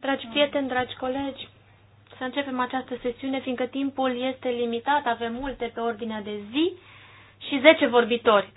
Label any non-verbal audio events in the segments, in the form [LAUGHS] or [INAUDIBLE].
Dragi prieteni, dragi colegi, să începem această sesiune, fiindcă timpul este limitat, avem multe pe ordinea de zi și 10 vorbitori.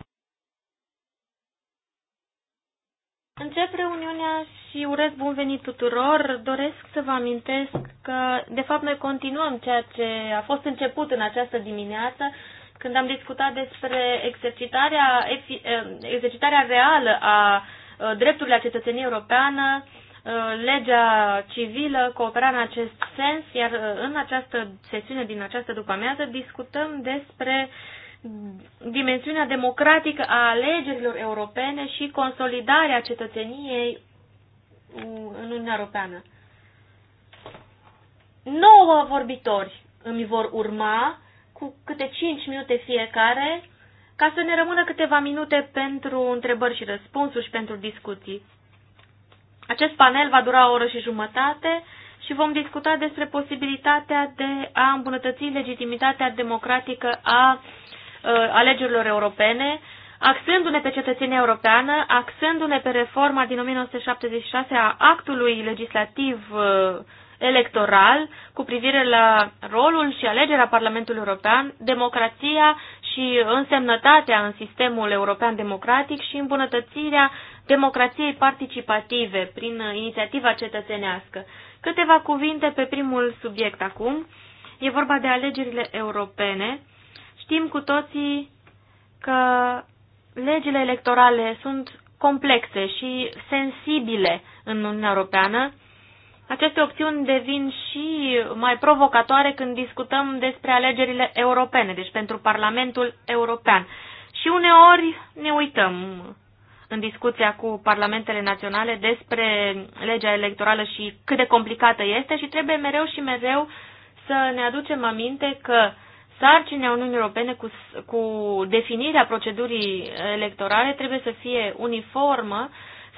Încep reuniunea și urez bun venit tuturor. Doresc să vă amintesc că, de fapt, noi continuăm ceea ce a fost început în această dimineață, când am discutat despre exercitarea, eh, exercitarea reală a Uh, drepturile la cetățenie europeană, uh, legea civilă coopera în acest sens, iar uh, în această sesiune din această după-amiază discutăm despre dimensiunea democratică a alegerilor europene și consolidarea cetățeniei în Uniunea Europeană. Nouă vorbitori îmi vor urma, cu câte 5 minute fiecare, ca să ne rămână câteva minute pentru întrebări și răspunsuri și pentru discuții. Acest panel va dura o oră și jumătate și vom discuta despre posibilitatea de a îmbunătăți legitimitatea democratică a ă, alegerilor europene, axându-ne pe cetățenia europeană, axându-ne pe reforma din 1976 a actului legislativ ă, electoral cu privire la rolul și alegerea Parlamentului European, democrația și însemnătatea în sistemul european democratic și îmbunătățirea democrației participative prin inițiativa cetățenească. Câteva cuvinte pe primul subiect acum. E vorba de alegerile europene. Știm cu toții că legile electorale sunt complexe și sensibile în Uniunea Europeană aceste opțiuni devin și mai provocatoare când discutăm despre alegerile europene, deci pentru Parlamentul European. Și uneori ne uităm în discuția cu parlamentele naționale despre legea electorală și cât de complicată este și trebuie mereu și mereu să ne aducem aminte că sarcinea Uniunii Europene cu, cu definirea procedurii electorale trebuie să fie uniformă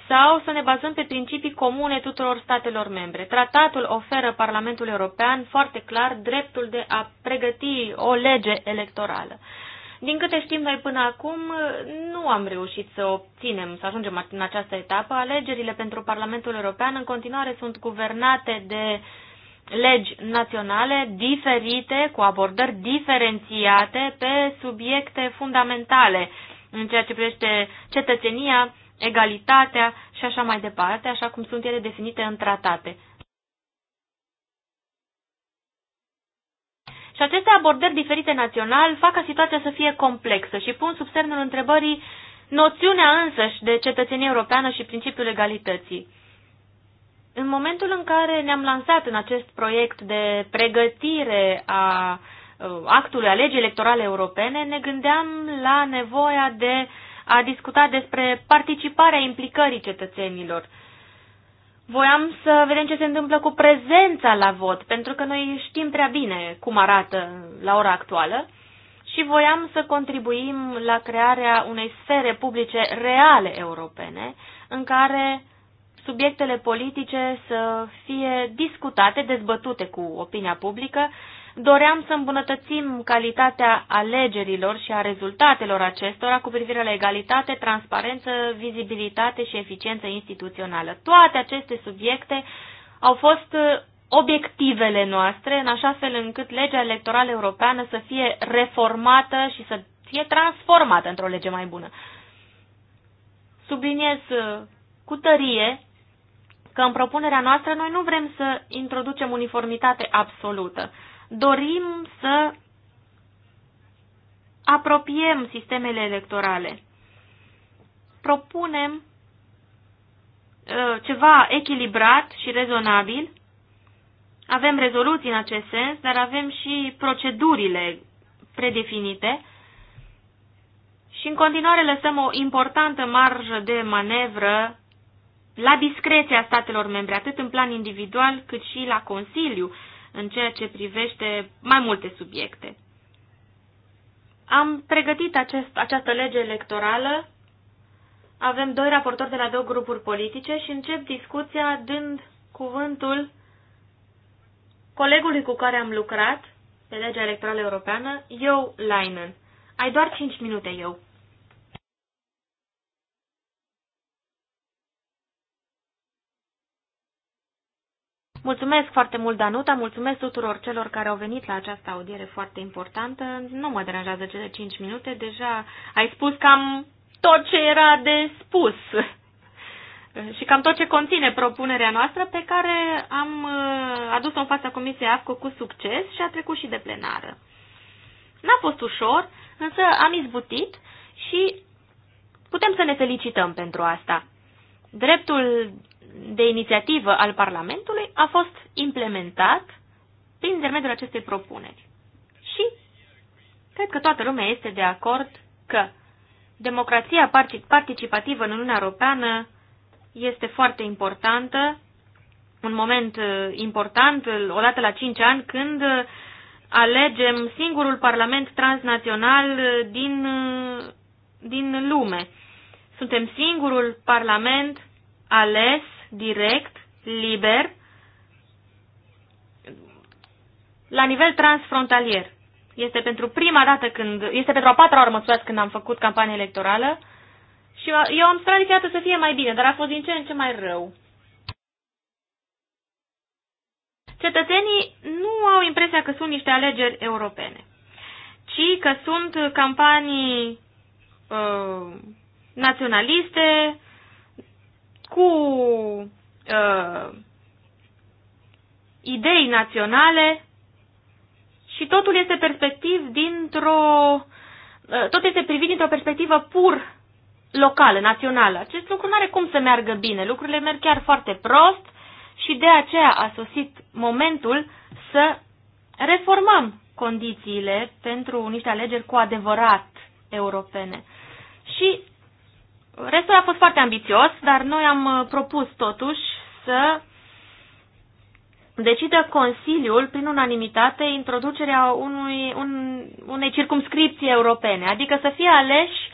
sau să ne bazăm pe principii comune tuturor statelor membre. Tratatul oferă Parlamentului European foarte clar dreptul de a pregăti o lege electorală. Din câte știm noi până acum, nu am reușit să obținem, să ajungem în această etapă. Alegerile pentru Parlamentul European în continuare sunt guvernate de legi naționale diferite, cu abordări diferențiate pe subiecte fundamentale în ceea ce privește cetățenia, egalitatea și așa mai departe, așa cum sunt ele definite în tratate. Și aceste abordări diferite național fac ca situația să fie complexă și pun sub semnul întrebării noțiunea însăși de cetățenie europeană și principiul egalității. În momentul în care ne-am lansat în acest proiect de pregătire a uh, actului a legii electorale europene, ne gândeam la nevoia de a discutat despre participarea implicării cetățenilor. Voiam să vedem ce se întâmplă cu prezența la vot, pentru că noi știm prea bine cum arată la ora actuală și voiam să contribuim la crearea unei sfere publice reale europene, în care subiectele politice să fie discutate, dezbătute cu opinia publică Doream să îmbunătățim calitatea alegerilor și a rezultatelor acestora cu privire la egalitate, transparență, vizibilitate și eficiență instituțională. Toate aceste subiecte au fost uh, obiectivele noastre, în așa fel încât legea electorală europeană să fie reformată și să fie transformată într-o lege mai bună. Subliniez uh, cu tărie că în propunerea noastră noi nu vrem să introducem uniformitate absolută dorim să apropiem sistemele electorale. Propunem uh, ceva echilibrat și rezonabil. Avem rezoluții în acest sens, dar avem și procedurile predefinite și în continuare lăsăm o importantă marjă de manevră la discreția statelor membre, atât în plan individual cât și la Consiliu, în ceea ce privește mai multe subiecte. Am pregătit acest, această lege electorală, avem doi raportori de la două grupuri politice și încep discuția dând cuvântul colegului cu care am lucrat pe legea electorală europeană, eu, Leinen. Ai doar 5 minute, eu. Mulțumesc foarte mult, Danuta, mulțumesc tuturor celor care au venit la această audiere foarte importantă. Nu mă deranjează cele 5 minute, deja ai spus cam tot ce era de spus și cam tot ce conține propunerea noastră pe care am uh, adus-o în fața Comisiei AFCO cu succes și a trecut și de plenară. N-a fost ușor, însă am izbutit și putem să ne felicităm pentru asta. Dreptul de inițiativă al Parlamentului a fost implementat prin intermediul acestei propuneri. Și cred că toată lumea este de acord că democrația participativă în Uniunea Europeană este foarte importantă, un moment uh, important, odată la 5 ani, când uh, alegem singurul parlament transnațional uh, din, din lume. Suntem singurul parlament ales direct, liber, la nivel transfrontalier. Este pentru prima dată când, este pentru a patra oară, mă când am făcut campanie electorală și eu am sperat că să fie mai bine, dar a fost din ce în ce mai rău. Cetățenii nu au impresia că sunt niște alegeri europene, ci că sunt campanii uh, naționaliste, cu uh, idei naționale și totul este perspectiv dintr-o uh, tot este privit dintr-o perspectivă pur locală, națională. Acest lucru nu are cum să meargă bine. Lucrurile merg chiar foarte prost și de aceea a sosit momentul să reformăm condițiile pentru niște alegeri cu adevărat europene. Și Restul a fost foarte ambițios, dar noi am uh, propus totuși să decidă Consiliul, prin unanimitate, introducerea unui, un, unei circumscripții europene, adică să fie aleși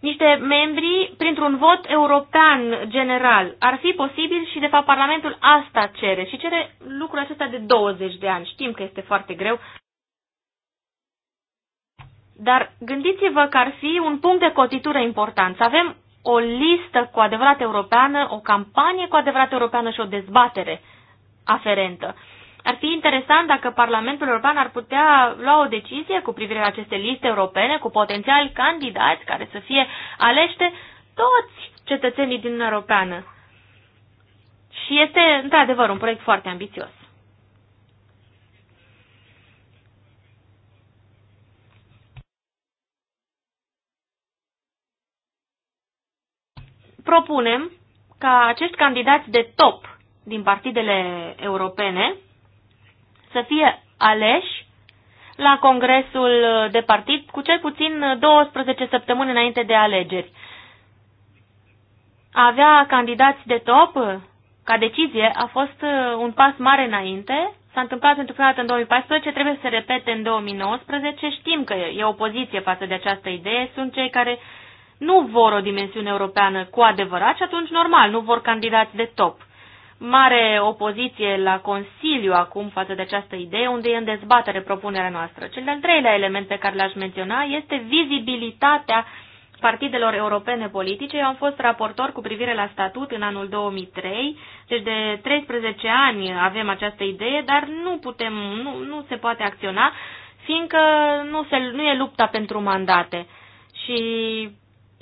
niște membri printr-un vot european general. Ar fi posibil și, de fapt, Parlamentul asta cere și cere lucrul acesta de 20 de ani. Știm că este foarte greu, dar gândiți-vă că ar fi un punct de cotitură important. Să avem o listă cu adevărat europeană, o campanie cu adevărat europeană și o dezbatere aferentă. Ar fi interesant dacă Parlamentul European ar putea lua o decizie cu privire la aceste liste europene, cu potențial candidați care să fie alește toți cetățenii din Europeană. Și este, într-adevăr, un proiect foarte ambițios. propunem ca acești candidați de top din partidele europene să fie aleși la congresul de partid cu cel puțin 12 săptămâni înainte de alegeri. A avea candidați de top ca decizie a fost uh, un pas mare înainte. S-a întâmplat pentru prima dată în 2014, trebuie să se repete în 2019. Știm că e opoziție față de această idee. Sunt cei care uh, nu vor o dimensiune europeană cu adevărat și atunci normal, nu vor candidați de top. Mare opoziție la Consiliu acum față de această idee, unde e în dezbatere propunerea noastră. Cel de-al treilea element pe care l-aș menționa este vizibilitatea partidelor europene politice. Eu am fost raportor cu privire la statut în anul 2003, deci de 13 ani avem această idee, dar nu putem, nu, nu se poate acționa, fiindcă nu, se, nu e lupta pentru mandate. Și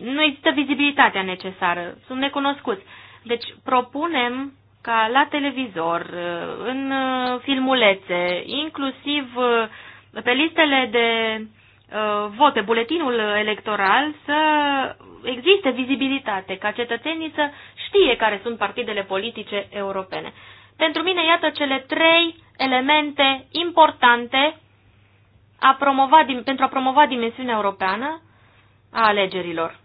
nu există vizibilitatea necesară, sunt necunoscuți. Deci propunem ca la televizor, în uh, filmulețe, inclusiv uh, pe listele de uh, vot, pe buletinul electoral, să existe vizibilitate, ca cetățenii să știe care sunt partidele politice europene. Pentru mine, iată cele trei elemente importante a promova, pentru a promova dimensiunea europeană a alegerilor.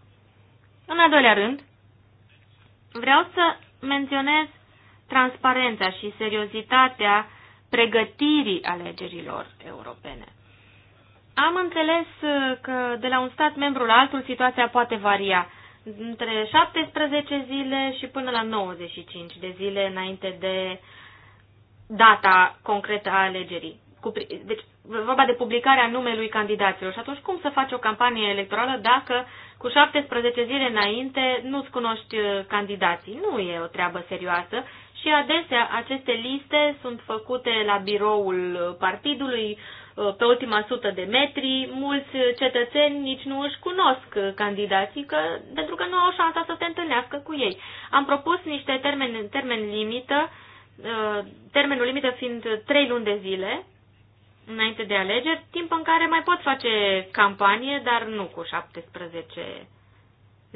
În al doilea rând, vreau să menționez transparența și seriozitatea pregătirii alegerilor europene. Am înțeles uh, că de la un stat membru la altul situația poate varia între 17 zile și până la 95 de zile înainte de data concretă a alegerii. Cu, deci, vorba de publicarea numelui candidaților. Și atunci, cum să faci o campanie electorală dacă cu 17 zile înainte nu-ți cunoști uh, candidații? Nu e o treabă serioasă și adesea aceste liste sunt făcute la biroul uh, partidului, uh, pe ultima sută de metri, mulți cetățeni nici nu își cunosc candidații că, pentru că nu au șansa să se întâlnească cu ei. Am propus niște termeni, termen limită, termenul limită fiind trei luni de zile, înainte de alegeri, timp în care mai pot face campanie, dar nu cu 17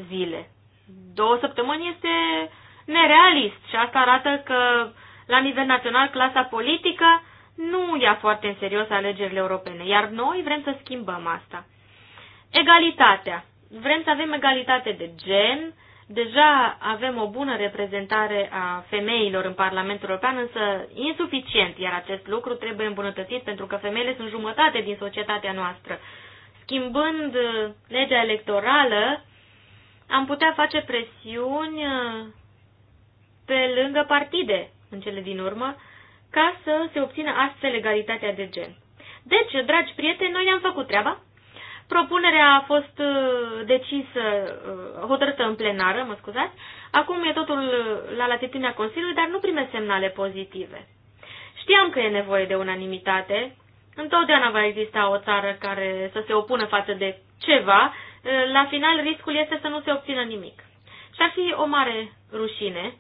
zile. Două săptămâni este nerealist și asta arată că la nivel național clasa politică nu ia foarte în serios alegerile europene, iar noi vrem să schimbăm asta. Egalitatea. Vrem să avem egalitate de gen, Deja avem o bună reprezentare a femeilor în Parlamentul European, însă insuficient, iar acest lucru trebuie îmbunătățit pentru că femeile sunt jumătate din societatea noastră. Schimbând uh, legea electorală, am putea face presiuni uh, pe lângă partide, în cele din urmă, ca să se obțină astfel egalitatea de gen. Deci, dragi prieteni, noi ne-am făcut treaba Propunerea a fost uh, decisă, uh, hotărâtă în plenară, mă scuzați. Acum e totul uh, la latitudinea Consiliului, dar nu primesc semnale pozitive. Știam că e nevoie de unanimitate. Întotdeauna va exista o țară care să se opună față de ceva. La final, riscul este să nu se obțină nimic. Și ar fi o mare rușine,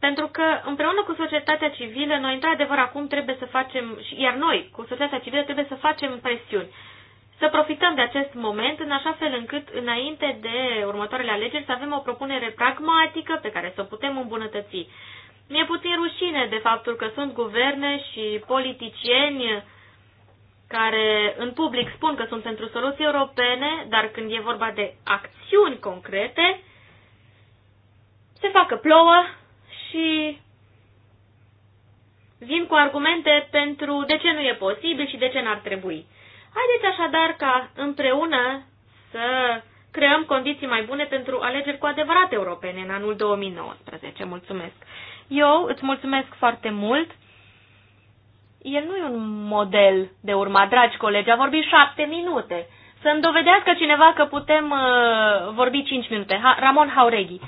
pentru că împreună cu societatea civilă, noi într-adevăr acum trebuie să facem, iar noi cu societatea civilă trebuie să facem presiuni să profităm de acest moment în așa fel încât, înainte de următoarele alegeri, să avem o propunere pragmatică pe care să o putem îmbunătăți. Mi-e puțin rușine de faptul că sunt guverne și politicieni care în public spun că sunt pentru soluții europene, dar când e vorba de acțiuni concrete, se facă plouă și vin cu argumente pentru de ce nu e posibil și de ce n-ar trebui. Haideți așadar ca împreună să creăm condiții mai bune pentru alegeri cu adevărat europene în anul 2019. Mulțumesc! Eu îți mulțumesc foarte mult. El nu e un model de urma, dragi colegi, a vorbit șapte minute. Să-mi dovedească cineva că putem uh, vorbi cinci minute. Ha, Ramon Haureghi.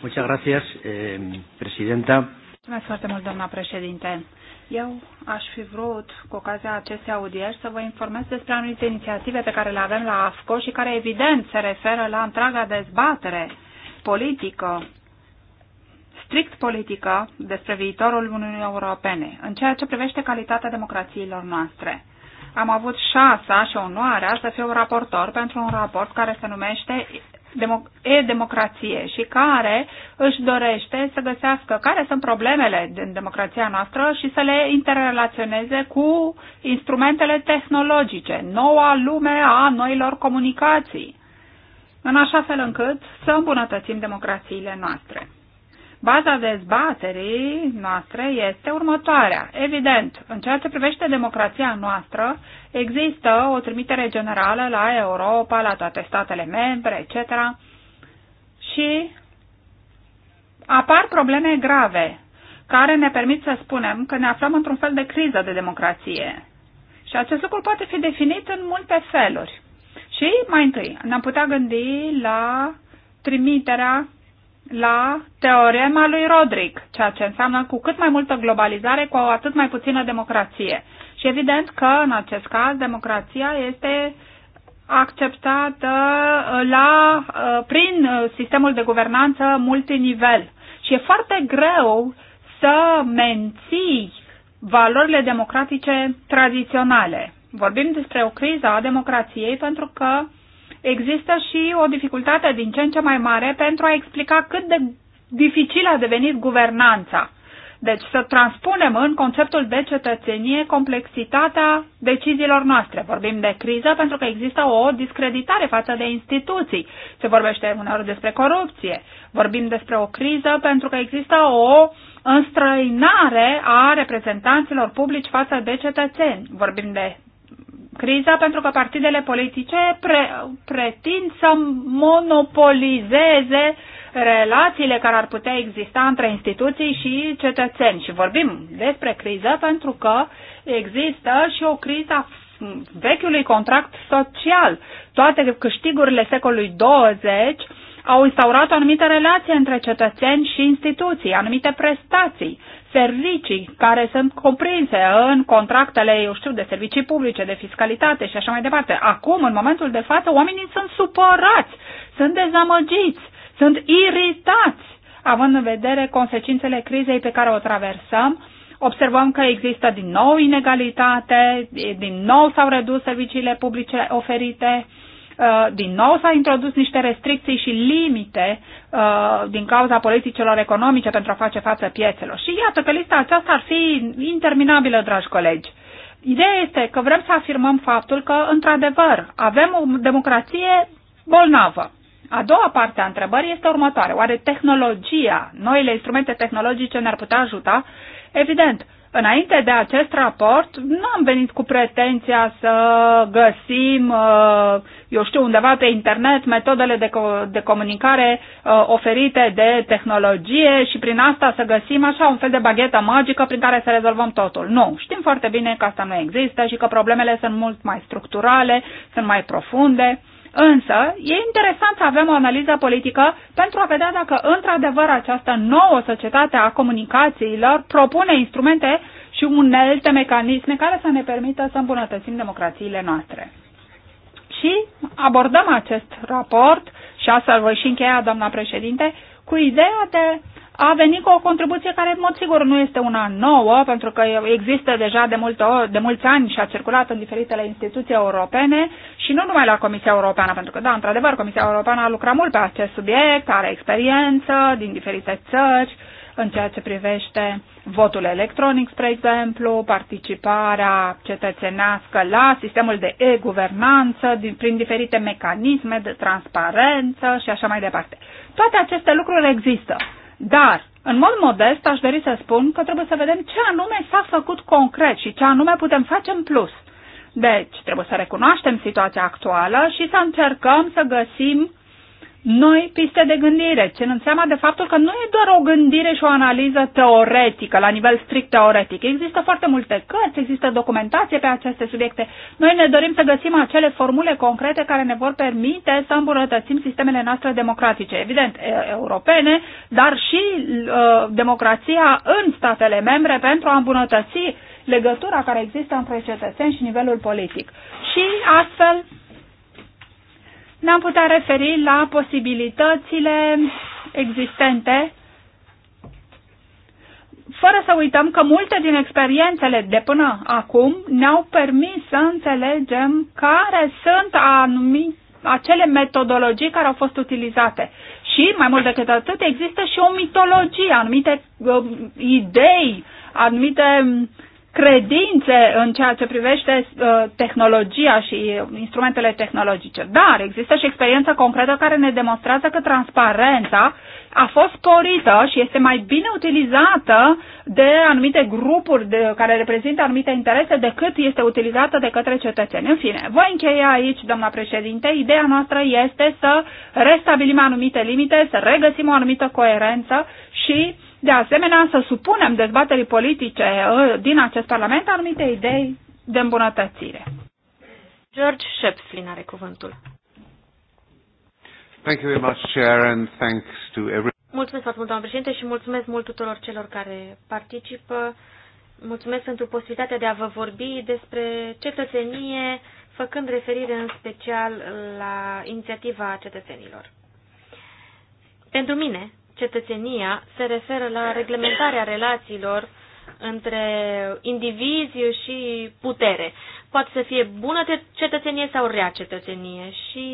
Muchas gracias, eh, presidenta. Mulțumesc foarte mult, doamna președinte. Eu aș fi vrut, cu ocazia acestei audieri, să vă informez despre anumite inițiative pe care le avem la AFCO și care, evident, se referă la întreaga dezbatere politică, strict politică, despre viitorul Uniunii Europene, în ceea ce privește calitatea democrațiilor noastre. Am avut șansa și onoarea să fiu raportor pentru un raport care se numește e-democrație și care își dorește să găsească care sunt problemele din democrația noastră și să le interrelaționeze cu instrumentele tehnologice, noua lume a noilor comunicații, în așa fel încât să îmbunătățim democrațiile noastre. Baza dezbaterii noastre este următoarea. Evident, în ceea ce privește democrația noastră, există o trimitere generală la Europa, la toate statele membre, etc. Și apar probleme grave care ne permit să spunem că ne aflăm într-un fel de criză de democrație. Și acest lucru poate fi definit în multe feluri. Și mai întâi, ne-am putea gândi la trimiterea la teorema lui Rodrick, ceea ce înseamnă cu cât mai multă globalizare, cu atât mai puțină democrație. Și evident că, în acest caz, democrația este acceptată la, uh, prin uh, sistemul de guvernanță multinivel. Și e foarte greu să menții valorile democratice tradiționale. Vorbim despre o criză a democrației pentru că uh, există și o dificultate din ce în ce mai mare pentru a explica cât de dificil a devenit guvernanța. Deci să transpunem în conceptul de cetățenie complexitatea deciziilor noastre. Vorbim de criză pentru că există o discreditare față de instituții. Se vorbește uneori despre corupție. Vorbim despre o criză pentru că există o înstrăinare a reprezentanților publici față de cetățeni. Vorbim de criza pentru că partidele politice pre, pretind să monopolizeze relațiile care ar putea exista între instituții și cetățeni. Și vorbim despre criză pentru că există și o criză vechiului contract social. Toate câștigurile secolului 20 au instaurat o anumită relație între cetățeni și instituții, anumite prestații, servicii care sunt cuprinse în contractele, eu știu, de servicii publice, de fiscalitate și așa mai departe. Acum, în momentul de față, oamenii sunt supărați, sunt dezamăgiți, sunt iritați, având în vedere consecințele crizei pe care o traversăm, observăm că există din nou inegalitate, din nou s-au redus serviciile publice oferite, Uh, din nou s-au introdus niște restricții și limite uh, din cauza politicilor economice pentru a face față piețelor. Și iată că lista aceasta ar fi interminabilă, dragi colegi. Ideea este că vrem să afirmăm faptul că, într-adevăr, avem o democrație bolnavă. A doua parte a întrebării este următoare. Oare tehnologia, noile instrumente tehnologice ne-ar putea ajuta? Evident, înainte de acest raport, nu am venit cu pretenția să găsim uh, eu știu, undeva pe internet metodele de, co- de comunicare uh, oferite de tehnologie și prin asta să găsim așa un fel de baghetă magică prin care să rezolvăm totul. Nu, știm foarte bine că asta nu există și că problemele sunt mult mai structurale, sunt mai profunde. Însă, e interesant să avem o analiză politică pentru a vedea dacă, într-adevăr, această nouă societate a comunicațiilor propune instrumente și unelte mecanisme care să ne permită să îmbunătățim democrațiile noastre și abordăm acest raport, și asta voi și încheia, doamna președinte, cu ideea de a venit cu o contribuție care, în mod sigur, nu este una nouă, pentru că există deja de, multe ori, de mulți ani și a circulat în diferitele instituții europene și nu numai la Comisia Europeană, pentru că, da, într-adevăr, Comisia Europeană a lucrat mult pe acest subiect, are experiență din diferite țări în ceea ce privește votul electronic, spre exemplu, participarea cetățenească la sistemul de e-guvernanță prin diferite mecanisme de transparență și așa mai departe. Toate aceste lucruri există, dar în mod modest aș dori să spun că trebuie să vedem ce anume s-a făcut concret și ce anume putem face în plus. Deci, trebuie să recunoaștem situația actuală și să încercăm să găsim noi piste de gândire, ținând înseamnă de faptul că nu e doar o gândire și o analiză teoretică, la nivel strict teoretic. Există foarte multe cărți, există documentație pe aceste subiecte. Noi ne dorim să găsim acele formule concrete care ne vor permite să îmbunătățim sistemele noastre democratice, evident europene, dar și uh, democrația în statele membre pentru a îmbunătăți legătura care există între cetățeni și nivelul politic. Și astfel ne-am putea referi la posibilitățile existente fără să uităm că multe din experiențele de până acum ne-au permis să înțelegem care sunt anumite acele metodologii care au fost utilizate. Și, mai mult decât atât, există și o mitologie, anumite uh, idei, anumite credințe în ceea ce privește uh, tehnologia și instrumentele tehnologice. Dar există și experiență concretă care ne demonstrează că transparența a fost sporită și este mai bine utilizată de anumite grupuri de, care reprezintă anumite interese decât este utilizată de către cetățeni. În fine, voi încheia aici, doamna președinte, ideea noastră este să restabilim anumite limite, să regăsim o anumită coerență și de asemenea, să supunem dezbaterii politice uh, din acest Parlament anumite idei de îmbunătățire. George Shepflin are cuvântul. Thank you very much, Chair, and thanks to every... Mulțumesc foarte mult, doamnă președinte, și mulțumesc mult tuturor celor care participă. Mulțumesc pentru posibilitatea de a vă vorbi despre cetățenie, făcând referire în special la inițiativa cetățenilor. Pentru mine, cetățenia se referă la reglementarea relațiilor între indivizi și putere. Poate să fie bună cetățenie sau rea cetățenie. Și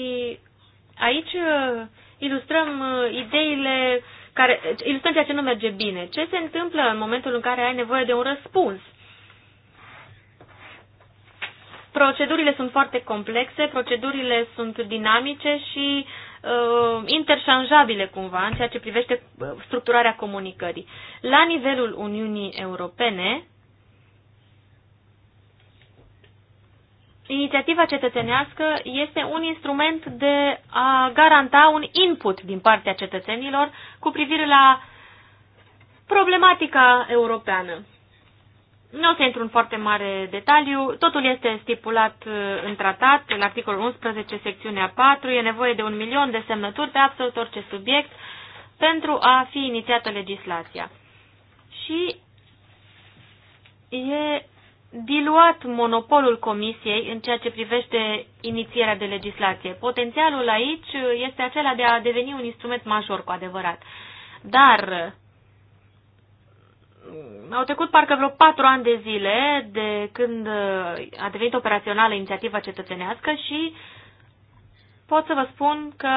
aici uh, ilustrăm uh, ideile care, ilustrăm ceea ce nu merge bine. Ce se întâmplă în momentul în care ai nevoie de un răspuns? Procedurile sunt foarte complexe, procedurile sunt dinamice și uh, interșanjabile cumva în ceea ce privește uh, structurarea comunicării. La nivelul Uniunii Europene, inițiativa cetățenească este un instrument de a garanta un input din partea cetățenilor cu privire la problematica europeană. Nu o să intru în foarte mare detaliu. Totul este stipulat uh, în tratat, în articolul 11, secțiunea 4. E nevoie de un milion de semnături pe absolut orice subiect pentru a fi inițiată legislația. Și e diluat monopolul Comisiei în ceea ce privește inițierea de legislație. Potențialul aici este acela de a deveni un instrument major cu adevărat. Dar au trecut parcă vreo patru ani de zile de când uh, a devenit operațională inițiativa cetățenească și pot să vă spun că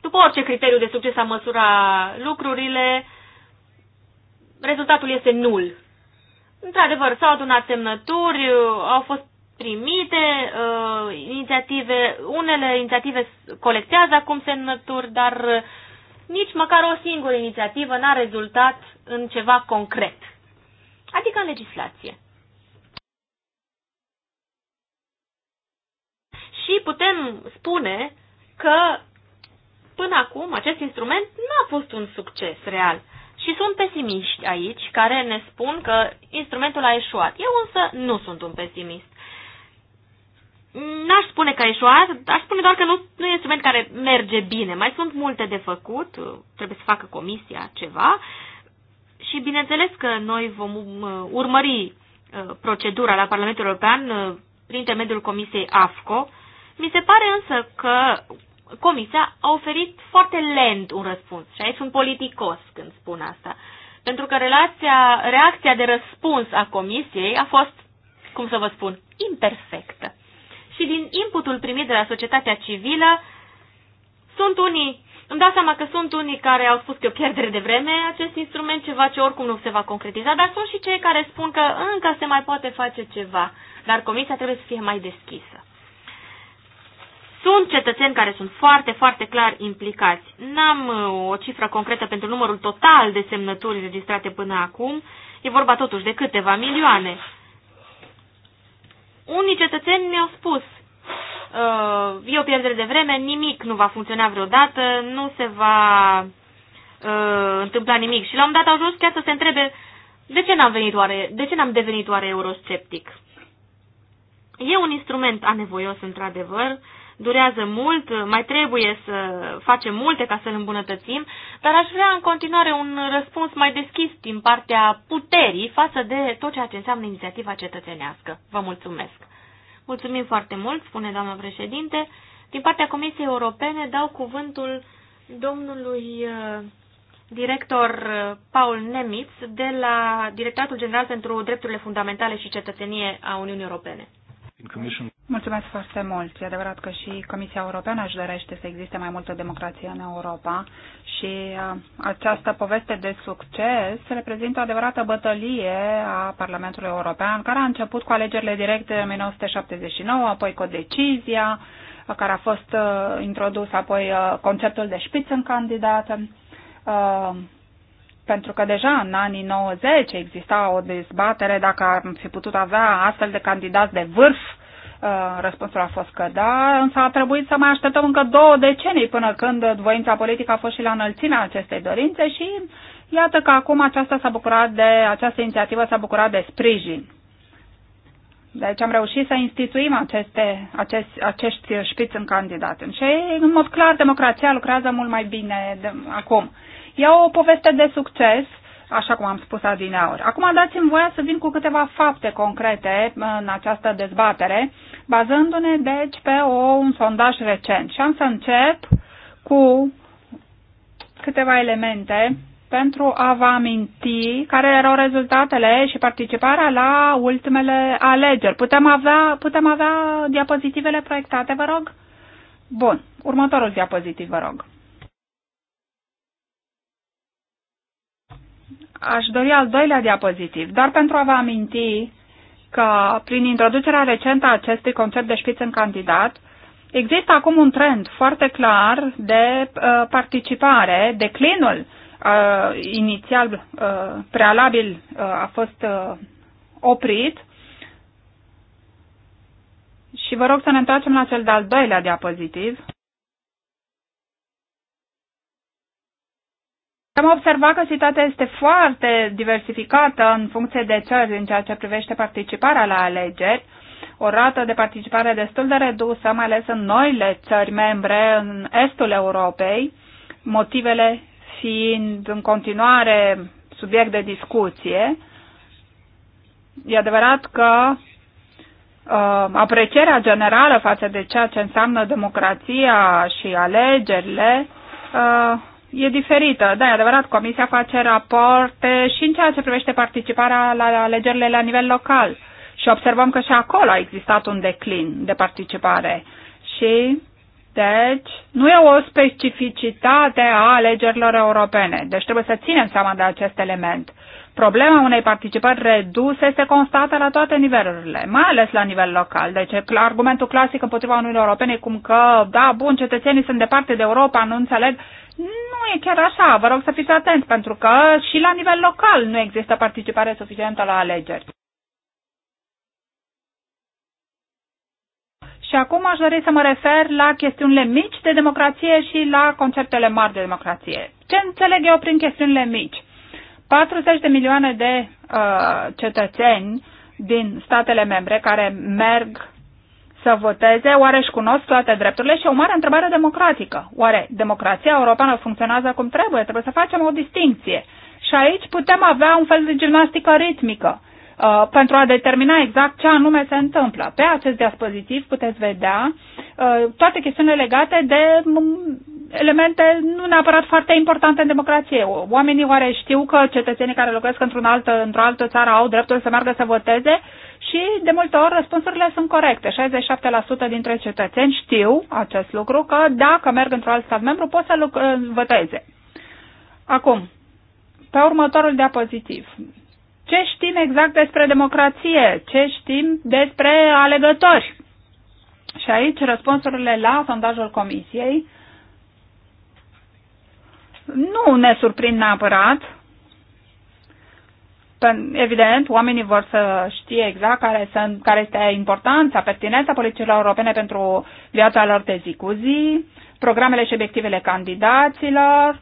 după orice criteriu de succes a măsura lucrurile, rezultatul este nul. Într-adevăr, s-au adunat semnături, uh, au fost primite uh, inițiative, unele inițiative colectează acum semnături, dar uh, nici măcar o singură inițiativă n-a rezultat în ceva concret, adică în legislație. Și putem spune că până acum acest instrument n-a fost un succes real. Și sunt pesimiști aici care ne spun că instrumentul a eșuat. Eu însă nu sunt un pesimist. N-aș spune că a eșuat, aș spune doar că nu, nu e un instrument care merge bine. Mai sunt multe de făcut, trebuie să facă comisia ceva și bineînțeles că noi vom uh, urmări uh, procedura la Parlamentul European uh, prin intermediul Comisiei AFCO. Mi se pare însă că Comisia a oferit foarte lent un răspuns și aici sunt politicos când spun asta, pentru că relația, reacția de răspuns a Comisiei a fost, cum să vă spun, imperfectă și din inputul primit de la societatea civilă, sunt unii, îmi dau seama că sunt unii care au spus că e o pierdere de vreme acest instrument, ceva ce oricum nu se va concretiza, dar sunt și cei care spun că încă se mai poate face ceva, dar comisia trebuie să fie mai deschisă. Sunt cetățeni care sunt foarte, foarte clar implicați. N-am uh, o cifră concretă pentru numărul total de semnături registrate până acum. E vorba totuși de câteva milioane. Unii cetățeni mi-au spus, uh, e o pierdere de vreme, nimic nu va funcționa vreodată, nu se va uh, întâmpla nimic. Și la un dat au ajuns chiar să se întrebe de ce n-am, venit oare, de ce n-am devenit oare eurosceptic. E un instrument anevoios, într-adevăr, durează mult, mai trebuie să facem multe ca să-l îmbunătățim, dar aș vrea în continuare un răspuns mai deschis din partea puterii față de tot ceea ce înseamnă inițiativa cetățenească. Vă mulțumesc! Mulțumim foarte mult, spune doamna președinte. Din partea Comisiei Europene dau cuvântul domnului uh, director uh, Paul Nemitz de la Directoratul General pentru Drepturile Fundamentale și Cetățenie a Uniunii Europene. Mulțumesc foarte mult. E adevărat că și Comisia Europeană își dorește să existe mai multă democrație în Europa și uh, această poveste de succes reprezintă o adevărată bătălie a Parlamentului European, care a început cu alegerile directe în 1979, apoi cu decizia uh, care a fost uh, introdus apoi conceptul de șpiț în candidat, pentru că deja în anii 90 exista o dezbatere dacă ar fi putut avea astfel de candidați de vârf. Uh, răspunsul a fost că da, însă a trebuit să mai așteptăm încă două decenii până când voința politică a fost și la înălțimea acestei dorințe și iată că acum aceasta s-a bucurat de, această inițiativă s-a bucurat de sprijin. Deci am reușit să instituim aceste, acest, acești șpiți în candidat. Și, în mod clar, democrația lucrează mult mai bine de, acum. Ia o poveste de succes, așa cum am spus adineaori. Acum dați-mi voia să vin cu câteva fapte concrete în această dezbatere, bazându-ne deci pe o, un sondaj recent. Și am să încep cu câteva elemente pentru a vă aminti care erau rezultatele și participarea la ultimele alegeri. Putem avea, putem avea diapozitivele proiectate, vă rog? Bun. Următorul diapozitiv, vă rog. aș dori al doilea diapozitiv, doar pentru a vă aminti că prin introducerea recentă a acestui concept de șpiț în candidat, există acum un trend foarte clar de uh, participare, declinul uh, inițial uh, prealabil uh, a fost uh, oprit și vă rog să ne întoarcem la cel de-al doilea diapozitiv. Am observat că situația este foarte diversificată în funcție de țări în ceea ce privește participarea la alegeri. O rată de participare destul de redusă, mai ales în noile țări membre, în estul Europei, motivele fiind în continuare subiect de discuție. E adevărat că uh, aprecierea generală față de ceea ce înseamnă democrația și alegerile uh, e diferită. Da, e adevărat, Comisia face rapoarte și în ceea ce privește participarea la alegerile la nivel local. Și observăm că și acolo a existat un declin de participare. Și, deci, nu e o specificitate a alegerilor europene. Deci trebuie să ținem seama de acest element problema unei participări reduse se constată la toate nivelurile, mai ales la nivel local. Deci argumentul clasic împotriva Uniunii Europene, cum că, da, bun, cetățenii sunt departe de Europa, nu înțeleg, nu e chiar așa, vă rog să fiți atenți, pentru că și la nivel local nu există participare suficientă la alegeri. Și acum aș dori să mă refer la chestiunile mici de democrație și la conceptele mari de democrație. Ce înțeleg eu prin chestiunile mici? 40 de milioane de uh, cetățeni din statele membre care merg să voteze, oare își cunosc toate drepturile și o mare întrebare democratică. Oare democrația europeană funcționează cum trebuie? Trebuie să facem o distinție. Și aici putem avea un fel de gimnastică ritmică Uh, pentru a determina exact ce anume se întâmplă. Pe acest dispozitiv puteți vedea uh, toate chestiunile legate de mm, elemente nu neapărat foarte importante în democrație. Oamenii oare știu că cetățenii care locuiesc într-un altă, într-o altă țară au dreptul să meargă să voteze? Și de multe ori răspunsurile sunt corecte. 67% dintre cetățeni știu acest lucru că dacă merg într-un alt stat membru pot să uh, voteze. Acum, pe următorul diapozitiv. Ce știm exact despre democrație? Ce știm despre alegători? Și aici răspunsurile la sondajul comisiei nu ne surprind neapărat. Evident, oamenii vor să știe exact care, sunt, care este importanța, pertinența politicilor europene pentru viața lor de zi cu zi, programele și obiectivele candidaților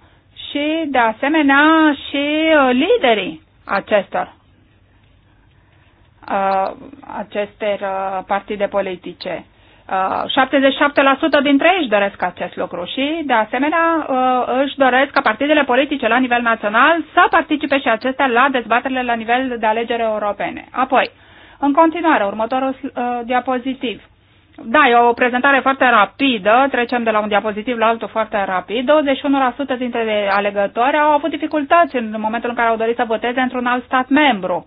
și, de asemenea, și uh, liderii acestor uh, aceste uh, partide politice. 77% uh, dintre ei își doresc acest lucru și, de asemenea, își doresc ca partidele politice la nivel național să participe și acestea la dezbaterile la nivel de alegeri europene. Apoi, în continuare, următorul diapozitiv. Da, e o prezentare foarte rapidă, trecem de la un diapozitiv la altul foarte rapid. 21% dintre alegători au avut dificultăți în momentul în care au dorit să voteze într-un alt stat membru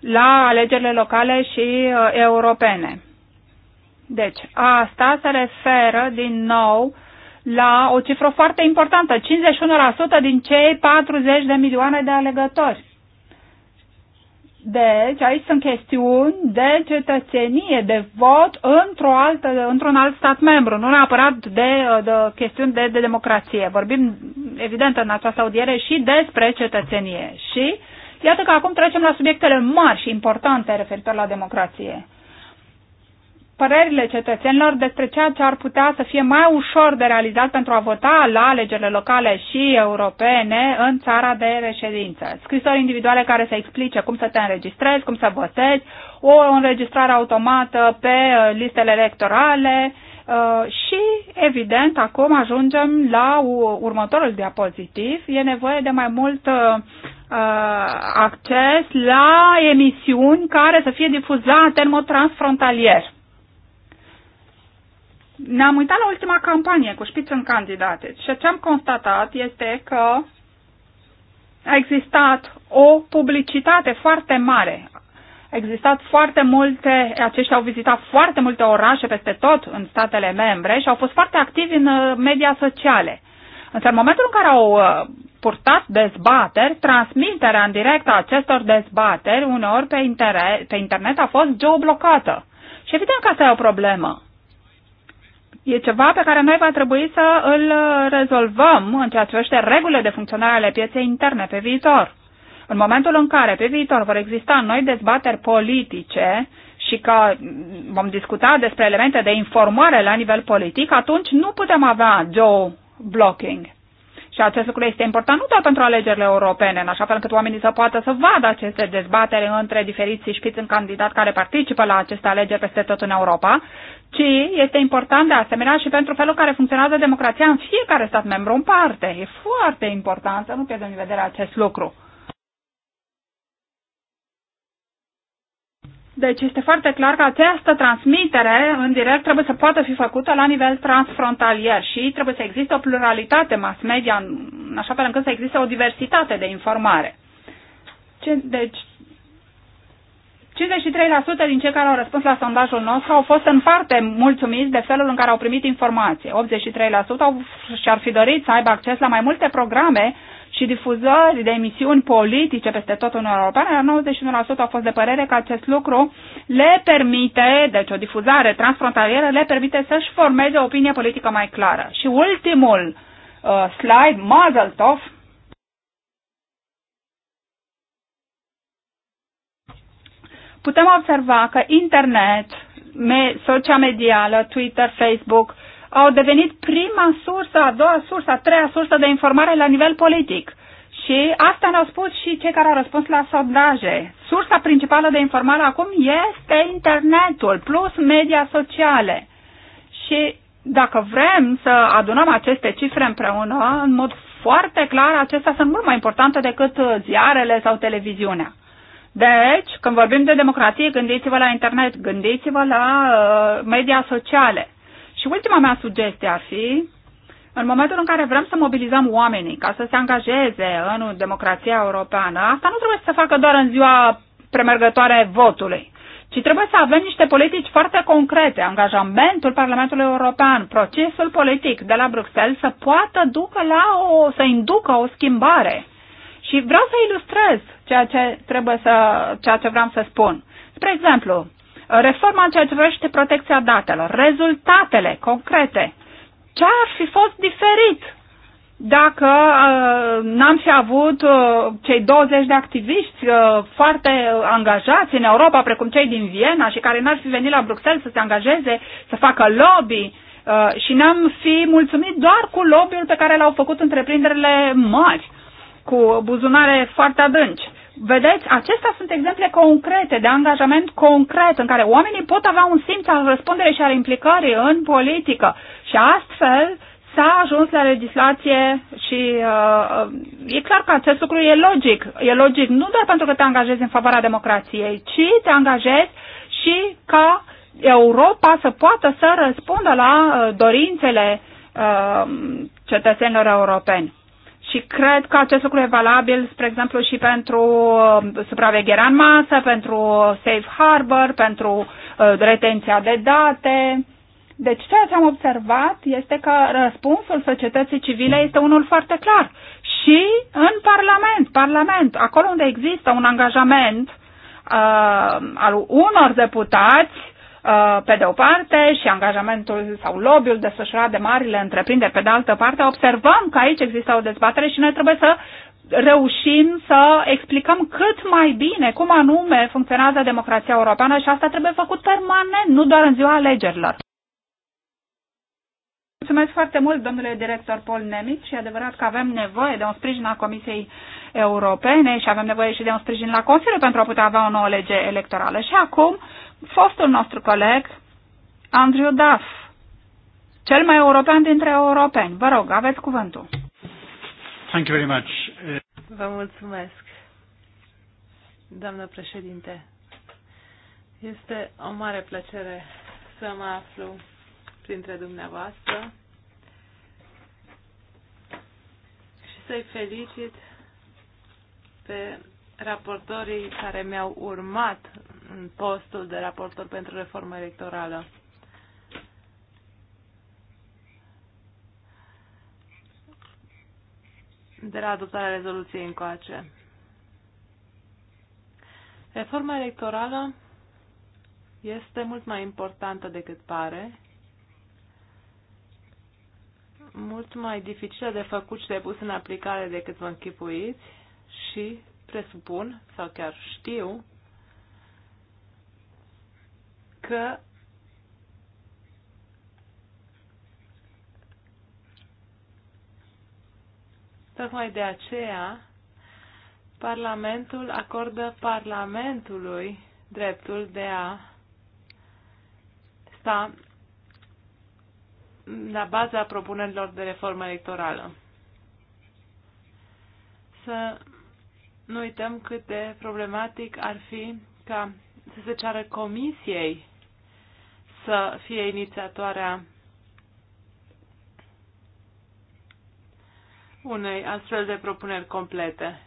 la alegerile locale și uh, europene. Deci, asta se referă din nou la o cifră foarte importantă, 51% din cei 40 de milioane de alegători. Deci, aici sunt chestiuni de cetățenie, de vot într-o altă, într-un alt stat membru, nu neapărat de, de chestiuni de, de democrație. Vorbim, evident, în această audiere și despre cetățenie. Și iată că acum trecem la subiectele mari și importante referitor la democrație părerile cetățenilor despre ceea ce ar putea să fie mai ușor de realizat pentru a vota la alegerile locale și europene în țara de reședință. Scrisori individuale care să explice cum să te înregistrezi, cum să votezi, o înregistrare automată pe uh, listele electorale uh, și, evident, acum ajungem la următorul diapozitiv. E nevoie de mai mult uh, acces la emisiuni care să fie difuzate în mod transfrontalier ne-am uitat la ultima campanie cu în candidate și ce am constatat este că a existat o publicitate foarte mare. A existat foarte multe, aceștia au vizitat foarte multe orașe peste tot în statele membre și au fost foarte activi în uh, media sociale. Însă în momentul în care au uh, purtat dezbateri, transmiterea în direct a acestor dezbateri uneori pe, internet, pe internet a fost geoblocată. Și evident că asta e o problemă e ceva pe care noi va trebui să îl rezolvăm în ceea ce vește regulile de funcționare ale pieței interne pe viitor. În momentul în care pe viitor vor exista noi dezbateri politice și că vom discuta despre elemente de informare la nivel politic, atunci nu putem avea joe blocking Și acest lucru este important nu doar pentru alegerile europene, în așa fel încât oamenii să poată să vadă aceste dezbatere între diferiți șpiți în candidat care participă la aceste alegeri peste tot în Europa, ci este important de asemenea și pentru felul care funcționează democrația în fiecare stat membru în parte. E foarte important să nu pierdem în vedere acest lucru. Deci este foarte clar că această transmitere în direct trebuie să poată fi făcută la nivel transfrontalier și trebuie să existe o pluralitate mass media, în așa fel încât să existe o diversitate de informare. Deci 53% din cei care au răspuns la sondajul nostru au fost în parte mulțumiți de felul în care au primit informații. 83% au, și-ar fi dorit să aibă acces la mai multe programe și difuzări de emisiuni politice peste tot în Europeană, iar 91% au fost de părere că acest lucru le permite, deci o difuzare transfrontalieră, le permite să-și formeze o opinie politică mai clară. Și ultimul uh, slide, Mazeltov, putem observa că internet, me, social medială, Twitter, Facebook, au devenit prima sursă, a doua sursă, a treia sursă de informare la nivel politic. Și asta ne-au spus și cei care au răspuns la sondaje. Sursa principală de informare acum este internetul plus media sociale. Și dacă vrem să adunăm aceste cifre împreună, în mod foarte clar, acestea sunt mult mai importante decât ziarele sau televiziunea. Deci, când vorbim de democrație, gândiți-vă la internet, gândiți-vă la uh, media sociale. Și ultima mea sugestie ar fi, în momentul în care vrem să mobilizăm oamenii ca să se angajeze în democrația europeană, asta nu trebuie să se facă doar în ziua premergătoare votului, ci trebuie să avem niște politici foarte concrete. Angajamentul Parlamentului European, procesul politic de la Bruxelles să poată ducă la o, să inducă o schimbare. Și vreau să ilustrez ceea ce trebuie să, ceea ce vreau să spun. Spre exemplu, reforma în ceea ce privește protecția datelor, rezultatele concrete, ce ar fi fost diferit dacă uh, n-am fi avut uh, cei 20 de activiști uh, foarte angajați în Europa, precum cei din Viena și care n-ar fi venit la Bruxelles să se angajeze, să facă lobby uh, și n-am fi mulțumit doar cu lobby-ul pe care l-au făcut întreprinderile mari. Uh, cu buzunare foarte adânci. Vedeți, acestea sunt exemple concrete, de angajament concret, în care oamenii pot avea un simț al răspunderii și al implicării în politică și astfel s-a ajuns la legislație și uh, uh, e clar că acest lucru e logic. E logic nu doar pentru că te angajezi în favoarea democrației, ci te angajezi și ca Europa să poată să răspundă la uh, dorințele uh, cetățenilor europeni. Și cred că acest lucru e valabil, spre exemplu, și pentru uh, supravegherea în masă, pentru safe harbor, pentru uh, retenția de date. Deci ceea ce am observat este că răspunsul societății civile este unul foarte clar. Și în Parlament, Parlament, acolo unde există un angajament uh, al unor deputați, Uh, pe de o parte și angajamentul sau lobby-ul desfășurat de marile întreprinderi pe de altă parte, observăm că aici există o dezbatere și noi trebuie să reușim să explicăm cât mai bine cum anume funcționează democrația europeană și asta trebuie făcut permanent, nu doar în ziua alegerilor. Mulțumesc foarte mult, domnule director Paul Nemic, și adevărat că avem nevoie de un sprijin a Comisiei Europene și avem nevoie și de un sprijin la Consiliu pentru a putea avea o nouă lege electorală. Și acum fostul nostru coleg, Andrew Duff, cel mai european dintre europeni. Vă rog, aveți cuvântul. Thank you very much. Vă mulțumesc, doamnă președinte. Este o mare plăcere să mă aflu printre dumneavoastră și să-i felicit pe raportorii care mi-au urmat în postul de raportor pentru reformă electorală. de la adoptarea rezoluției încoace. Reforma electorală este mult mai importantă decât pare, mult mai dificilă de făcut și de pus în aplicare decât vă închipuiți și presupun, sau chiar știu, că tocmai de aceea Parlamentul acordă Parlamentului dreptul de a sta la baza propunerilor de reformă electorală. Să nu uităm cât de problematic ar fi ca să se ceară comisiei să fie inițiatoarea unei astfel de propuneri complete.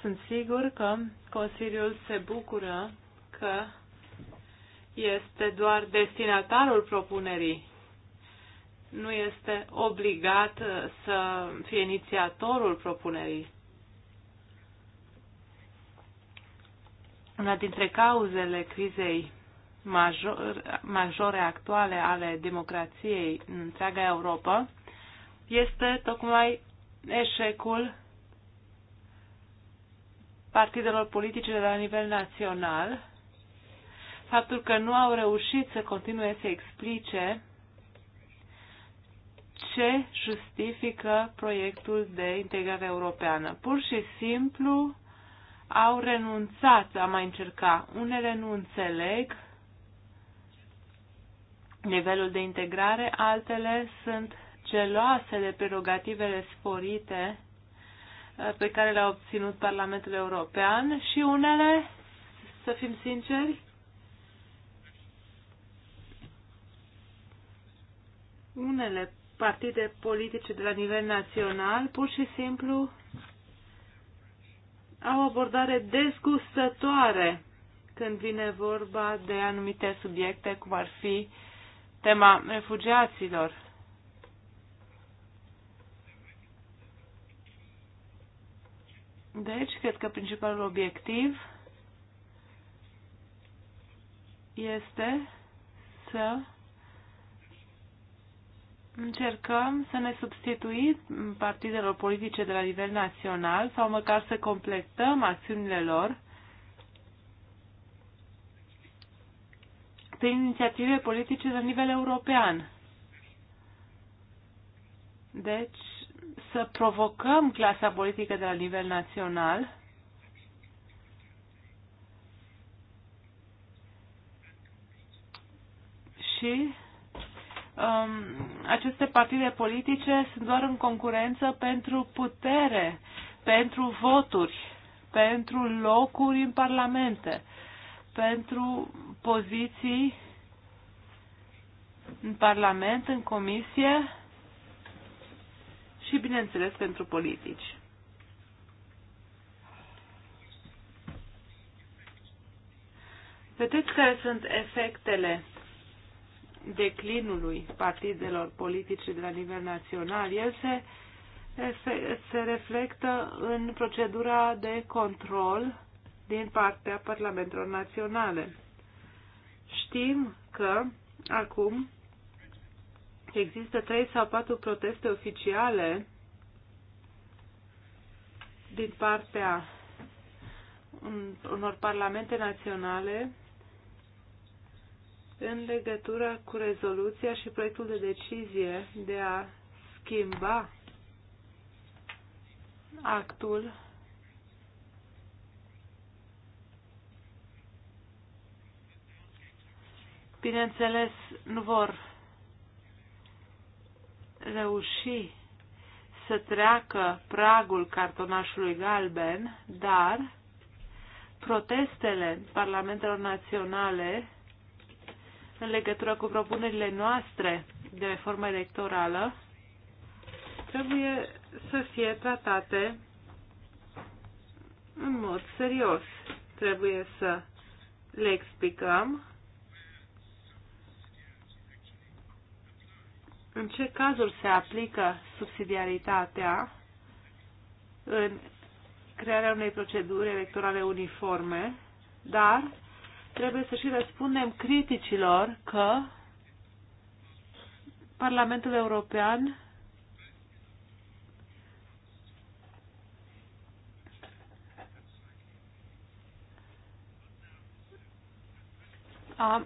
Sunt sigur că Consiliul se bucură că este doar destinatarul propunerii, nu este obligat uh, să fie inițiatorul propunerii. Una dintre cauzele crizei major, majore actuale ale democrației în întreaga Europa este tocmai eșecul partidelor politice de la nivel național, faptul că nu au reușit să continue să explice ce justifică proiectul de integrare europeană. Pur și simplu au renunțat a mai încerca. Unele nu înțeleg nivelul de integrare, altele sunt geloase de prerogativele sporite uh, pe care le-a obținut Parlamentul European și unele, să fim sinceri, unele partide politice de la nivel național pur și simplu au o abordare dezgustătoare când vine vorba de anumite subiecte, cum ar fi uh, tema refugiaților. Deci, cred că principalul obiectiv este să încercăm să ne substituim partidelor politice de la nivel național sau măcar să completăm acțiunile lor prin inițiative politice la nivel european. Deci, să provocăm clasa politică de la nivel național și um, aceste partide politice sunt doar în concurență pentru putere, pentru voturi, pentru locuri în parlamente, pentru poziții în Parlament, în Comisie și, bineînțeles, pentru politici. Vedeți care sunt efectele declinului partidelor politice de la nivel național. El se, se reflectă în procedura de control din partea Parlamentelor Naționale. Știm că acum există trei sau patru proteste oficiale din partea unor parlamente naționale în legătură cu rezoluția și proiectul de decizie de a schimba actul bineînțeles, nu vor reuși să treacă pragul cartonașului galben, dar protestele parlamentelor naționale în legătură cu propunerile noastre de reformă electorală trebuie să fie tratate în mod serios. Trebuie să le explicăm în ce cazuri se aplică subsidiaritatea în crearea unei proceduri electorale uniforme, dar trebuie să și răspundem criticilor că Parlamentul European a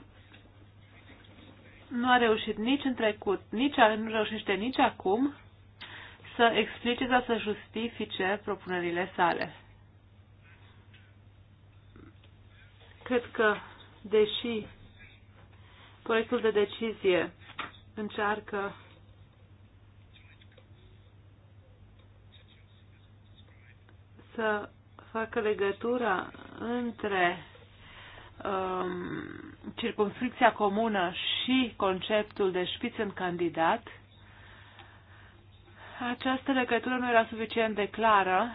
nu a reușit nici în trecut, nici nu reușește nici acum să explice sau să justifice propunerile sale. Cred că, deși proiectul de decizie încearcă să facă legătura între um, circunscripția comună și conceptul de Spitzenkandidat, această legătură nu era suficient de clară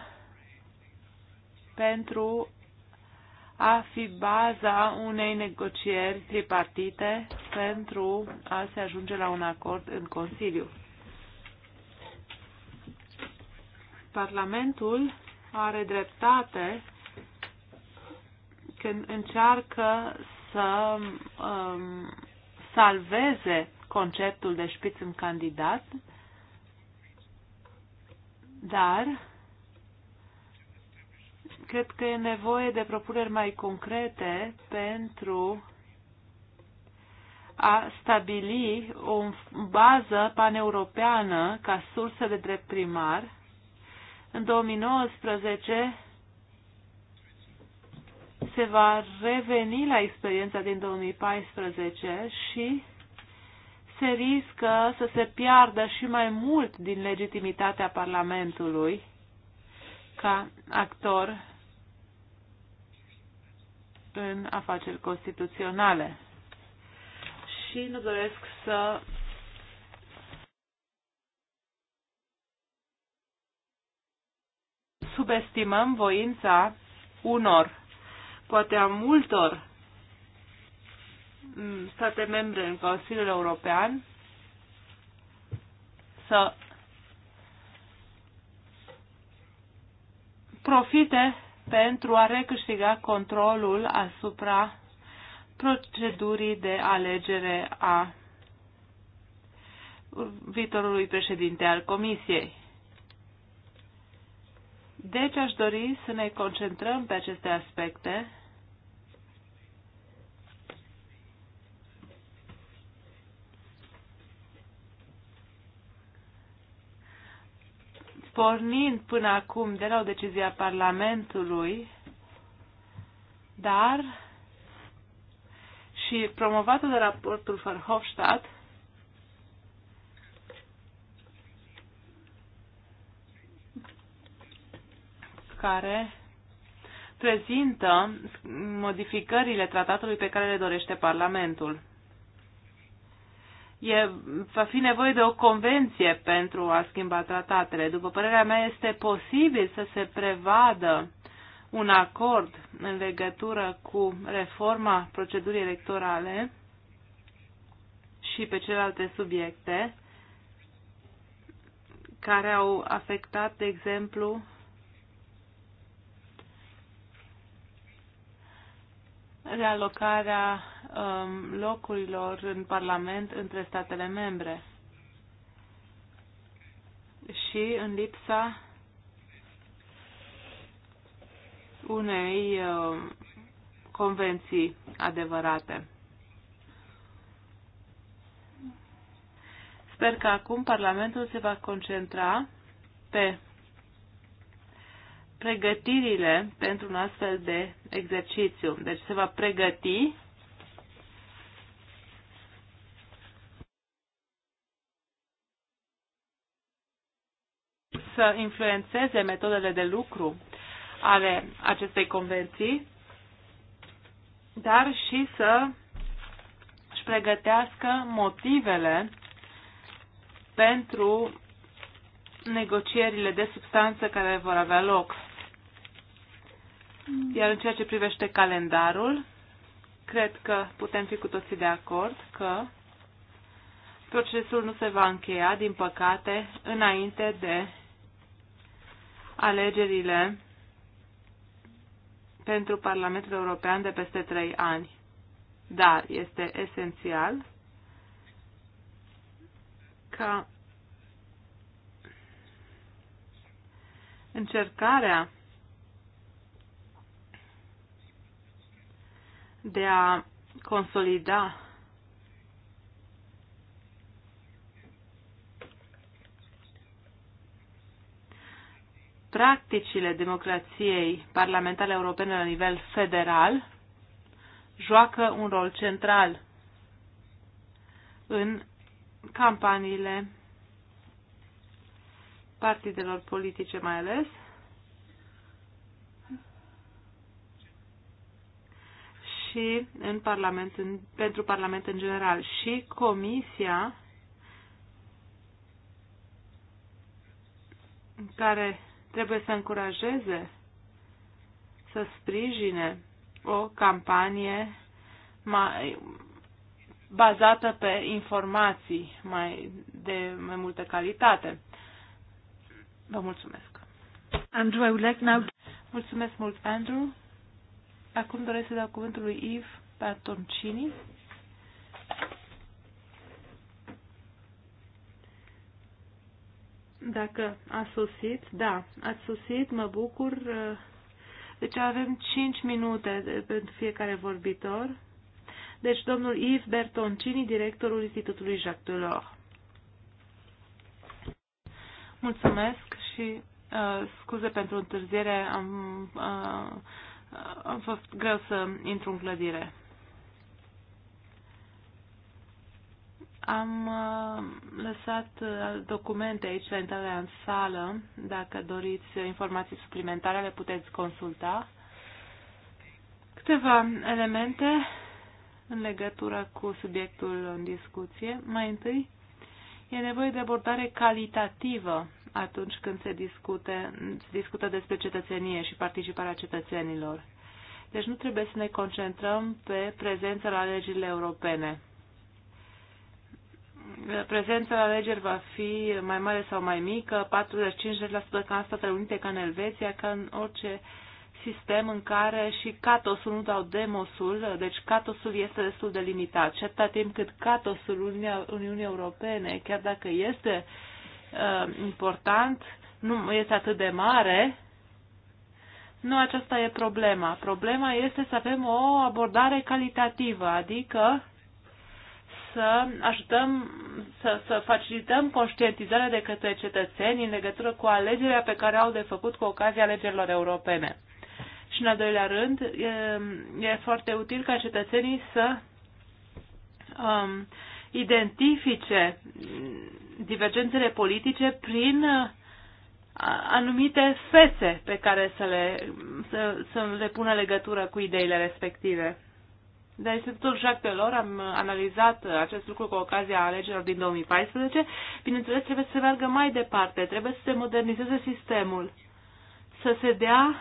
pentru a fi baza unei negocieri tripartite pentru a se ajunge la un acord în Consiliu. Parlamentul are dreptate când încearcă să um, salveze conceptul de șpiț în candidat, dar cred că e nevoie de propuneri mai concrete pentru a stabili o bază paneuropeană ca sursă de drept primar. În 2019 se va reveni la experiența din 2014 și se riscă să se piardă și mai mult din legitimitatea Parlamentului ca actor în afaceri constituționale. Și nu doresc să subestimăm voința unor poate a multor mm, state membre în Consiliul European să profite pentru a recâștiga controlul asupra procedurii de alegere a viitorului președinte al Comisiei. Deci aș dori să ne concentrăm pe aceste aspecte pornind până acum de la o decizie a Parlamentului, dar și promovată de raportul Verhofstadt, care prezintă modificările tratatului pe care le dorește Parlamentul e, va fi nevoie de o convenție pentru a schimba tratatele. După părerea mea, este posibil să se prevadă un acord în legătură cu reforma procedurii electorale și pe celelalte subiecte care au afectat, de exemplu, realocarea Um, locurilor în Parlament între statele membre și în lipsa unei um, convenții adevărate. Sper că acum Parlamentul se va concentra pe pregătirile pentru un astfel de exercițiu. Deci se va pregăti să influențeze metodele de lucru ale acestei convenții, dar și să își pregătească motivele pentru negocierile de substanță care vor avea loc. Iar în ceea ce privește calendarul, cred că putem fi cu toții de acord că procesul nu se va încheia, din păcate, înainte de alegerile pentru Parlamentul European de peste trei ani. Dar este esențial ca încercarea de a consolida practicile democrației parlamentare europene la nivel federal joacă un rol central în campaniile partidelor politice mai ales și în parlament, în, pentru Parlament în general. Și Comisia care trebuie să încurajeze, să sprijine o campanie mai bazată pe informații mai de mai multă calitate. Vă mulțumesc. Andrew, I would like now... Mulțumesc mult, Andrew. Acum doresc să dau cuvântul lui Yves Patoncini. Dacă a sosit, da, a sosit, mă bucur. Deci avem 5 minute pentru fiecare vorbitor. Deci domnul Yves Bertoncini, directorul Institutului Jacques Delors. Mulțumesc și uh, scuze pentru întârziere, am, uh, am fost greu să intru în clădire. Am uh, lăsat uh, documente aici la intrarea în sală. Dacă doriți informații suplimentare, le puteți consulta. Câteva elemente în legătură cu subiectul în discuție. Mai întâi, e nevoie de abordare calitativă atunci când se, discute, se discută despre cetățenie și participarea cetățenilor. Deci nu trebuie să ne concentrăm pe prezența la legile europene prezența la alegeri va fi mai mare sau mai mică, 45% ca în Statele Unite, ca în Elveția, ca în orice sistem în care și catosul nu dau demosul, deci catosul este destul de limitat. Și atâta timp cât catosul Uniunii Europene, chiar dacă este uh, important, nu este atât de mare, nu aceasta e problema. Problema este să avem o abordare calitativă, adică să ajutăm, să, să facilităm conștientizarea de către cetățeni în legătură cu alegerea pe care au de făcut cu ocazia alegerilor europene. Și în al doilea rând, e, e foarte util ca cetățenii să um, identifice divergențele politice prin uh, anumite fețe pe care să le, să, să le pună legătură cu ideile respective de Institutul Jacques Delors am analizat acest lucru cu ocazia alegerilor din 2014. Bineînțeles, trebuie să se meargă mai departe, trebuie să se modernizeze sistemul, să se dea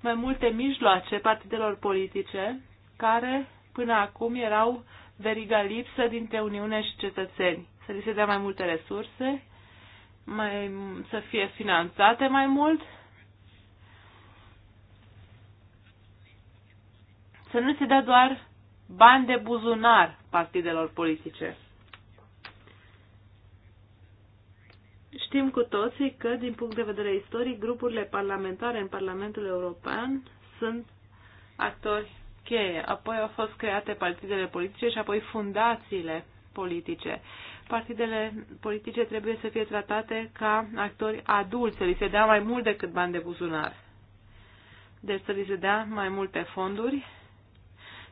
mai multe mijloace partidelor politice care până acum erau veriga lipsă dintre Uniune și cetățeni. Să li se dea mai multe resurse, mai, să fie finanțate mai mult, să nu se dea doar bani de buzunar partidelor politice. Știm cu toții că, din punct de vedere istoric, grupurile parlamentare în Parlamentul European sunt actori cheie. Apoi au fost create partidele politice și apoi fundațiile politice. Partidele politice trebuie să fie tratate ca actori adulți, să li se dea mai mult decât bani de buzunar. Deci să li se dea mai multe fonduri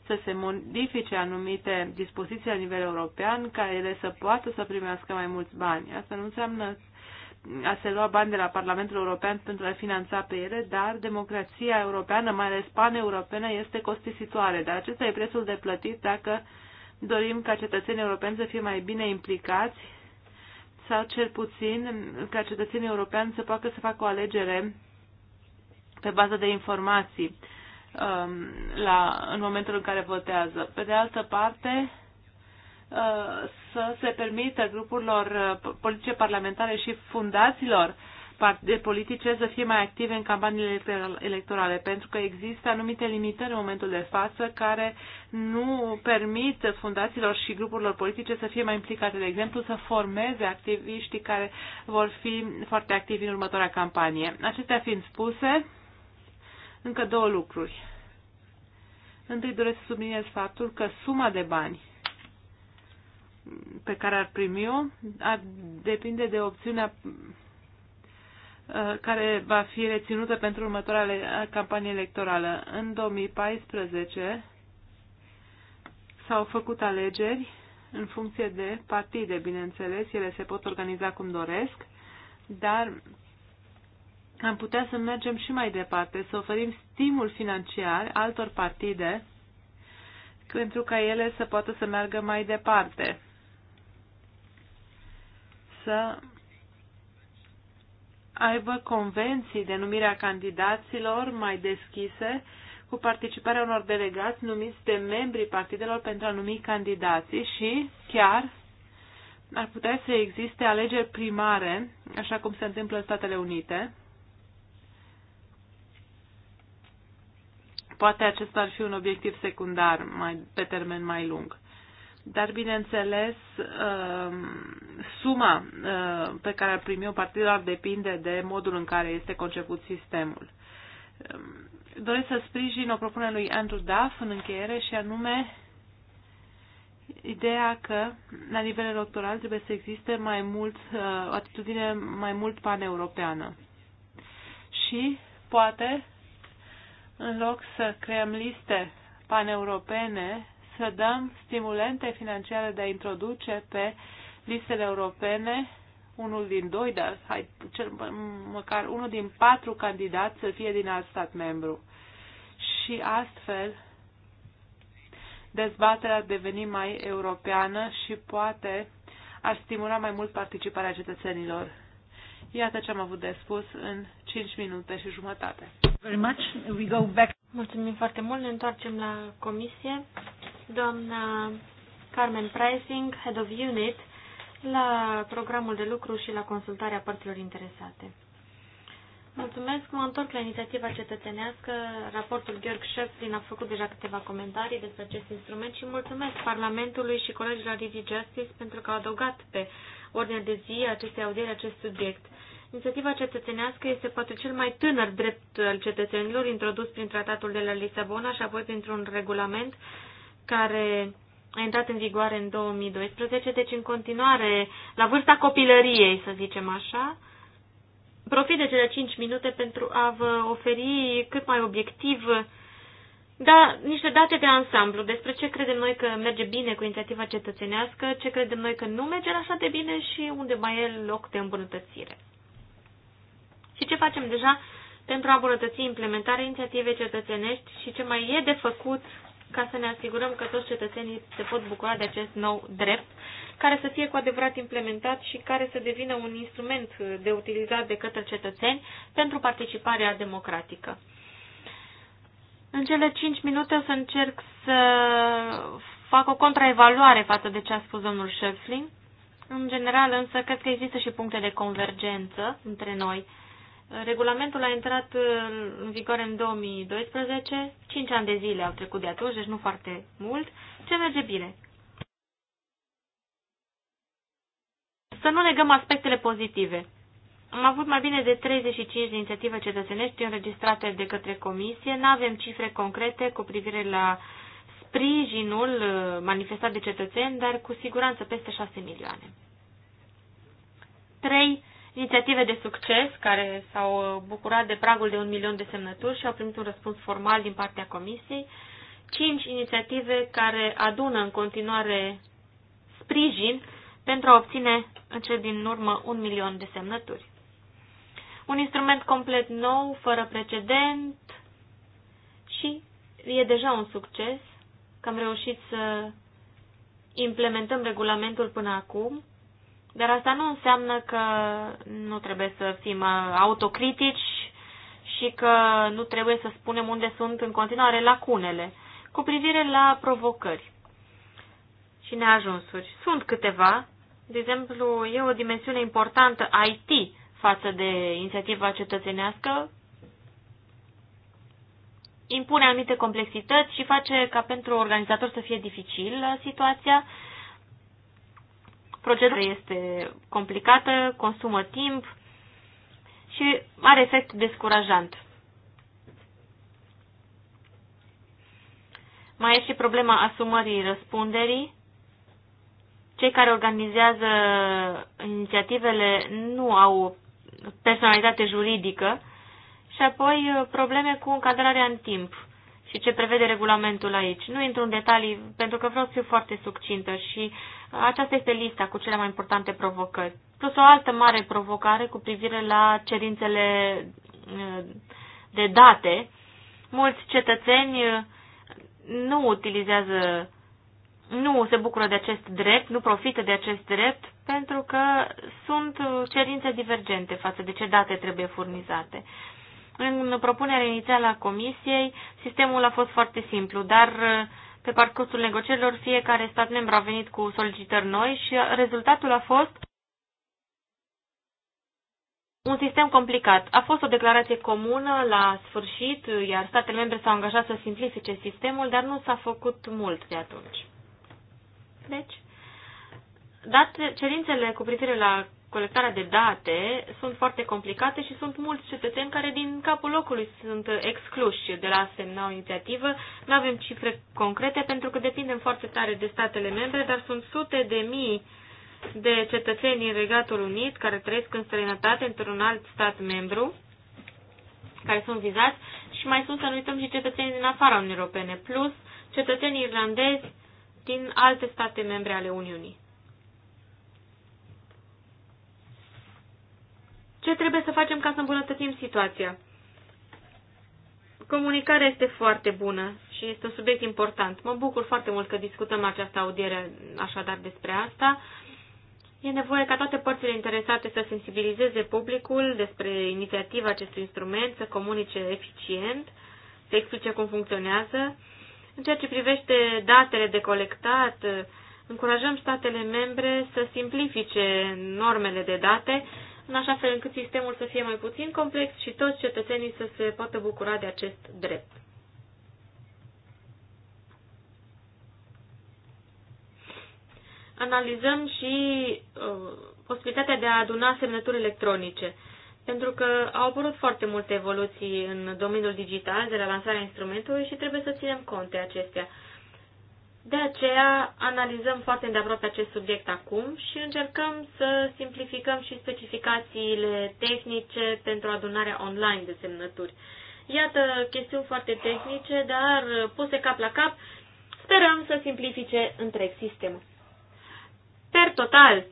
să se modifice anumite dispoziții la nivel european ca ele să poată să primească mai mulți bani. Asta nu înseamnă a se lua bani de la Parlamentul European pentru a finanța pe ele, dar democrația europeană, mai ales pan-europeană, este costisitoare. Dar acesta e prețul de plătit dacă dorim ca cetățenii europeni să fie mai bine implicați sau cel puțin ca cetățenii europeni să poată să facă o alegere pe bază de informații Um, la, în momentul în care votează. Pe de altă parte, uh, să se permită grupurilor uh, politice parlamentare și fundațiilor de politice să fie mai active în campaniile electorale, pentru că există anumite limitări în momentul de față care nu permit fundațiilor și grupurilor politice să fie mai implicate, de exemplu, să formeze activiștii care vor fi foarte activi în următoarea campanie. Acestea fiind spuse, încă două lucruri. Întâi doresc să subliniez faptul că suma de bani pe care ar primi-o ar depinde de opțiunea ă, care va fi reținută pentru următoarea campanie electorală. În 2014 s-au făcut alegeri în funcție de partide, bineînțeles, ele se pot organiza cum doresc, dar am putea să mergem și mai departe, să oferim stimul financiar altor partide pentru ca ele să poată să meargă mai departe. Să aibă convenții de numire a candidaților mai deschise cu participarea unor delegați numiți de membrii partidelor pentru a numi candidații și chiar ar putea să existe alegeri primare, așa cum se întâmplă în Statele Unite, Poate acesta ar fi un obiectiv secundar mai, pe termen mai lung. Dar, bineînțeles, um, suma uh, pe care ar primi-o partidă ar depinde de modul în care este conceput sistemul. Um, doresc să sprijin o propunere lui Andrew Duff în încheiere și anume ideea că la nivel electoral trebuie să existe mai mult, uh, o atitudine mai mult paneuropeană. Și poate în loc să creăm liste paneuropene, să dăm stimulente financiare de a introduce pe listele europene unul din doi, dar hai, cel, măcar unul din patru candidați să fie din alt stat membru. Și astfel dezbaterea deveni mai europeană și poate ar stimula mai mult participarea cetățenilor. Iată ce am avut de spus în 5 minute și jumătate. Very much. We go back. Mulțumim foarte mult. Ne întoarcem la comisie. Doamna Carmen Pricing, Head of Unit, la programul de lucru și la consultarea părților interesate. Mulțumesc. Mă întorc la inițiativa cetățenească. Raportul Gheorg Șeflin a făcut deja câteva comentarii despre acest instrument și mulțumesc Parlamentului și colegilor Digi Justice pentru că au adăugat pe ordinea de zi acestei audieri acest subiect. Inițiativa cetățenească este poate cel mai tânăr drept al cetățenilor introdus prin tratatul de la Lisabona și apoi printr-un regulament care a intrat în vigoare în 2012, deci în continuare la vârsta copilăriei, să zicem așa, profit de cele 5 minute pentru a vă oferi cât mai obiectiv da, niște date de ansamblu despre ce credem noi că merge bine cu inițiativa cetățenească, ce credem noi că nu merge așa de bine și unde mai e loc de îmbunătățire. Și ce facem deja pentru a îmbunătăți implementarea inițiativei cetățenești și ce mai e de făcut ca să ne asigurăm că toți cetățenii se pot bucura de acest nou drept, care să fie cu adevărat implementat și care să devină un instrument de utilizat de către cetățeni pentru participarea democratică. În cele 5 minute o să încerc să fac o contraevaluare față de ce a spus domnul Schöpfling. În general, însă, cred că există și puncte de convergență între noi. Regulamentul a intrat în vigoare în 2012, 5 ani de zile au trecut de atunci, deci nu foarte mult, ce merge bine. Să nu negăm aspectele pozitive. Am avut mai bine de 35 de inițiative cetățenești înregistrate de către comisie. Nu avem cifre concrete cu privire la sprijinul uh, manifestat de cetățeni, dar cu siguranță peste 6 milioane. 3 inițiative de succes care s-au bucurat de pragul de un milion de semnături și au primit un răspuns formal din partea Comisiei, cinci inițiative care adună în continuare sprijin pentru a obține în cel din urmă un milion de semnături. Un instrument complet nou, fără precedent și e deja un succes că am reușit să implementăm regulamentul până acum dar asta nu înseamnă că nu trebuie să fim uh, autocritici și că nu trebuie să spunem unde sunt în continuare lacunele cu privire la provocări și neajunsuri. Sunt câteva, de exemplu, e o dimensiune importantă IT față de inițiativa cetățenească, impune anumite complexități și face ca pentru organizator să fie dificil uh, situația, Procedura este complicată, consumă timp și are efect descurajant. Mai e și problema asumării răspunderii. Cei care organizează inițiativele nu au personalitate juridică și apoi probleme cu încadrarea în timp și ce prevede regulamentul aici. Nu intru în detalii pentru că vreau să fiu foarte succintă și uh, aceasta este lista cu cele mai importante provocări. Plus o altă mare provocare cu privire la cerințele uh, de date. Mulți cetățeni uh, nu utilizează, nu se bucură de acest drept, nu profită de acest drept pentru că sunt cerințe divergente față de ce date trebuie furnizate. În propunerea inițială a Comisiei, sistemul a fost foarte simplu, dar uh, pe parcursul negocierilor fiecare stat membru a venit cu solicitări noi și rezultatul a fost un sistem complicat. A fost o declarație comună la sfârșit, iar statele membre s-au angajat să simplifice sistemul, dar nu s-a făcut mult de atunci. Deci, date cerințele cu privire la colectarea de date sunt foarte complicate și sunt mulți cetățeni care din capul locului sunt excluși de la semna o inițiativă. Nu avem cifre concrete pentru că depindem foarte tare de statele membre, dar sunt sute de mii de cetățeni în Regatul Unit care trăiesc în străinătate într-un alt stat membru care sunt vizați și mai sunt, să nu uităm, și cetățenii din afara Uniunii Europene, plus cetățenii irlandezi din alte state membre ale Uniunii. ce trebuie să facem ca să îmbunătățim situația. Comunicarea este foarte bună și este un subiect important. Mă bucur foarte mult că discutăm această audiere așadar despre asta. E nevoie ca toate părțile interesate să sensibilizeze publicul despre inițiativa acestui instrument, să comunice eficient, să explice cum funcționează. În ceea ce privește datele de colectat, încurajăm statele membre să simplifice normele de date în așa fel încât sistemul să fie mai puțin complex și toți cetățenii să se poată bucura de acest drept. Analizăm și uh, posibilitatea de a aduna semnături electronice, pentru că au apărut foarte multe evoluții în domeniul digital de la lansarea instrumentului și trebuie să ținem cont de acestea. Uh, de aceea analizăm foarte îndeaproape acest subiect acum și încercăm să simplificăm și specificațiile tehnice pentru adunarea online de semnături. Iată chestiuni foarte tehnice, dar puse cap la cap, sperăm să simplifice întreg sistemul. Per total,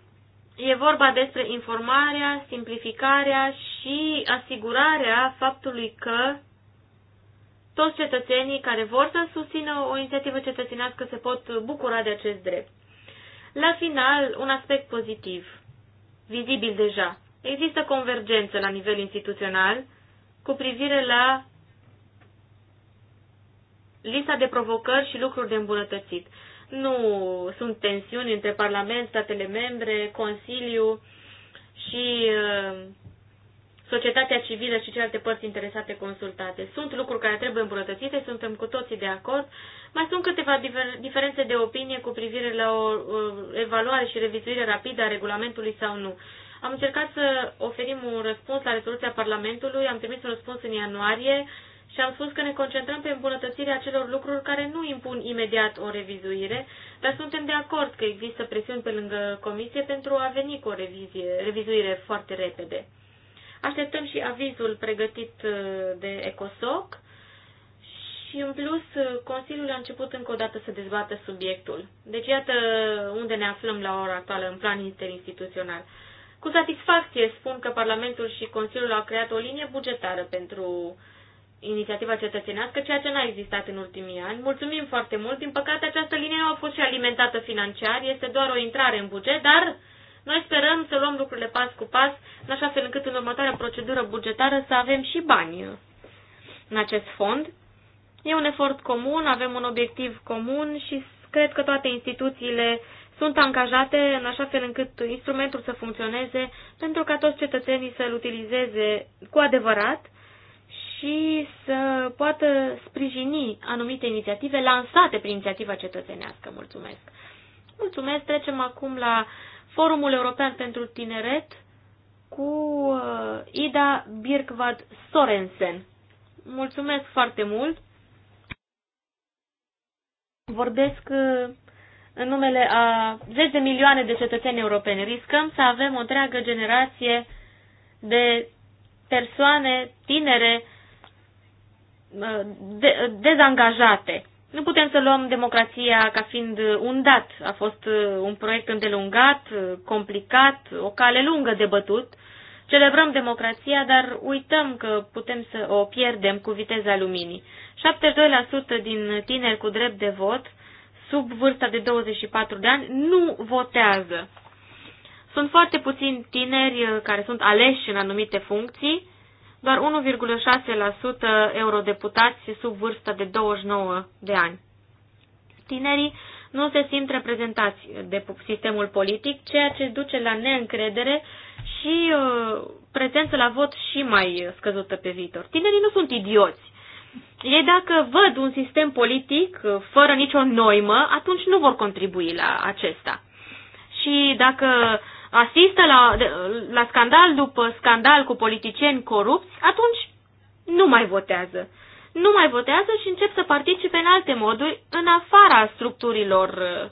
e vorba despre informarea, simplificarea și asigurarea faptului că toți cetățenii care vor să susțină o inițiativă cetățenească se pot bucura de acest drept. La final, un aspect pozitiv, vizibil deja. Există convergență la nivel instituțional cu privire la lista de provocări și lucruri de îmbunătățit. Nu sunt tensiuni între Parlament, statele membre, Consiliu și uh, societatea civilă și celelalte părți interesate consultate. Sunt lucruri care trebuie îmbunătățite, suntem cu toții de acord. Mai sunt câteva difer- diferențe de opinie cu privire la o evaluare și revizuire rapidă a regulamentului sau nu. Am încercat să oferim un răspuns la rezoluția Parlamentului, am trimis un răspuns în ianuarie și am spus că ne concentrăm pe îmbunătățirea celor lucruri care nu impun imediat o revizuire, dar suntem de acord că există presiuni pe lângă comisie pentru a veni cu o revizie, revizuire foarte repede. Așteptăm și avizul pregătit uh, de ECOSOC și, în plus, uh, Consiliul a început încă o dată să dezbată subiectul. Deci, iată unde ne aflăm la ora actuală, în plan interinstituțional. Cu satisfacție spun că Parlamentul și Consiliul au creat o linie bugetară pentru inițiativa cetățenească, ceea ce n-a existat în ultimii ani. Mulțumim foarte mult. Din păcate, această linie nu a fost și alimentată financiar, este doar o intrare în buget, dar noi sperăm să luăm lucrurile pas cu pas, în așa fel încât în următoarea procedură bugetară să avem și bani în acest fond. E un efort comun, avem un obiectiv comun și cred că toate instituțiile sunt angajate în așa fel încât instrumentul să funcționeze pentru ca toți cetățenii să-l utilizeze cu adevărat și să poată sprijini anumite inițiative lansate prin inițiativa cetățenească. Mulțumesc! Mulțumesc! Trecem acum la Forumul European pentru Tineret cu uh, Ida Birkvad Sorensen. Mulțumesc foarte mult! Vorbesc uh, în numele a 10 de milioane de cetățeni europeni. Riscăm să avem o întreagă generație de persoane tinere uh, de, dezangajate. Nu putem să luăm democrația ca fiind un dat. A fost uh, un proiect îndelungat, uh, complicat, o cale lungă de bătut. Celebrăm democrația, dar uităm că putem să o pierdem cu viteza luminii. 72% din tineri cu drept de vot, sub vârsta de 24 de ani, nu votează. Sunt foarte puțini tineri uh, care sunt aleși în anumite funcții doar 1,6% eurodeputați sub vârsta de 29 de ani. Tinerii nu se simt reprezentați de sistemul politic, ceea ce duce la neîncredere și uh, prezență la vot și mai scăzută pe viitor. Tinerii nu sunt idioți. Ei dacă văd un sistem politic uh, fără nicio noimă, atunci nu vor contribui la acesta. Și dacă asistă la, la scandal după scandal cu politicieni corupți, atunci nu mai votează. Nu mai votează și încep să participe în alte moduri în afara structurilor uh,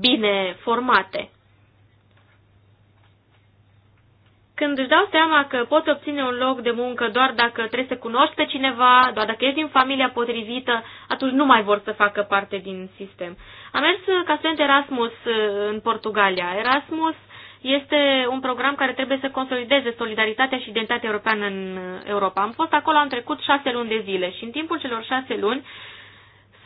bine formate. Când își dau seama că poți obține un loc de muncă doar dacă trebuie să cunoști pe cineva, doar dacă ești din familia potrivită, atunci nu mai vor să facă parte din sistem. Am mers uh, ca student Erasmus uh, în Portugalia. Erasmus uh, este un program care trebuie să consolideze solidaritatea și identitatea europeană în Europa. Am fost acolo, am trecut șase luni de zile și în timpul celor șase luni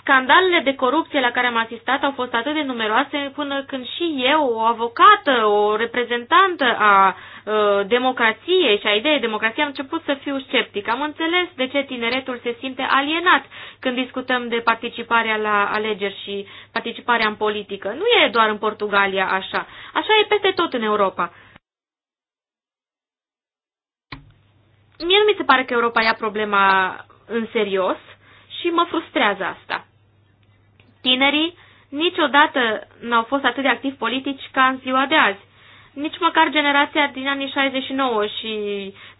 Scandalele de corupție la care am asistat au fost atât de numeroase până când și eu, o avocată, o reprezentantă a uh, democrației și a ideii democrației, am început să fiu sceptic. Am înțeles de ce tineretul se simte alienat când discutăm de participarea la alegeri și participarea în politică. Nu e doar în Portugalia așa. Așa e peste tot în Europa. Mie nu mi se pare că Europa ia problema în serios și mă frustrează asta. Tinerii niciodată n-au fost atât de activi politici ca în ziua de azi. Nici măcar generația din anii 69 și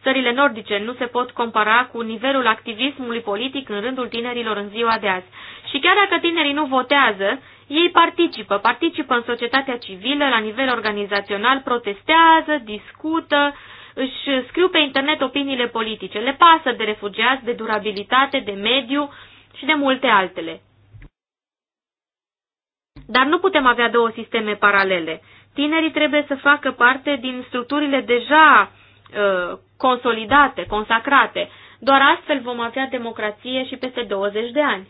țările nordice nu se pot compara cu nivelul activismului politic în rândul tinerilor în ziua de azi. Și chiar dacă tinerii nu votează, ei participă, participă în societatea civilă, la nivel organizațional, protestează, discută, își scriu pe internet opiniile politice, le pasă de refugiați, de durabilitate, de mediu și de multe altele. Dar nu putem avea două sisteme paralele. Tinerii trebuie să facă parte din structurile deja uh, consolidate, consacrate. Doar astfel vom avea democrație și peste 20 de ani.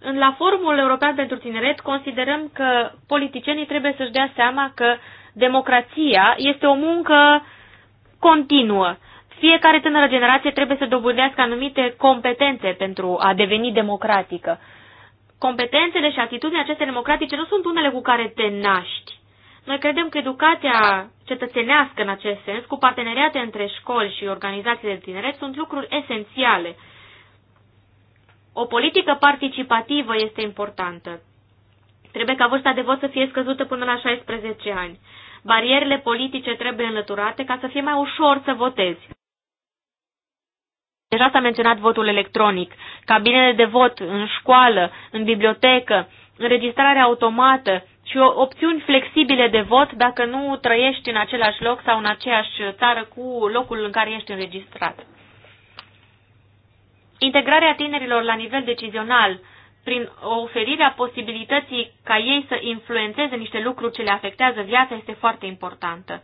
În la Forumul European pentru Tineret considerăm că politicienii trebuie să-și dea seama că democrația este o muncă continuă. Fiecare tânără generație trebuie să dobândească anumite competențe pentru a deveni democratică competențele și atitudinile acestea democratice nu sunt unele cu care te naști. Noi credem că educația cetățenească în acest sens, cu parteneriate între școli și organizații de tineret, sunt lucruri esențiale. O politică participativă este importantă. Trebuie ca vârsta de vot să fie scăzută până la 16 ani. Barierele politice trebuie înlăturate ca să fie mai ușor să votezi. Deja s-a menționat votul electronic, cabinele de vot în școală, în bibliotecă, înregistrare automată și opțiuni flexibile de vot dacă nu trăiești în același loc sau în aceeași țară cu locul în care ești înregistrat. Integrarea tinerilor la nivel decizional prin oferirea posibilității ca ei să influențeze niște lucruri ce le afectează viața este foarte importantă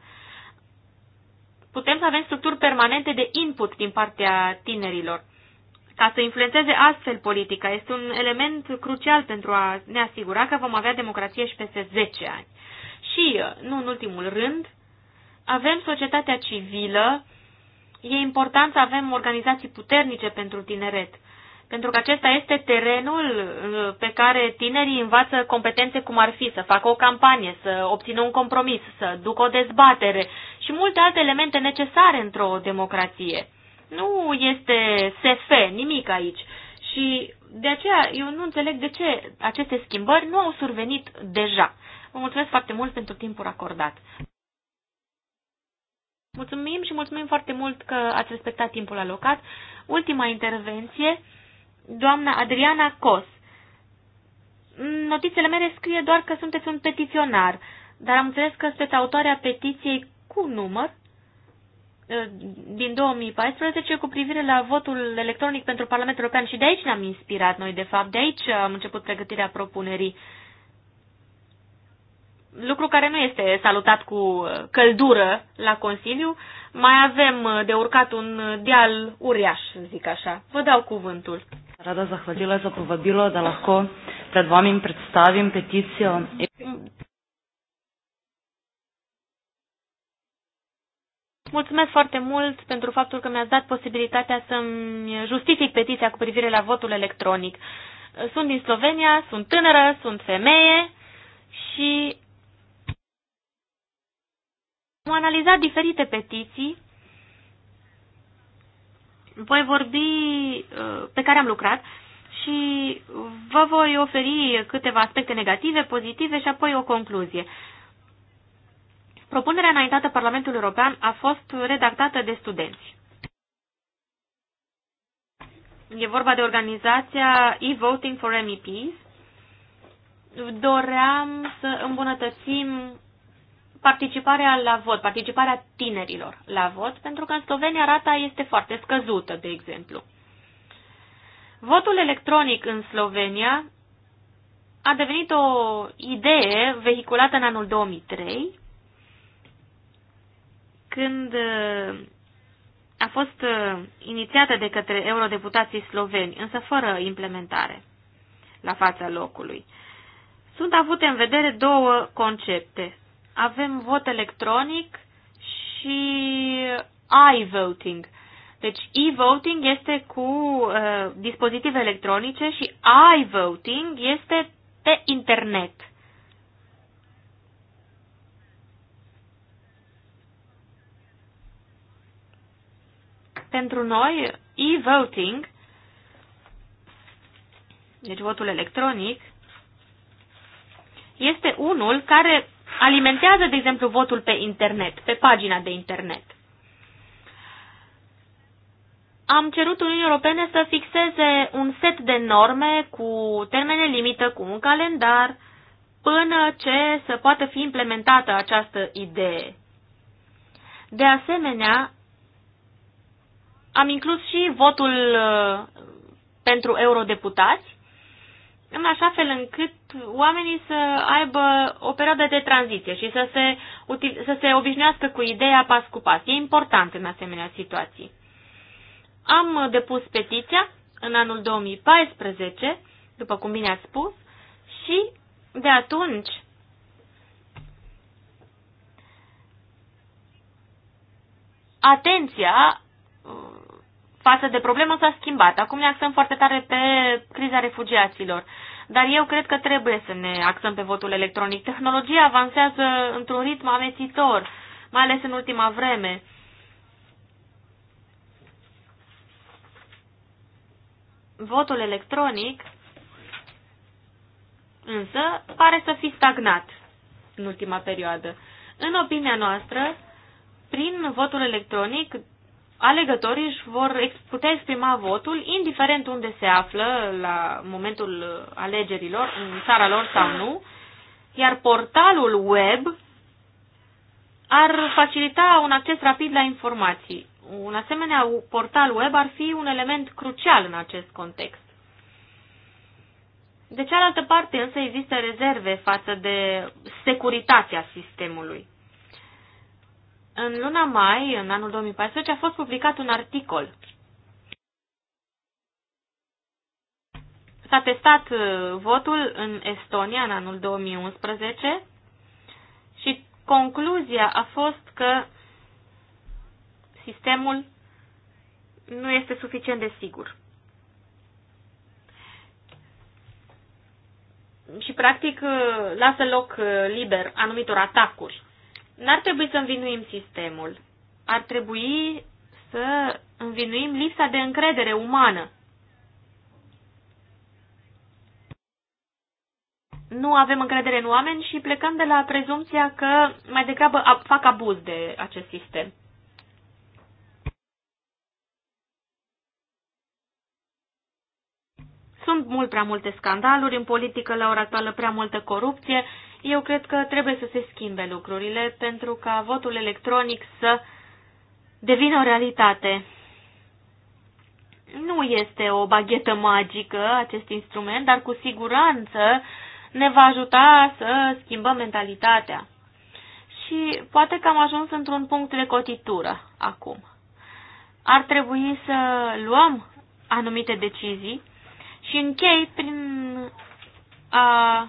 putem să avem structuri permanente de input din partea tinerilor, ca să influențeze astfel politica. Este un element crucial pentru a ne asigura că vom avea democrație și peste 10 ani. Și, nu în ultimul rând, avem societatea civilă, e important să avem organizații puternice pentru tineret – pentru că acesta este terenul uh, pe care tinerii învață competențe cum ar fi să facă o campanie, să obțină un compromis, să ducă o dezbatere și multe alte elemente necesare într-o democrație. Nu este SF, nimic aici. Și de aceea eu nu înțeleg de ce aceste schimbări nu au survenit deja. Vă mulțumesc foarte mult pentru timpul acordat. Mulțumim și mulțumim foarte mult că ați respectat timpul alocat. Ultima intervenție doamna Adriana Cos. notițele mele scrie doar că sunteți un petiționar, dar am înțeles că sunteți autoarea petiției cu număr din 2014 cu privire la votul electronic pentru Parlamentul European și de aici ne-am inspirat noi, de fapt, de aici am început pregătirea propunerii. Lucru care nu este salutat cu căldură la Consiliu, mai avem de urcat un deal uriaș, zic așa. Vă dau cuvântul. Rada zahvalila za povabilo, da lahko pred vami predstavim peticijo. Mulțumesc foarte mult pentru faptul că mi-ați dat posibilitatea să-mi justific petiția cu privire la votul electronic. Sunt din Slovenia, sunt tânără, sunt femeie și am analizat diferite petiții voi vorbi uh, pe care am lucrat și vă voi oferi câteva aspecte negative, pozitive și apoi o concluzie. Propunerea înaintată Parlamentului European a fost redactată de studenți. E vorba de organizația e-voting for MEPs. Doream să îmbunătățim participarea la vot, participarea tinerilor la vot, pentru că în Slovenia rata este foarte scăzută, de exemplu. Votul electronic în Slovenia a devenit o idee vehiculată în anul 2003, când uh, a fost uh, inițiată de către eurodeputații sloveni, însă fără implementare la fața locului. Sunt avute în vedere două concepte avem vot electronic și i-voting. Deci e-voting este cu uh, dispozitive electronice și i-voting este pe internet. Pentru noi, e-voting, deci votul electronic, este unul care alimentează, de exemplu, votul pe internet, pe pagina de internet. Am cerut Uniunii Europene să fixeze un set de norme cu termene limită, cu un calendar, până ce să poată fi implementată această idee. De asemenea, am inclus și votul uh, pentru eurodeputați, în așa fel încât oamenii să aibă o perioadă de tranziție și să se, util, să se obișnuiască cu ideea pas cu pas. E important în asemenea situații. Am depus petiția în anul 2014, după cum bine ați spus, și de atunci atenția față de problemă s-a schimbat. Acum ne axăm foarte tare pe criza refugiaților. Dar eu cred că trebuie să ne axăm pe votul electronic. Tehnologia avansează într-un ritm amețitor, mai ales în ultima vreme. Votul electronic însă pare să fi stagnat în ultima perioadă. În opinia noastră, prin votul electronic alegătorii își vor putea exprima votul indiferent unde se află la momentul alegerilor, în țara lor sau nu, iar portalul web ar facilita un acces rapid la informații. Un asemenea portal web ar fi un element crucial în acest context. De cealaltă parte, însă, există rezerve față de securitatea sistemului. În luna mai, în anul 2014, a fost publicat un articol. S-a testat uh, votul în Estonia în anul 2011 și concluzia a fost că sistemul nu este suficient de sigur. Și, practic, uh, lasă loc uh, liber anumitor atacuri. N-ar trebui să învinuim sistemul. Ar trebui să învinuim lipsa de încredere umană. Nu avem încredere în oameni și plecăm de la prezumția că mai degrabă fac abuz de acest sistem. Sunt mult prea multe scandaluri în politică, la ora actuală prea multă corupție eu cred că trebuie să se schimbe lucrurile pentru ca votul electronic să devină o realitate. Nu este o baghetă magică acest instrument, dar cu siguranță ne va ajuta să schimbăm mentalitatea. Și poate că am ajuns într-un punct de cotitură acum. Ar trebui să luăm anumite decizii și închei prin a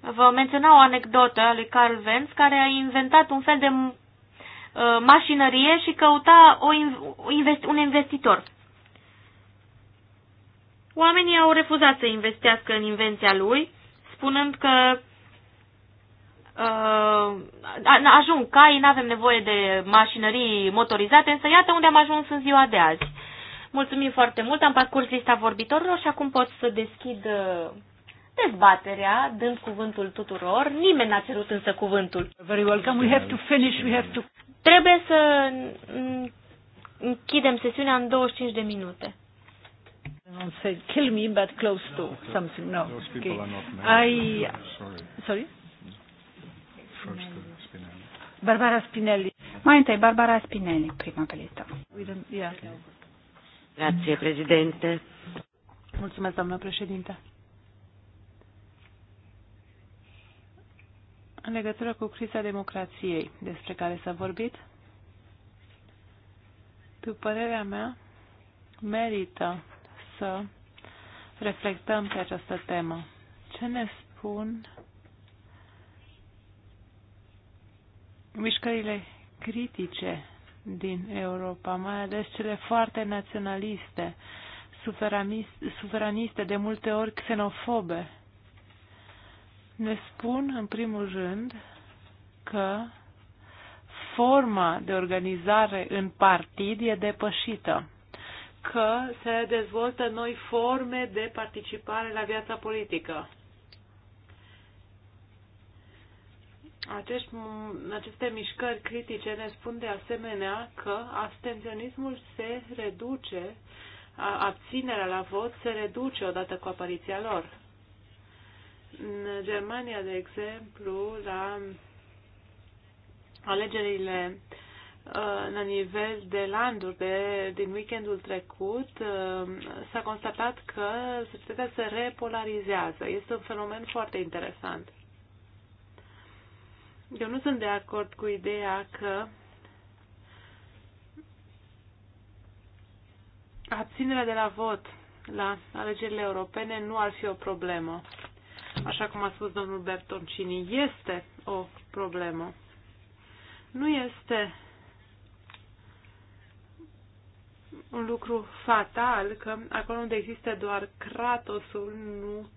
vă menționa o anecdotă a lui Carl Vance care a inventat un fel de uh, mașinărie și căuta o invest un investitor. Oamenii au refuzat să investească în invenția lui, spunând că uh, ajung cai, nu avem nevoie de mașinării motorizate, însă iată unde am ajuns în ziua de azi. Mulțumim foarte mult, am parcurs lista vorbitorilor și acum pot să deschid uh, dezbaterea, dând cuvântul tuturor. Nimeni n-a cerut însă cuvântul. Very welcome. We have to finish. We have to... Trebuie să închidem sesiunea în 25 de minute. Don't say kill me, but close to something. No. Okay. I... Sorry? Uh, Barbara Spinelli. Mai întâi, Barbara Spinelli, prima pe listă. Yeah. Grazie, președinte. Mulțumesc, doamnă președinte. în legătură cu criza democrației despre care s-a vorbit, după părerea mea, merită să reflectăm pe această temă. Ce ne spun mișcările critice din Europa, mai ales cele foarte naționaliste, suveraniste, de multe ori xenofobe ne spun, în primul rând, că forma de organizare în partid e depășită, că se dezvoltă noi forme de participare la viața politică. Acești, aceste mișcări critice ne spun de asemenea că abstenționismul se reduce, abținerea la vot se reduce odată cu apariția lor. În Germania, de exemplu, la alegerile uh, la nivel de landuri de, din weekendul trecut, uh, s-a constatat că societatea se repolarizează. Este un fenomen foarte interesant. Eu nu sunt de acord cu ideea că abținerea de la vot la alegerile europene nu ar fi o problemă așa cum a spus domnul Bertoncini, este o problemă. Nu este un lucru fatal că acolo unde există doar Kratosul, nu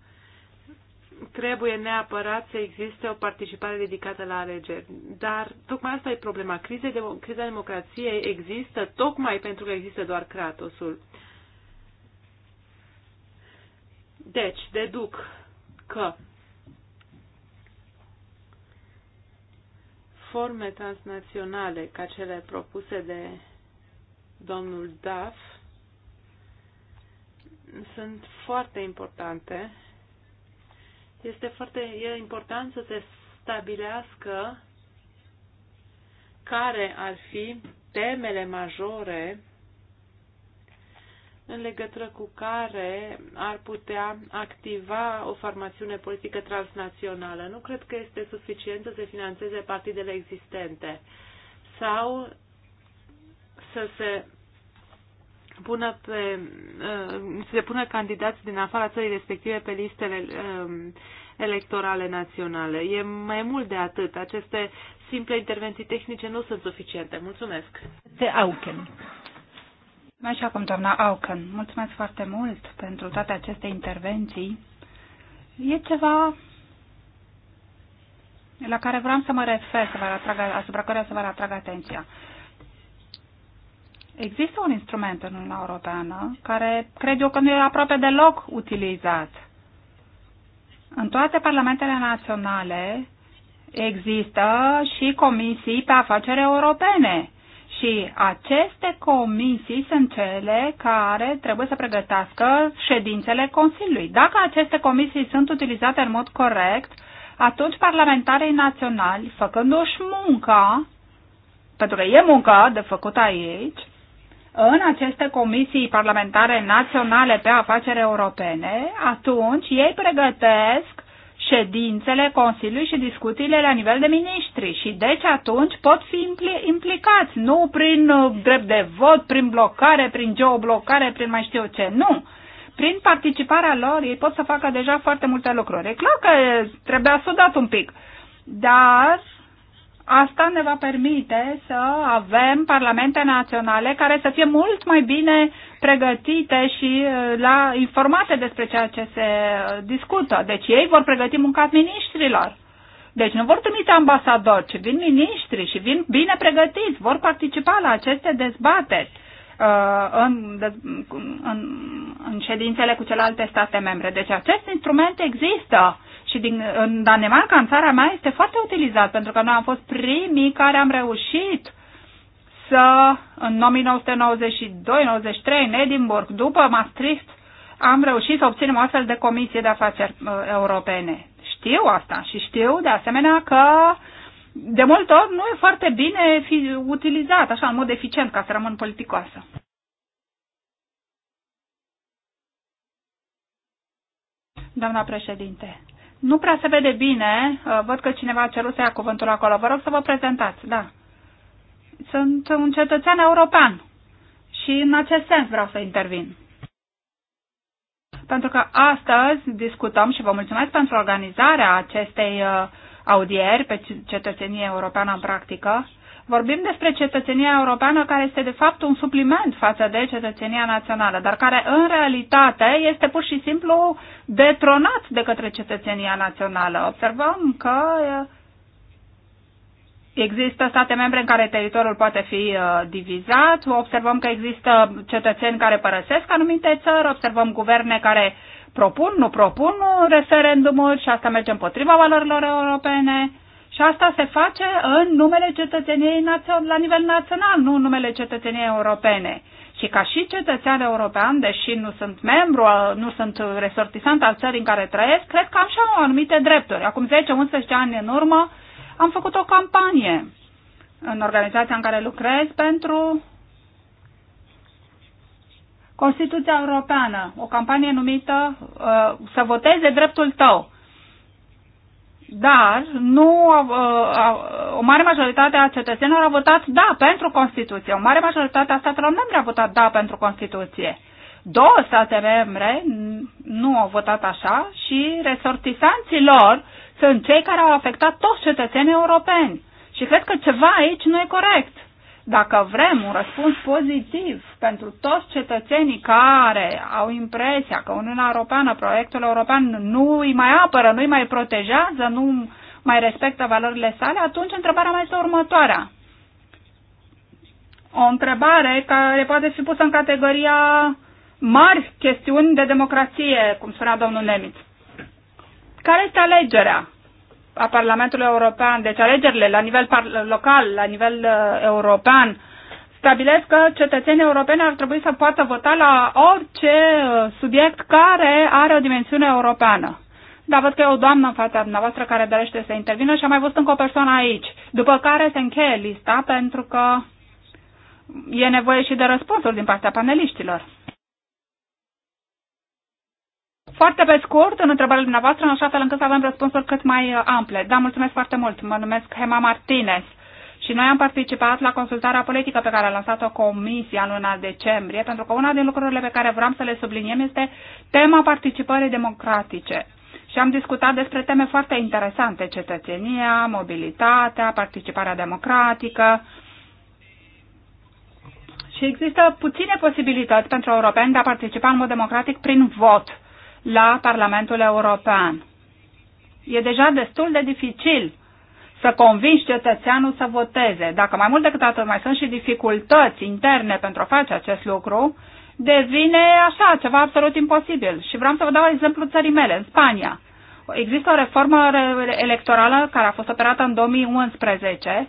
trebuie neapărat să existe o participare dedicată la alegeri. Dar tocmai asta e problema. Crize de, criza democrației există tocmai pentru că există doar Kratosul. Deci, deduc că forme transnaționale ca cele propuse de domnul Duff sunt foarte importante. Este foarte e important să se stabilească care ar fi temele majore în legătură cu care ar putea activa o formațiune politică transnațională. Nu cred că este suficient să se financeze partidele existente sau să se pună pe, uh, să se pună candidați din afara țării respective pe listele um, electorale naționale. E mai mult de atât. Aceste simple intervenții tehnice nu sunt suficiente. Mulțumesc. Se Auken. Așa cum doamna Auken, mulțumesc foarte mult pentru toate aceste intervenții. E ceva la care vreau să mă refer, să vă atrag, asupra care să vă atrag atenția. Există un instrument în Uniunea Europeană care cred eu că nu e aproape deloc utilizat. În toate parlamentele naționale există și comisii pe afaceri europene și aceste comisii sunt cele care trebuie să pregătească ședințele Consiliului. Dacă aceste comisii sunt utilizate în mod corect, atunci parlamentarii naționali, făcându-și munca, pentru că e muncă de făcut aici, în aceste comisii parlamentare naționale pe afaceri europene, atunci ei pregătesc ședințele Consiliului și discuțiile la nivel de miniștri și deci atunci pot fi implicați, nu prin uh, drept de vot, prin blocare, prin geoblocare, prin mai știu ce, nu. Prin participarea lor ei pot să facă deja foarte multe lucruri. E clar că uh, trebuia dat un pic, dar Asta ne va permite să avem parlamente naționale care să fie mult mai bine pregătite și uh, la informate despre ceea ce se uh, discută. Deci ei vor pregăti munca ministrilor. Deci nu vor trimite ambasadori, ci vin miniștri și vin bine pregătiți, vor participa la aceste dezbateri uh, în, în, în ședințele cu celelalte state membre. Deci acest instrument există și din, în Danemarca, în țara mea, este foarte utilizat, pentru că noi am fost primii care am reușit să, în 1992-93, în Edinburgh, după Maastricht, am reușit să obținem o astfel de comisie de afaceri uh, europene. Știu asta și știu, de asemenea, că de multe ori nu e foarte bine fi utilizat, așa, în mod eficient, ca să rămân politicoasă. Doamna președinte, nu prea se vede bine. Uh, văd că cineva a cerut să ia cuvântul acolo. Vă rog să vă prezentați. Da. Sunt un cetățean european și în acest sens vreau să intervin. Pentru că astăzi discutăm și vă mulțumesc pentru organizarea acestei uh, audieri pe cetățenie europeană în practică Vorbim despre cetățenia europeană care este de fapt un supliment față de cetățenia națională, dar care în realitate este pur și simplu detronat de către cetățenia națională. Observăm că eh, Există state membre în care teritoriul poate fi eh, divizat, observăm că există cetățeni care părăsesc anumite țări, observăm guverne care propun, nu propun referendumuri și asta merge împotriva valorilor europene. Și asta se face în numele cetățeniei la nivel național, nu în numele cetățeniei europene. Și ca și cetățean european, deși nu sunt membru, uh, nu sunt resortisant al țării în care trăiesc, cred că am și am anumite drepturi. Acum 10-11 ani în urmă am făcut o campanie în organizația în care lucrez pentru Constituția Europeană, o campanie numită uh, Să voteze dreptul tău. Dar nu, uh, uh, o mare majoritate a cetățenilor a votat da pentru Constituție. O mare majoritate a statelor membre a votat da pentru Constituție. Două state membre nu au votat așa și resortisanții lor sunt cei care au afectat toți cetățenii europeni. Și cred că ceva aici nu e corect. Dacă vrem un răspuns pozitiv pentru toți cetățenii care au impresia că Uniunea Europeană, proiectul european nu îi mai apără, nu îi mai protejează, nu mai respectă valorile sale, atunci întrebarea mai este următoarea. O întrebare care poate fi pusă în categoria mari chestiuni de democrație, cum spunea domnul Nemitz. Care este alegerea? a Parlamentului European, deci alegerile la nivel local, la nivel uh, european, stabilesc că cetățenii europeni ar trebui să poată vota la orice uh, subiect care are o dimensiune europeană. Dar văd că e o doamnă în fața dumneavoastră care dorește să intervină și am mai văzut încă o persoană aici. După care se încheie lista pentru că e nevoie și de răspunsuri din partea paneliștilor. Foarte pe scurt, în întrebările dumneavoastră, în așa fel încât să avem răspunsuri cât mai uh, ample. Da, mulțumesc foarte mult. Mă numesc Hema Martinez și noi am participat la consultarea politică pe care a lansat-o Comisia în luna decembrie, pentru că una din lucrurile pe care vreau să le subliniem este tema participării democratice. Și am discutat despre teme foarte interesante, cetățenia, mobilitatea, participarea democratică. Și există puține posibilități pentru europeni de a participa în mod democratic prin vot la Parlamentul European. E deja destul de dificil să convingi cetățeanul să voteze. Dacă mai mult decât atât mai sunt și dificultăți interne pentru a face acest lucru, devine așa, ceva absolut imposibil. Și vreau să vă dau exemplu țării mele, în Spania. Există o reformă electorală care a fost operată în 2011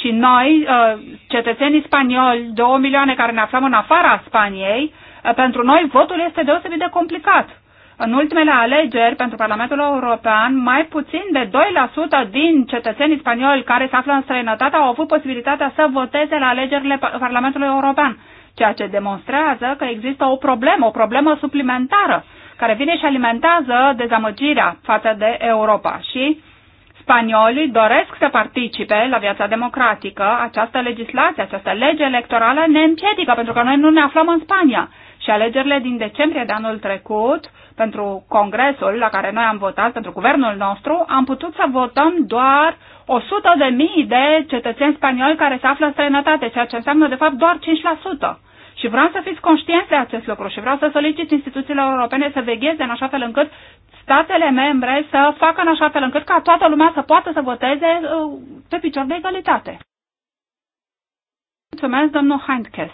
și noi, uh, cetățenii spanioli, două milioane care ne aflăm în afara Spaniei, Eh, pentru noi votul este deosebit de complicat. În ultimele alegeri pentru Parlamentul European, mai puțin de 2% din cetățenii spanioli care se află în străinătate au avut posibilitatea să voteze la alegerile Parlamentului European, ceea ce demonstrează că există o problemă, o problemă suplimentară, care vine și alimentează dezamăgirea față de Europa. Și spaniolii doresc să participe la viața democratică. Această legislație, această lege electorală ne împiedică, pentru că noi nu ne aflăm în Spania. Și alegerile din decembrie de anul trecut, pentru congresul la care noi am votat, pentru guvernul nostru, am putut să votăm doar 100.000 de mii de cetățeni spanioli care se află în străinătate, ceea ce înseamnă de fapt doar 5%. Și vreau să fiți conștienți de acest lucru și vreau să solicit instituțiile europene să vegheze în așa fel încât statele membre să facă în așa fel încât ca toată lumea să poată să voteze uh, pe picior de egalitate. Mulțumesc, domnul Heindkes.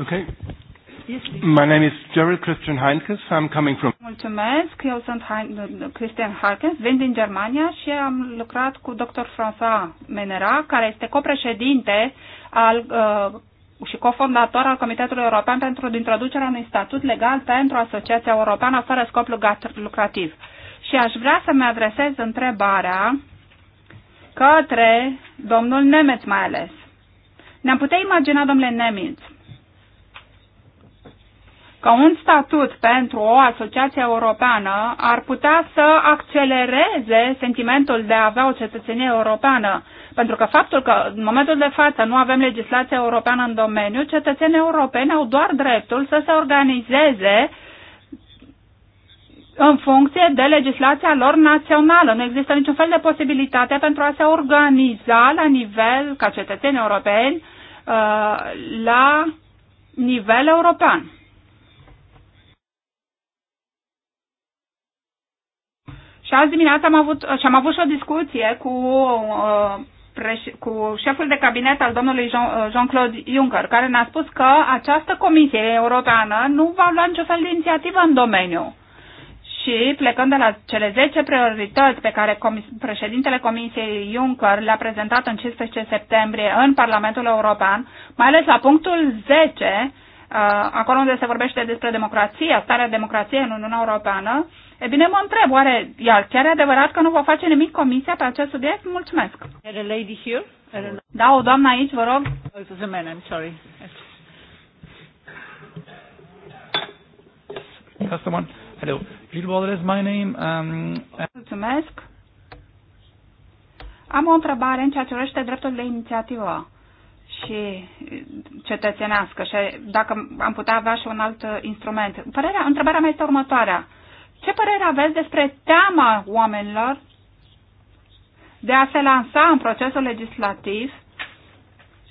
Okay. Yes, My name is Gerald Christian Heinkes. I'm coming from... Mulțumesc, eu sunt hein, Christian Heinkes, vin din Germania și am lucrat cu dr. François Menera, care este copreședinte al, uh, și cofondator al Comitetului European pentru introducerea unui statut legal pentru Asociația Europeană fără scop lucrativ. Și aș vrea să-mi adresez întrebarea către domnul Nemeț mai ales. Ne-am putea imagina, domnule Nemeț, că un statut pentru o asociație europeană ar putea să accelereze sentimentul de a avea o cetățenie europeană. Pentru că faptul că în momentul de față nu avem legislație europeană în domeniu, cetățenii europeni au doar dreptul să se organizeze în funcție de legislația lor națională. Nu există niciun fel de posibilitate pentru a se organiza la nivel, ca cetățeni europeni, uh, la nivel european. Și azi dimineața am avut, și am avut și o discuție cu, uh, cu șeful de cabinet al domnului uh, Jean-Claude Juncker, care ne-a spus că această comisie europeană nu va lua nicio fel de inițiativă în domeniu. Și plecând de la cele 10 priorități pe care comis- președintele Comisiei Juncker le-a prezentat în 15 septembrie în Parlamentul European, mai ales la punctul 10, uh, acolo unde se vorbește despre democrație, starea democrației în Uniunea Europeană, E bine, mă întreb, oare iar chiar e adevărat că nu va face nimic comisia pe acest subiect? Mulțumesc. Era a lady here? Da, o doamnă aici, vă rog. Oh, it a man, I'm sorry. Customer, hello. Gilles Baudelaire is my name. Um, Mulțumesc. Am o întrebare în ceea ce urește dreptul de inițiativă și cetățenească și dacă am putea avea și un alt instrument. Părerea, întrebarea mea este următoarea. Ce părere aveți despre teama oamenilor de a se lansa în procesul legislativ?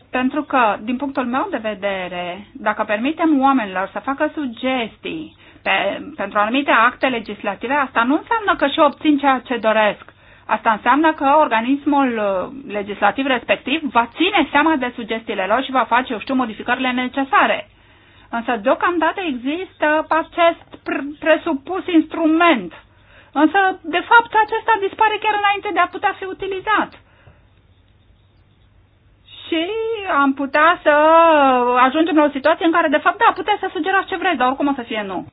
Pentru că, din punctul meu de vedere, dacă permitem oamenilor să facă sugestii pe, pentru anumite acte legislative, asta nu înseamnă că și obțin ceea ce doresc. Asta înseamnă că organismul uh, legislativ respectiv va ține seama de sugestiile lor și va face, eu știu, modificările necesare. Însă, deocamdată există acces presupus instrument. Însă, de fapt, acesta dispare chiar înainte de a putea fi utilizat și am putea să ajungem la o situație în care, de fapt, da, puteți să sugerați ce vreți, dar oricum o să fie nu.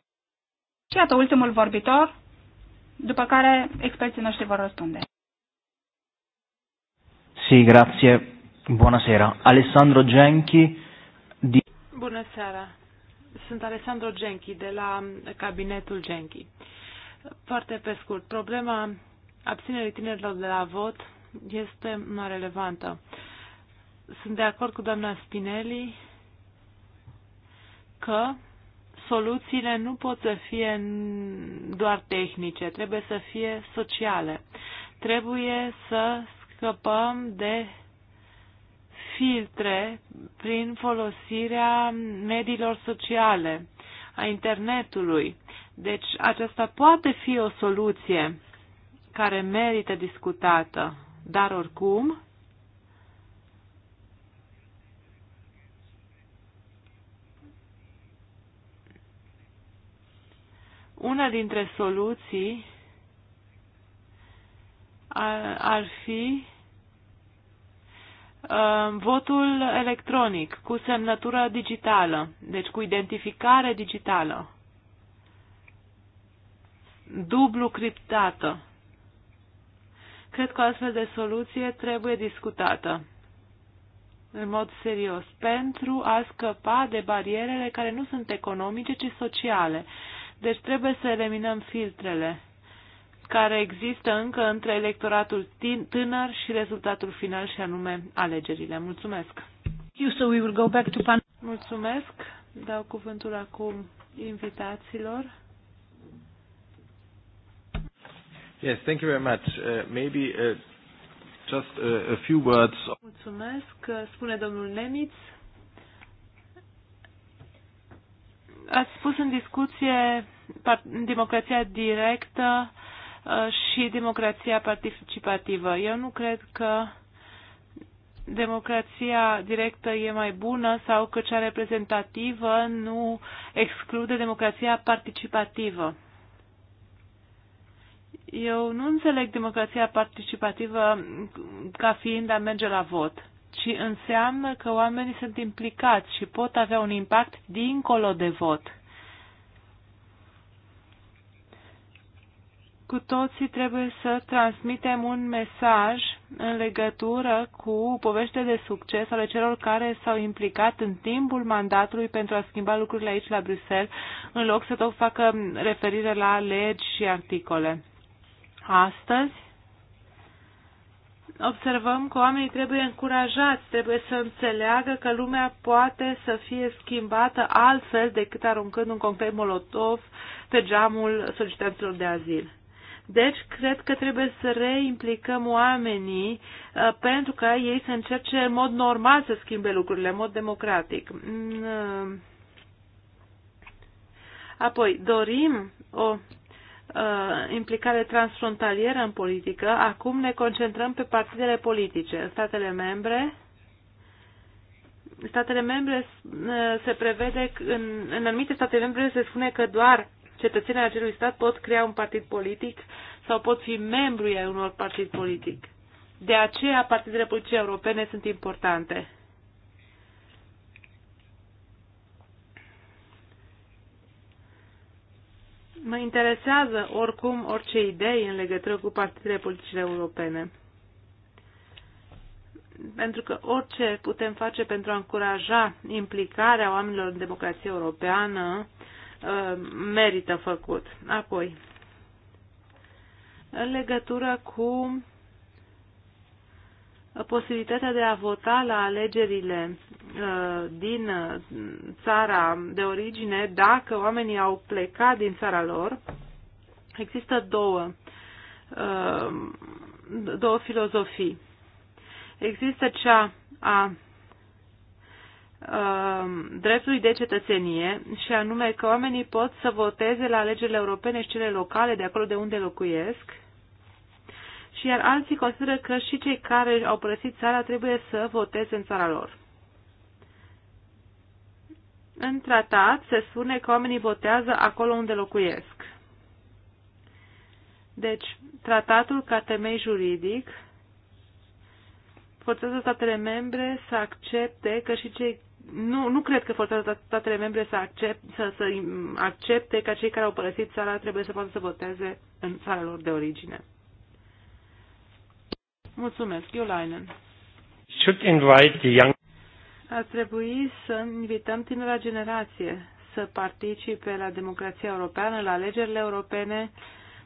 Și iată ultimul vorbitor, după care experții noștri vor răspunde. Sì, grazie. Buonasera. Alessandro Genchi di... Bună seara sunt Alessandro Genchi de la cabinetul Genchi. Foarte pe scurt, problema abținerii tinerilor de la vot este una relevantă. Sunt de acord cu doamna Spinelli că soluțiile nu pot să fie doar tehnice, trebuie să fie sociale. Trebuie să scăpăm de filtre prin folosirea mediilor sociale, a internetului. Deci aceasta poate fi o soluție care merită discutată, dar oricum una dintre soluții ar fi Uh, votul electronic cu semnătură digitală, deci cu identificare digitală, dublu criptată. Cred că o astfel de soluție trebuie discutată în mod serios pentru a scăpa de barierele care nu sunt economice, ci sociale. Deci trebuie să eliminăm filtrele care există încă între electoratul tânăr și rezultatul final și anume alegerile. Mulțumesc! Mulțumesc! Dau cuvântul acum invitațiilor. Yes, thank you very much. Uh, maybe uh, just a, uh, a few words. Mulțumesc, uh, spune domnul Nemitz. Ați spus în discuție democrația directă Uh, și democrația participativă. Eu nu cred că democrația directă e mai bună sau că cea reprezentativă nu exclude democrația participativă. Eu nu înțeleg democrația participativă ca fiind a merge la vot, ci înseamnă că oamenii sunt implicați și pot avea un impact dincolo de vot. cu toții trebuie să transmitem un mesaj în legătură cu povește de succes ale celor care s-au implicat în timpul mandatului pentru a schimba lucrurile aici la Bruxelles, în loc să tot facă referire la legi și articole. Astăzi observăm că oamenii trebuie încurajați, trebuie să înțeleagă că lumea poate să fie schimbată altfel decât aruncând un concret molotov pe geamul solicitanților de azil. Deci, cred că trebuie să reimplicăm oamenii uh, pentru că ei să încerce în mod normal să schimbe lucrurile, în mod democratic. Mm, uh. apoi, dorim o uh, implicare transfrontalieră în politică, acum ne concentrăm pe partidele politice. În statele membre, statele membre se prevede, în, în anumite state membre se spune că doar cetățenii acelui stat pot crea un partid politic sau pot fi membri ai unor partid politic. De aceea, partidele politice europene sunt importante. Mă interesează oricum orice idei în legătură cu partidele politice europene. Pentru că orice putem face pentru a încuraja implicarea oamenilor în democrația europeană Uh, merită făcut. Apoi, în legătură cu posibilitatea de a vota la alegerile uh, din uh, țara de origine, dacă oamenii au plecat din țara lor, există două, două filozofii. Există cea a Um, dreptului de cetățenie și anume că oamenii pot să voteze la alegerile europene și cele locale de acolo de unde locuiesc și iar alții consideră că și cei care au părăsit țara trebuie să voteze în țara lor. În tratat se spune că oamenii votează acolo unde locuiesc. Deci, tratatul ca temei juridic forțează statele membre să accepte că și cei nu, nu cred că forțează statele membre să, accept, să, să accepte ca cei care au părăsit țara trebuie să poată să voteze în țara lor de origine. Mulțumesc, Iulainen. young... Ar trebui să invităm tinera generație să participe la democrația europeană, la alegerile europene.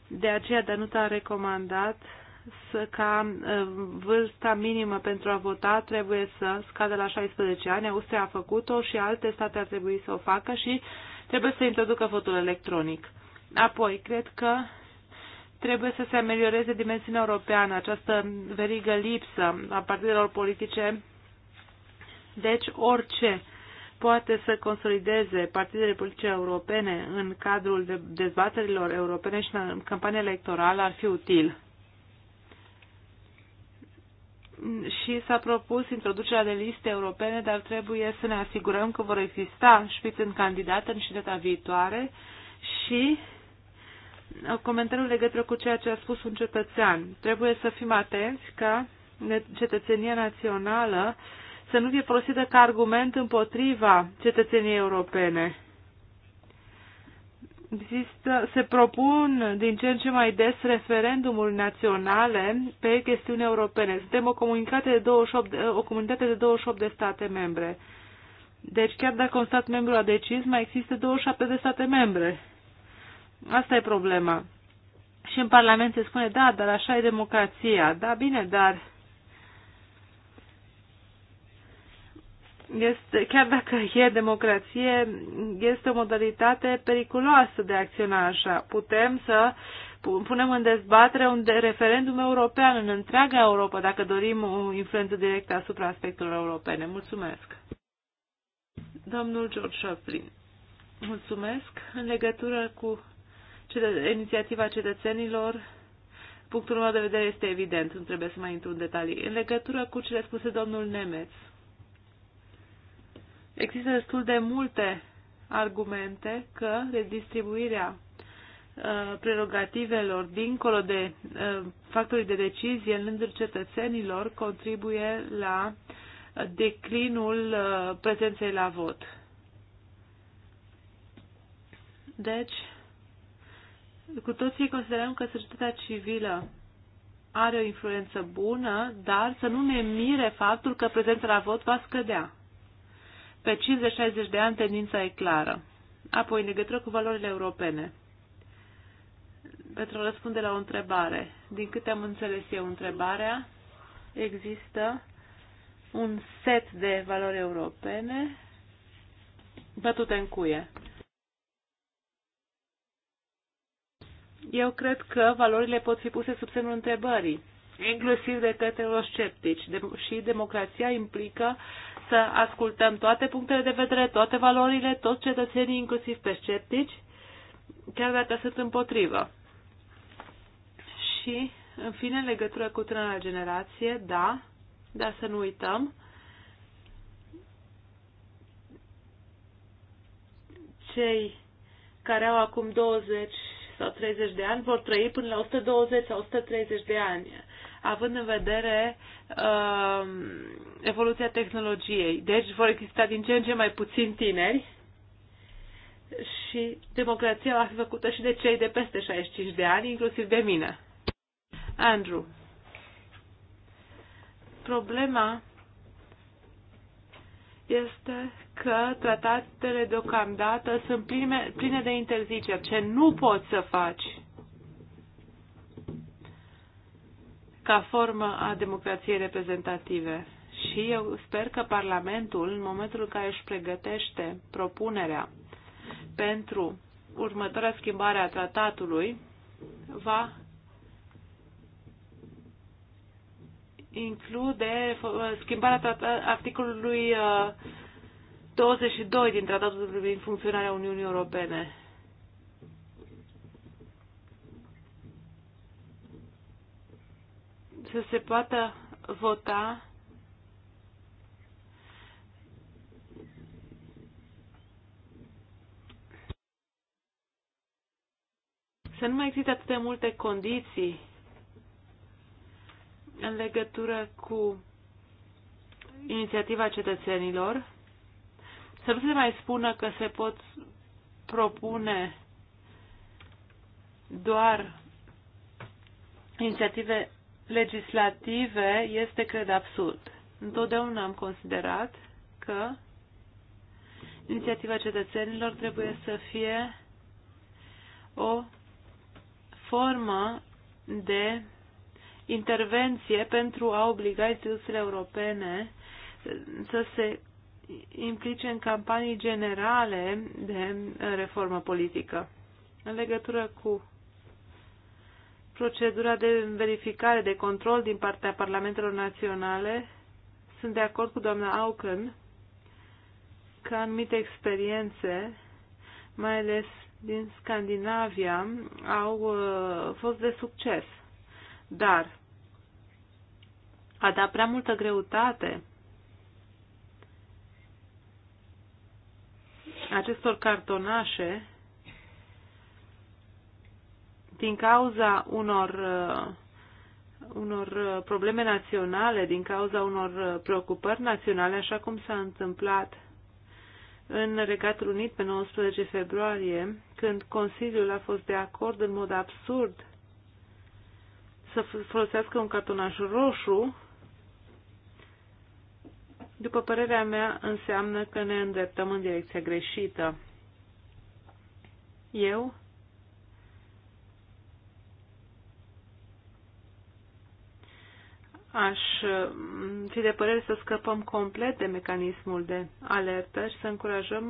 De aceea Danuta a recomandat uh, ca vârsta minimă pentru a vota trebuie să scadă la 16 ani. Austria a făcut-o și alte state ar trebui să o facă și trebuie să introducă votul electronic. Apoi, cred că trebuie să se amelioreze dimensiunea europeană, această verigă lipsă a partidelor politice. Deci, orice poate să consolideze partidele politice europene în cadrul dezbaterilor europene și în campania electorală ar fi util și s-a propus introducerea de liste europene, dar trebuie să ne asigurăm că vor exista șpiți în candidat în și data viitoare și uh, comentariul legătură cu ceea ce a spus un cetățean. Trebuie să fim atenți că cetățenia națională să nu fie folosită ca argument împotriva cetățeniei europene Există, se propun din ce în ce mai des referendumuri naționale pe chestiuni europene. Suntem o comunitate de 28, o comunitate de 28 de state membre. Deci chiar dacă un stat membru a decis, mai există 27 de state membre. Asta e problema. Și în Parlament se spune, da, dar așa e democrația. Da, bine, dar este, chiar dacă e democrație, este o modalitate periculoasă de a acționa așa. Putem să punem în dezbatere un de referendum european în întreaga Europa, dacă dorim o influență directă asupra aspectelor europene. Mulțumesc. Domnul George Chaplin. Mulțumesc. În legătură cu cetă inițiativa cetățenilor, punctul meu de vedere este evident, nu trebuie să mai intru în detalii. În legătură cu le spuse domnul Nemeț, Există destul de multe argumente că redistribuirea uh, prerogativelor dincolo de uh, factorii de decizie în rândul cetățenilor contribuie la uh, declinul prezenței la vot. Deci, cu toții considerăm că societatea civilă are o influență bună, dar să nu ne mire faptul că prezența la vot va scădea. Pe 50-60 de ani tendința e clară. Apoi, legătură cu valorile europene, pentru a răspunde la o întrebare, din câte am înțeles eu întrebarea, există un set de valori europene bătute în cuie. Eu cred că valorile pot fi puse sub semnul întrebării, inclusiv de către eurosceptici. De- și democrația implică să ascultăm toate punctele de vedere, toate valorile, toți cetățenii, inclusiv pe sceptici, chiar dacă sunt împotrivă. Și, în fine, legătură cu tânăra generație, da, dar să nu uităm, cei care au acum 20 sau 30 de ani vor trăi până la 120 sau 130 de ani având în vedere uh, evoluția tehnologiei. Deci vor exista din ce în ce mai puțini tineri și democrația va fi făcută și de cei de peste 65 de ani, inclusiv de mine. Andrew. Problema este că tratatele deocamdată sunt pline, pline de interziceri. Ce nu poți să faci ca formă a democrației reprezentative. Și eu sper că Parlamentul, în momentul în care își pregătește propunerea pentru următoarea schimbare a tratatului, va include schimbarea articolului 22 uh, din Tratatul privind funcționarea Uniunii Europene să se poată vota să nu mai există atât de multe condiții în legătură cu inițiativa cetățenilor, să nu se mai spună că se pot propune doar inițiative legislative este, cred, absurd. Întotdeauna am considerat că inițiativa cetățenilor trebuie să fie o formă de intervenție pentru a obliga instituțiile europene să se implice în campanii generale de reformă politică. În legătură cu procedura de verificare, de control din partea Parlamentelor Naționale, sunt de acord cu doamna Auken că anumite experiențe, mai ales din Scandinavia, au uh, fost de succes. Dar a dat prea multă greutate acestor cartonașe din cauza unor, uh, unor uh, probleme naționale, din cauza unor uh, preocupări naționale, așa cum s-a întâmplat în Regatul Unit pe 19 februarie, când Consiliul a fost de acord în mod absurd să folosească un cartonaș roșu, după părerea mea, înseamnă că ne îndreptăm în direcția greșită. Eu Aș mm, fi de părere să scăpăm complet de mecanismul de alertă și să încurajăm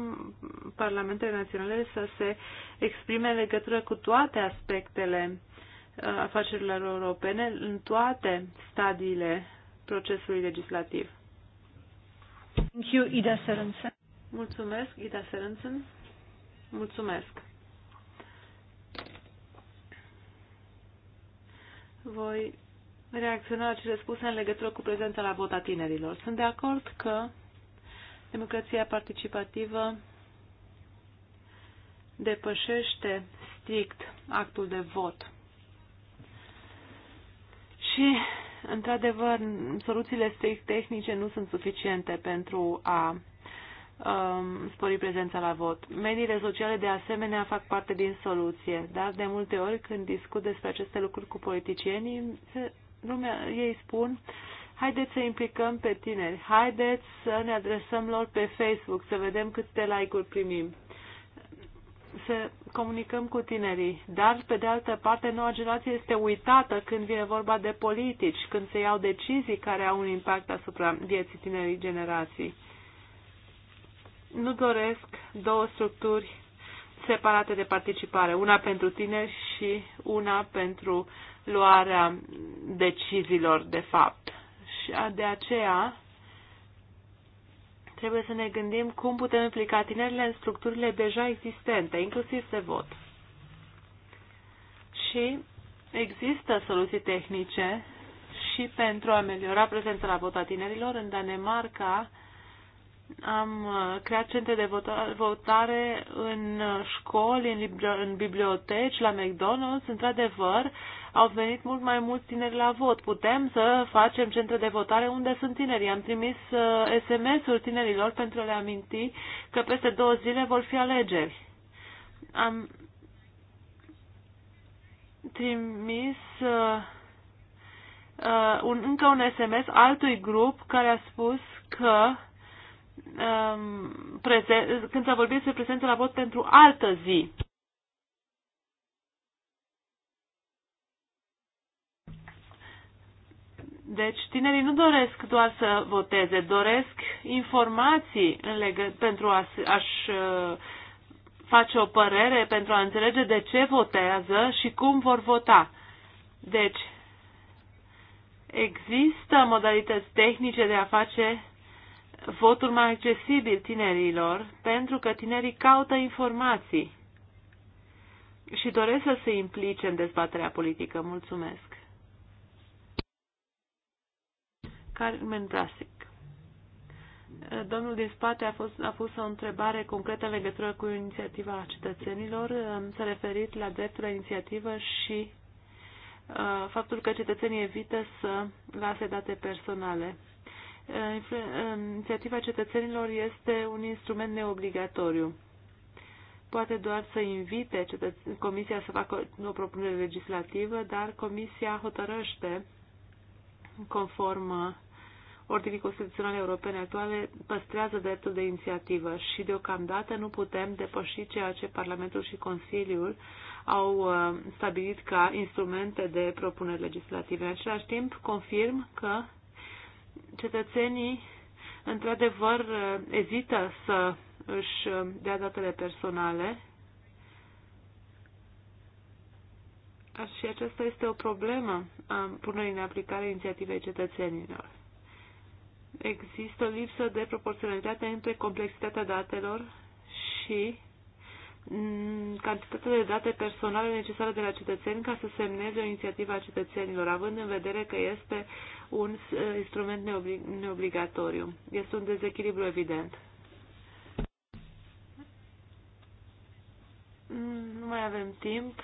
parlamentele naționale să se exprime în legătură cu toate aspectele uh, afacerilor europene în toate stadiile procesului legislativ. Thank you, Ida Mulțumesc, Ida Serensen. Mulțumesc. Voi reacționa la cele spuse în legătură cu prezența la vot a tinerilor. Sunt de acord că democrația participativă depășește strict actul de vot. Și, într-adevăr, soluțiile strict tehnice nu sunt suficiente pentru a um, spori prezența la vot. Mediile sociale, de asemenea, fac parte din soluție, dar de multe ori când discut despre aceste lucruri cu politicienii, se lumea, ei spun, haideți să implicăm pe tineri, haideți să ne adresăm lor pe Facebook, să vedem câte like-uri primim, să comunicăm cu tinerii. Dar, pe de altă parte, noua generație este uitată când vine vorba de politici, când se iau decizii care au un impact asupra vieții tinerii generații. Nu doresc două structuri separate de participare, una pentru tineri și una pentru luarea deciziilor, de fapt. Și de aceea trebuie să ne gândim cum putem implica tinerile în structurile deja existente, inclusiv de vot. Și există soluții tehnice și pentru a ameliora prezența la vot a tinerilor. În Danemarca am uh, creat centre de votare în uh, școli, în, în biblioteci, la McDonald's. Într-adevăr, au venit mult mai mulți tineri la vot. Putem să facem centre de votare unde sunt tinerii. Am trimis uh, SMS-uri tinerilor pentru a le aminti că peste două zile vor fi alegeri. Am trimis uh, uh, un, încă un SMS altui grup care a spus că um, când s-a vorbit despre prezența la vot pentru altă zi. Deci tinerii nu doresc doar să voteze, doresc informații în legă, pentru a, a-și uh, face o părere, pentru a înțelege de ce votează și cum vor vota. Deci, există modalități tehnice de a face votul mai accesibil tinerilor, pentru că tinerii caută informații și doresc să se implice în dezbaterea politică. Mulțumesc! Carmen Brasic. Domnul din spate a, fost, a pus o întrebare concretă în legătură cu inițiativa cetățenilor. S-a referit la dreptul la inițiativă și uh, faptul că cetățenii evită să lase date personale. Uh, uh, inițiativa cetățenilor este un instrument neobligatoriu. Poate doar să invite Comisia să facă o propunere legislativă, dar Comisia hotărăște conform ordinii constituționale europene actuale păstrează dreptul de inițiativă și deocamdată nu putem depăși ceea ce Parlamentul și Consiliul au uh, stabilit ca instrumente de propuneri legislative. În același timp, confirm că cetățenii într-adevăr uh, ezită să își uh, dea datele personale și aceasta este o problemă a punerii în aplicare inițiativei cetățenilor există o lipsă de proporționalitate între complexitatea datelor și mm, cantitatea de date personale necesare de la cetățeni ca să semneze o inițiativă a cetățenilor, având în vedere că este un eh, instrument neobligatoriu. Este un dezechilibru evident. Mm, nu mai avem timp.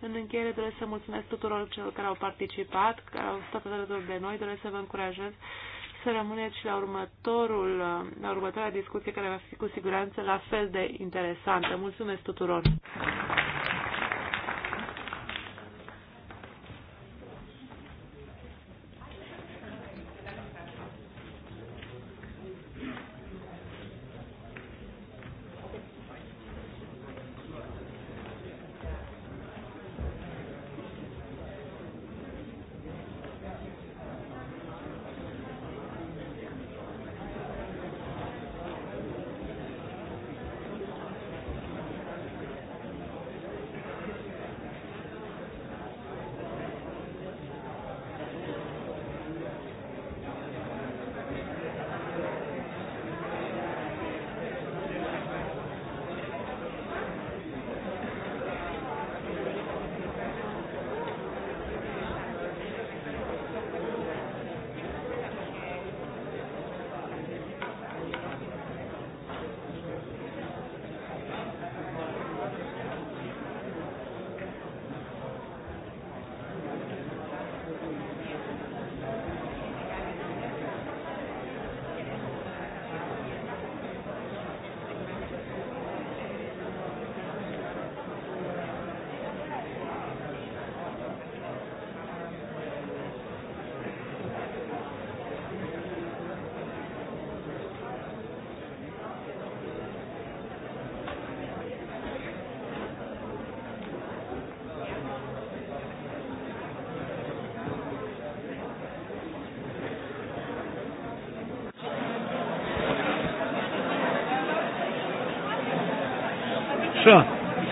În încheiere doresc să mulțumesc tuturor celor care au participat, care au stat alături de noi. Doresc să vă încurajez să rămâneți și la, următorul, la următoarea discuție care va fi cu siguranță la fel de interesantă. Mulțumesc tuturor!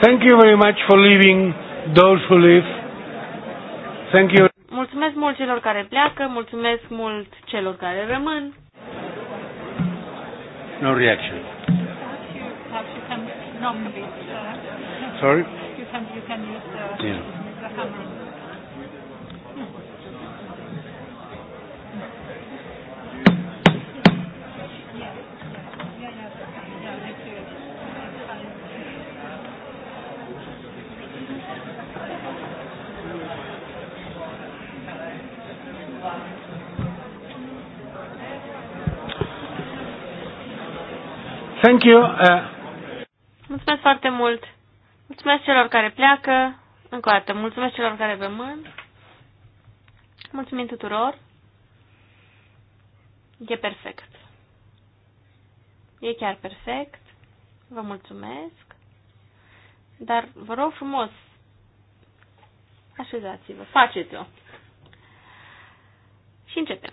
Thank you very much for leaving those who live. Thank you. Mulțumesc mult celor care pleacă, mulțumesc mult celor care rămân. No reaction. Sorry? You can, you can use the, yeah. the hammer. Thank you. Uh... Mulțumesc foarte mult. Mulțumesc celor care pleacă. Încă o dată, mulțumesc celor care rămân. Mulțumim tuturor. E perfect. E chiar perfect. Vă mulțumesc. Dar vă rog frumos, așezați-vă, faceți-o. Și începem.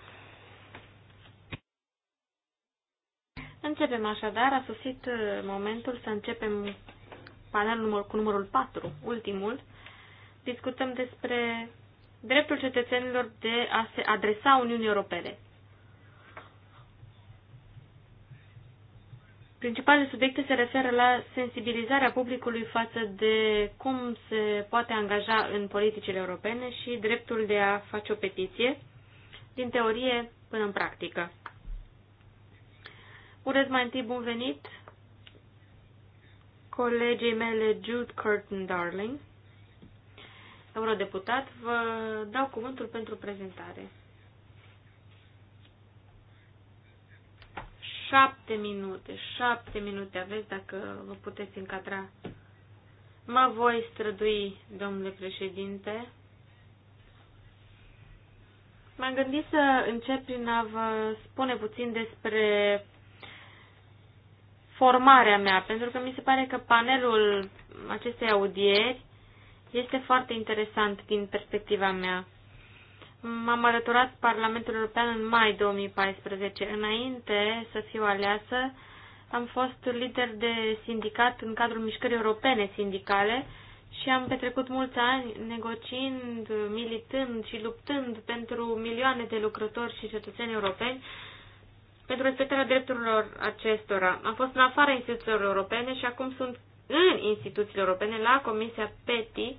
Începem așadar, a sosit uh, momentul să începem panelul număr, cu numărul 4, ultimul. Discutăm despre dreptul cetățenilor de a se adresa Uniunii Europene. Principalele subiecte se referă la sensibilizarea publicului față de cum se poate angaja în politicile europene și dreptul de a face o petiție, din teorie până în practică. Urez mai întâi bun venit colegii mele Jude Curtin Darling, eurodeputat. Vă dau cuvântul pentru prezentare. Șapte minute, șapte minute aveți dacă vă puteți încadra. Mă voi strădui, domnule președinte. M-am gândit să încep prin a vă spune puțin despre formarea mea, pentru că mi se pare că panelul acestei audieri este foarte interesant din perspectiva mea. M-am alăturat Parlamentul European în mai 2014. Înainte să fiu aleasă, am fost lider de sindicat în cadrul mișcării europene sindicale și am petrecut mulți ani negociind, militând și luptând pentru milioane de lucrători și cetățeni europeni pentru respectarea drepturilor acestora. Am fost în afara instituțiilor europene și acum sunt în instituțiile europene, la Comisia PETI,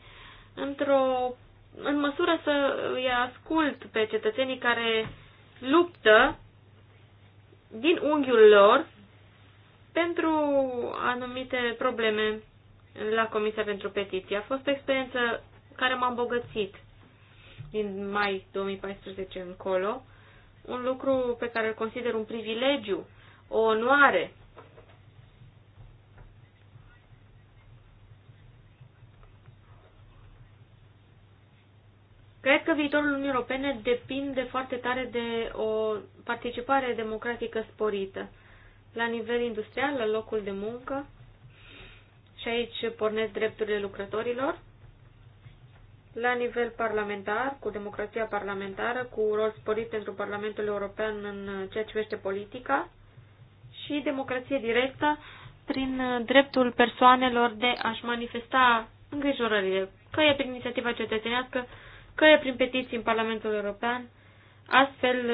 într-o, în măsură să îi ascult pe cetățenii care luptă din unghiul lor pentru anumite probleme la Comisia pentru Petiții. A fost o experiență care m-a îmbogățit din mai 2014 încolo un lucru pe care îl consider un privilegiu, o onoare. Cred că viitorul Uniunii Europene depinde foarte tare de o participare democratică sporită la nivel industrial, la locul de muncă, și aici pornesc drepturile lucrătorilor, la nivel parlamentar, cu democrația parlamentară, cu rol sporit pentru Parlamentul European în ceea ce vește politica și democrație directă prin dreptul persoanelor de a-și manifesta îngrijorările, că e prin inițiativa cetățenească, că e prin petiții în Parlamentul European, astfel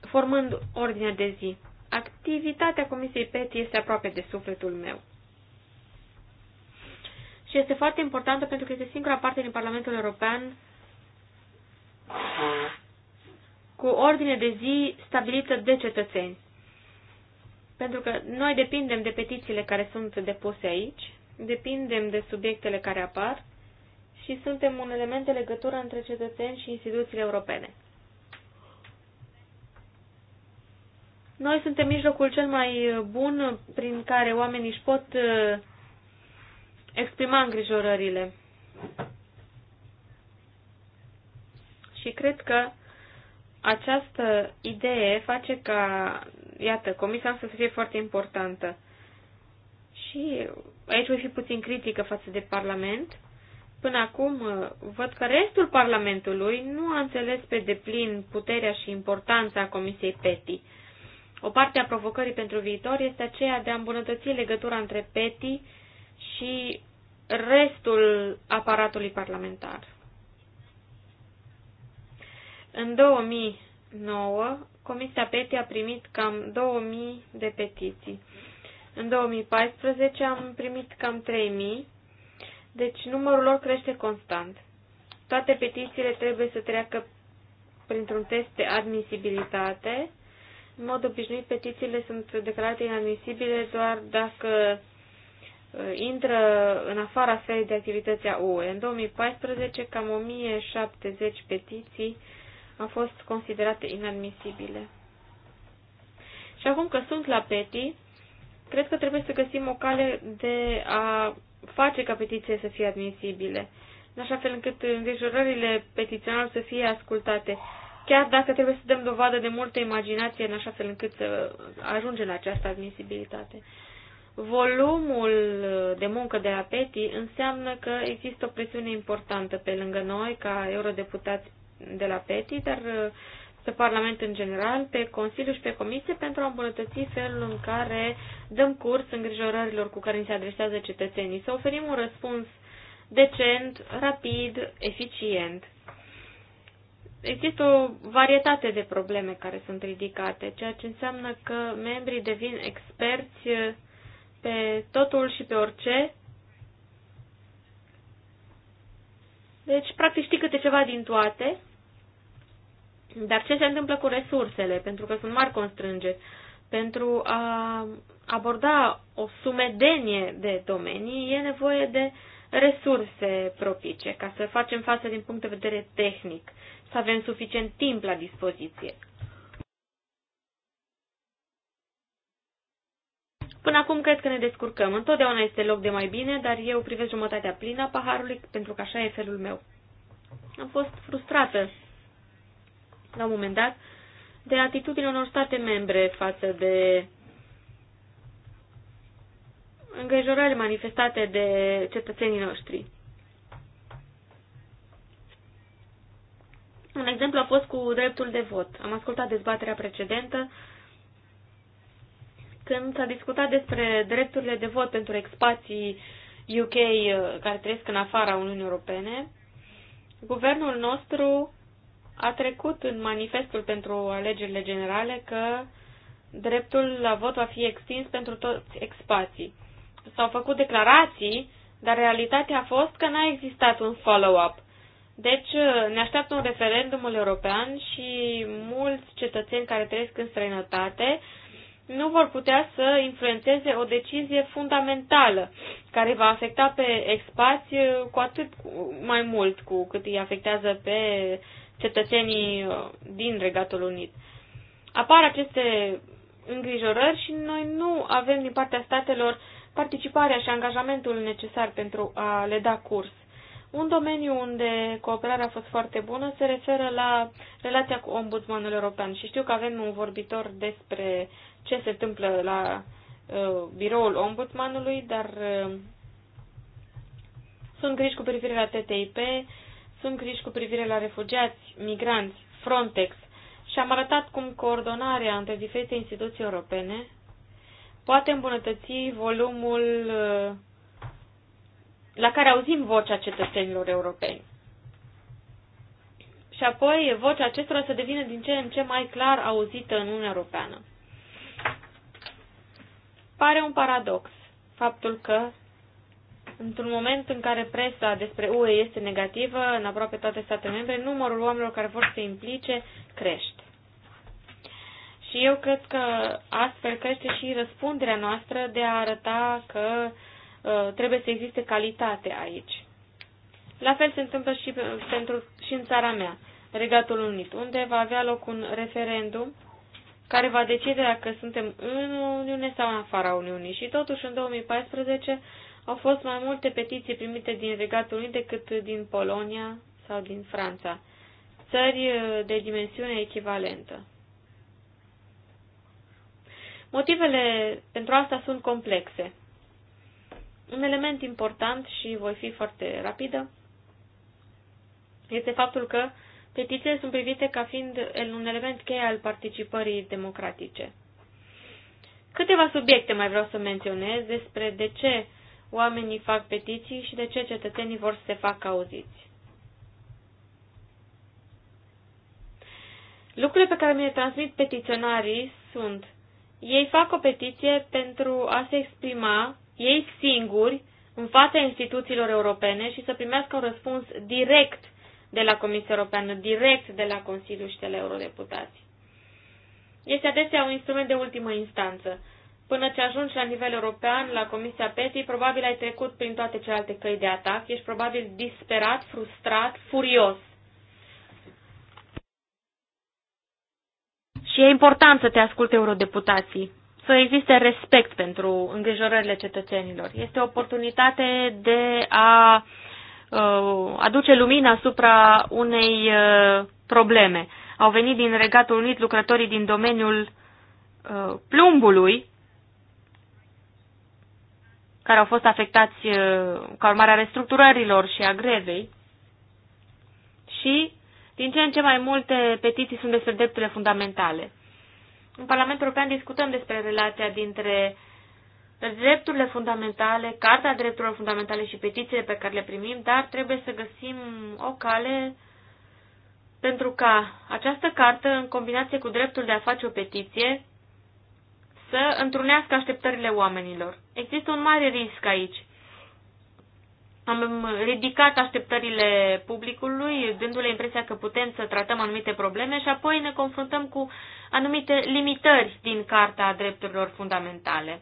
formând ordinea de zi. Activitatea Comisiei PET este aproape de sufletul meu și este foarte importantă pentru că este singura parte din Parlamentul European cu ordine de zi stabilită de cetățeni. Pentru că noi depindem de petițiile care sunt depuse aici, depindem de subiectele care apar și suntem un element de legătură între cetățeni și instituțiile europene. Noi suntem mijlocul cel mai bun prin care oamenii își pot uh, exprima îngrijorările. Și cred că această idee face ca, iată, comisia să fie foarte importantă. Și aici voi fi puțin critică față de Parlament. Până acum văd că restul Parlamentului nu a înțeles pe deplin puterea și importanța Comisiei PETI. O parte a provocării pentru viitor este aceea de a îmbunătăți legătura între PETI și restul aparatului parlamentar. În 2009, Comisia PETI a primit cam 2000 de petiții. În 2014 am primit cam 3000, deci numărul lor crește constant. Toate petițiile trebuie să treacă printr-un test de admisibilitate. În mod obișnuit, petițiile sunt declarate inadmisibile doar dacă Uh, intră în afara sferei de activități a UE. În 2014, cam 1070 petiții au fost considerate inadmisibile. Și acum că sunt la PETI, cred că trebuie să găsim o cale de a face ca petițiile să fie admisibile, în așa fel încât îngrijorările petiționale să fie ascultate, chiar dacă trebuie să dăm dovadă de multă imaginație, în așa fel încât să ajungem la această admisibilitate volumul de muncă de la PETI înseamnă că există o presiune importantă pe lângă noi ca eurodeputați de la PETI, dar uh, pe Parlament în general, pe Consiliu și pe Comisie pentru a îmbunătăți felul în care dăm curs îngrijorărilor cu care ni se adresează cetățenii, să oferim un răspuns decent, rapid, eficient. Există o varietate de probleme care sunt ridicate, ceea ce înseamnă că membrii devin experți uh, pe totul și pe orice. Deci, practic, știi câte ceva din toate. Dar ce se întâmplă cu resursele? Pentru că sunt mari constrângeri. Pentru a aborda o sumedenie de domenii e nevoie de resurse propice ca să facem față din punct de vedere tehnic, să avem suficient timp la dispoziție. Până acum cred că ne descurcăm. Întotdeauna este loc de mai bine, dar eu privesc jumătatea plină a paharului pentru că așa e felul meu. Am fost frustrată la un moment dat de atitudinea unor state membre față de îngrijorări manifestate de cetățenii noștri. Un exemplu a fost cu dreptul de vot. Am ascultat dezbaterea precedentă când s-a discutat despre drepturile de vot pentru expații UK uh, care trăiesc în afara Uniunii Europene, guvernul nostru a trecut în manifestul pentru alegerile generale că dreptul la vot va fi extins pentru toți expații. S-au făcut declarații, dar realitatea a fost că n-a existat un follow-up. Deci uh, ne așteaptă un referendumul european și mulți cetățeni care trăiesc în străinătate nu vor putea să influențeze o decizie fundamentală care va afecta pe expați uh, cu atât mai mult cu cât îi afectează pe cetățenii uh, din Regatul Unit. Apar aceste îngrijorări și noi nu avem din partea statelor participarea și angajamentul necesar pentru a le da curs. Un domeniu unde cooperarea a fost foarte bună se referă la relația cu Ombudsmanul European și știu că avem un vorbitor despre ce se întâmplă la uh, biroul ombudsmanului, dar uh, sunt griji cu privire la TTIP, sunt griji cu privire la refugiați, migranți, Frontex și am arătat cum coordonarea între diferite instituții europene poate îmbunătăți volumul uh, la care auzim vocea cetățenilor europeni. Și apoi vocea acestora să devină din ce în ce mai clar auzită în Uniunea Europeană. Pare un paradox faptul că, într-un moment în care presa despre UE este negativă în aproape toate statele membre, numărul oamenilor care vor să se implice crește. Și eu cred că astfel crește și răspunderea noastră de a arăta că uh, trebuie să existe calitate aici. La fel se întâmplă și, pentru, și în țara mea, Regatul Unit, unde va avea loc un referendum care va decide dacă suntem în Uniune sau în afara Uniunii. Și totuși, în 2014 au fost mai multe petiții primite din Regatul Unit decât din Polonia sau din Franța, țări de dimensiune echivalentă. Motivele pentru asta sunt complexe. Un element important, și voi fi foarte rapidă, este faptul că Petițiile sunt privite ca fiind un element cheie al participării democratice. Câteva subiecte mai vreau să menționez despre de ce oamenii fac petiții și de ce cetățenii vor să se facă auziți. Lucrurile pe care mi le transmit petiționarii sunt ei fac o petiție pentru a se exprima ei singuri în fața instituțiilor europene și să primească un răspuns direct de la Comisia Europeană, direct de la Consiliu și de la eurodeputați. Este adesea un instrument de ultimă instanță. Până ce ajungi la nivel european, la Comisia PETI, probabil ai trecut prin toate celelalte căi de atac, ești probabil disperat, frustrat, furios. Și e important să te asculte eurodeputații, să existe respect pentru îngrijorările cetățenilor. Este o oportunitate de a uh, Uh, aduce lumină asupra unei uh, probleme. Au venit din Regatul Unit lucrătorii din domeniul uh, plumbului, care au fost afectați ca urmare a restructurărilor și a grevei. Și din ce în ce mai multe petiții sunt despre drepturile fundamentale. În Parlamentul European discutăm despre relația dintre drepturile fundamentale, Carta Drepturilor Fundamentale și petițiile pe care le primim, dar trebuie să găsim o cale pentru ca această carte, în combinație cu dreptul de a face o petiție, să întrunească așteptările oamenilor. Există un mare risc aici. Am ridicat așteptările publicului, dându-le impresia că putem să tratăm anumite probleme și apoi ne confruntăm cu anumite limitări din Carta Drepturilor Fundamentale.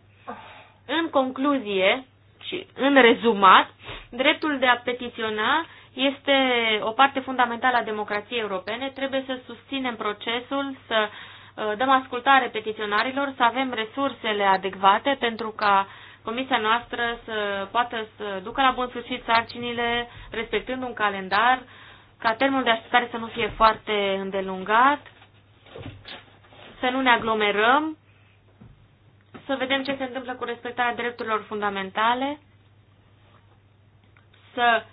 În concluzie și în rezumat, dreptul de a petiționa este o parte fundamentală a democrației europene. Trebuie să susținem procesul, să uh, dăm ascultare petiționarilor, să avem resursele adecvate pentru ca comisia noastră să poată să ducă la bun sfârșit sarcinile, respectând un calendar, ca termenul de așteptare să nu fie foarte îndelungat, să nu ne aglomerăm să vedem ce se întâmplă cu respectarea drepturilor fundamentale, să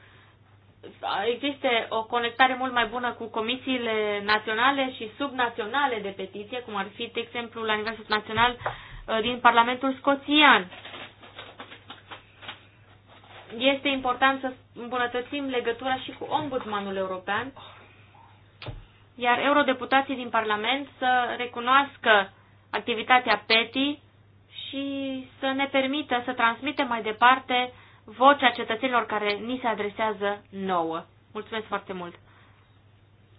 existe o conectare mult mai bună cu comisiile naționale și subnaționale de petiție, cum ar fi, de exemplu, la nivel subnațional uh, din Parlamentul Scoțian. Este important să îmbunătățim legătura și cu Ombudsmanul European, iar eurodeputații din Parlament să recunoască activitatea PETI și să ne permită să transmitem mai departe vocea cetățenilor care ni se adresează nouă. Mulțumesc foarte mult!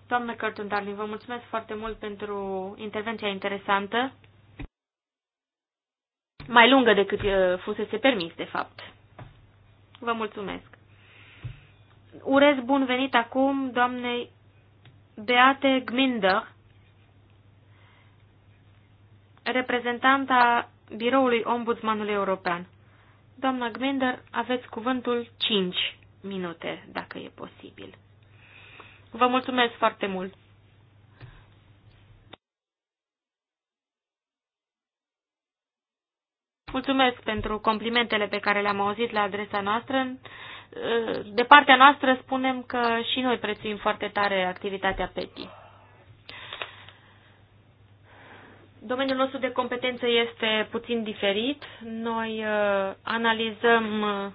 Doamnă Curtin Darling, vă mulțumesc foarte mult pentru intervenția interesantă, mai lungă decât uh, fusese permis, de fapt. Vă mulțumesc! Urez bun venit acum doamnei Beate Gminder, reprezentanta biroului Ombudsmanului European. Doamna Gmender, aveți cuvântul 5 minute, dacă e posibil. Vă mulțumesc foarte mult! Mulțumesc pentru complimentele pe care le-am auzit la adresa noastră. De partea noastră spunem că și noi prețuim foarte tare activitatea PETI. Domeniul nostru de competență este puțin diferit. Noi uh, analizăm uh,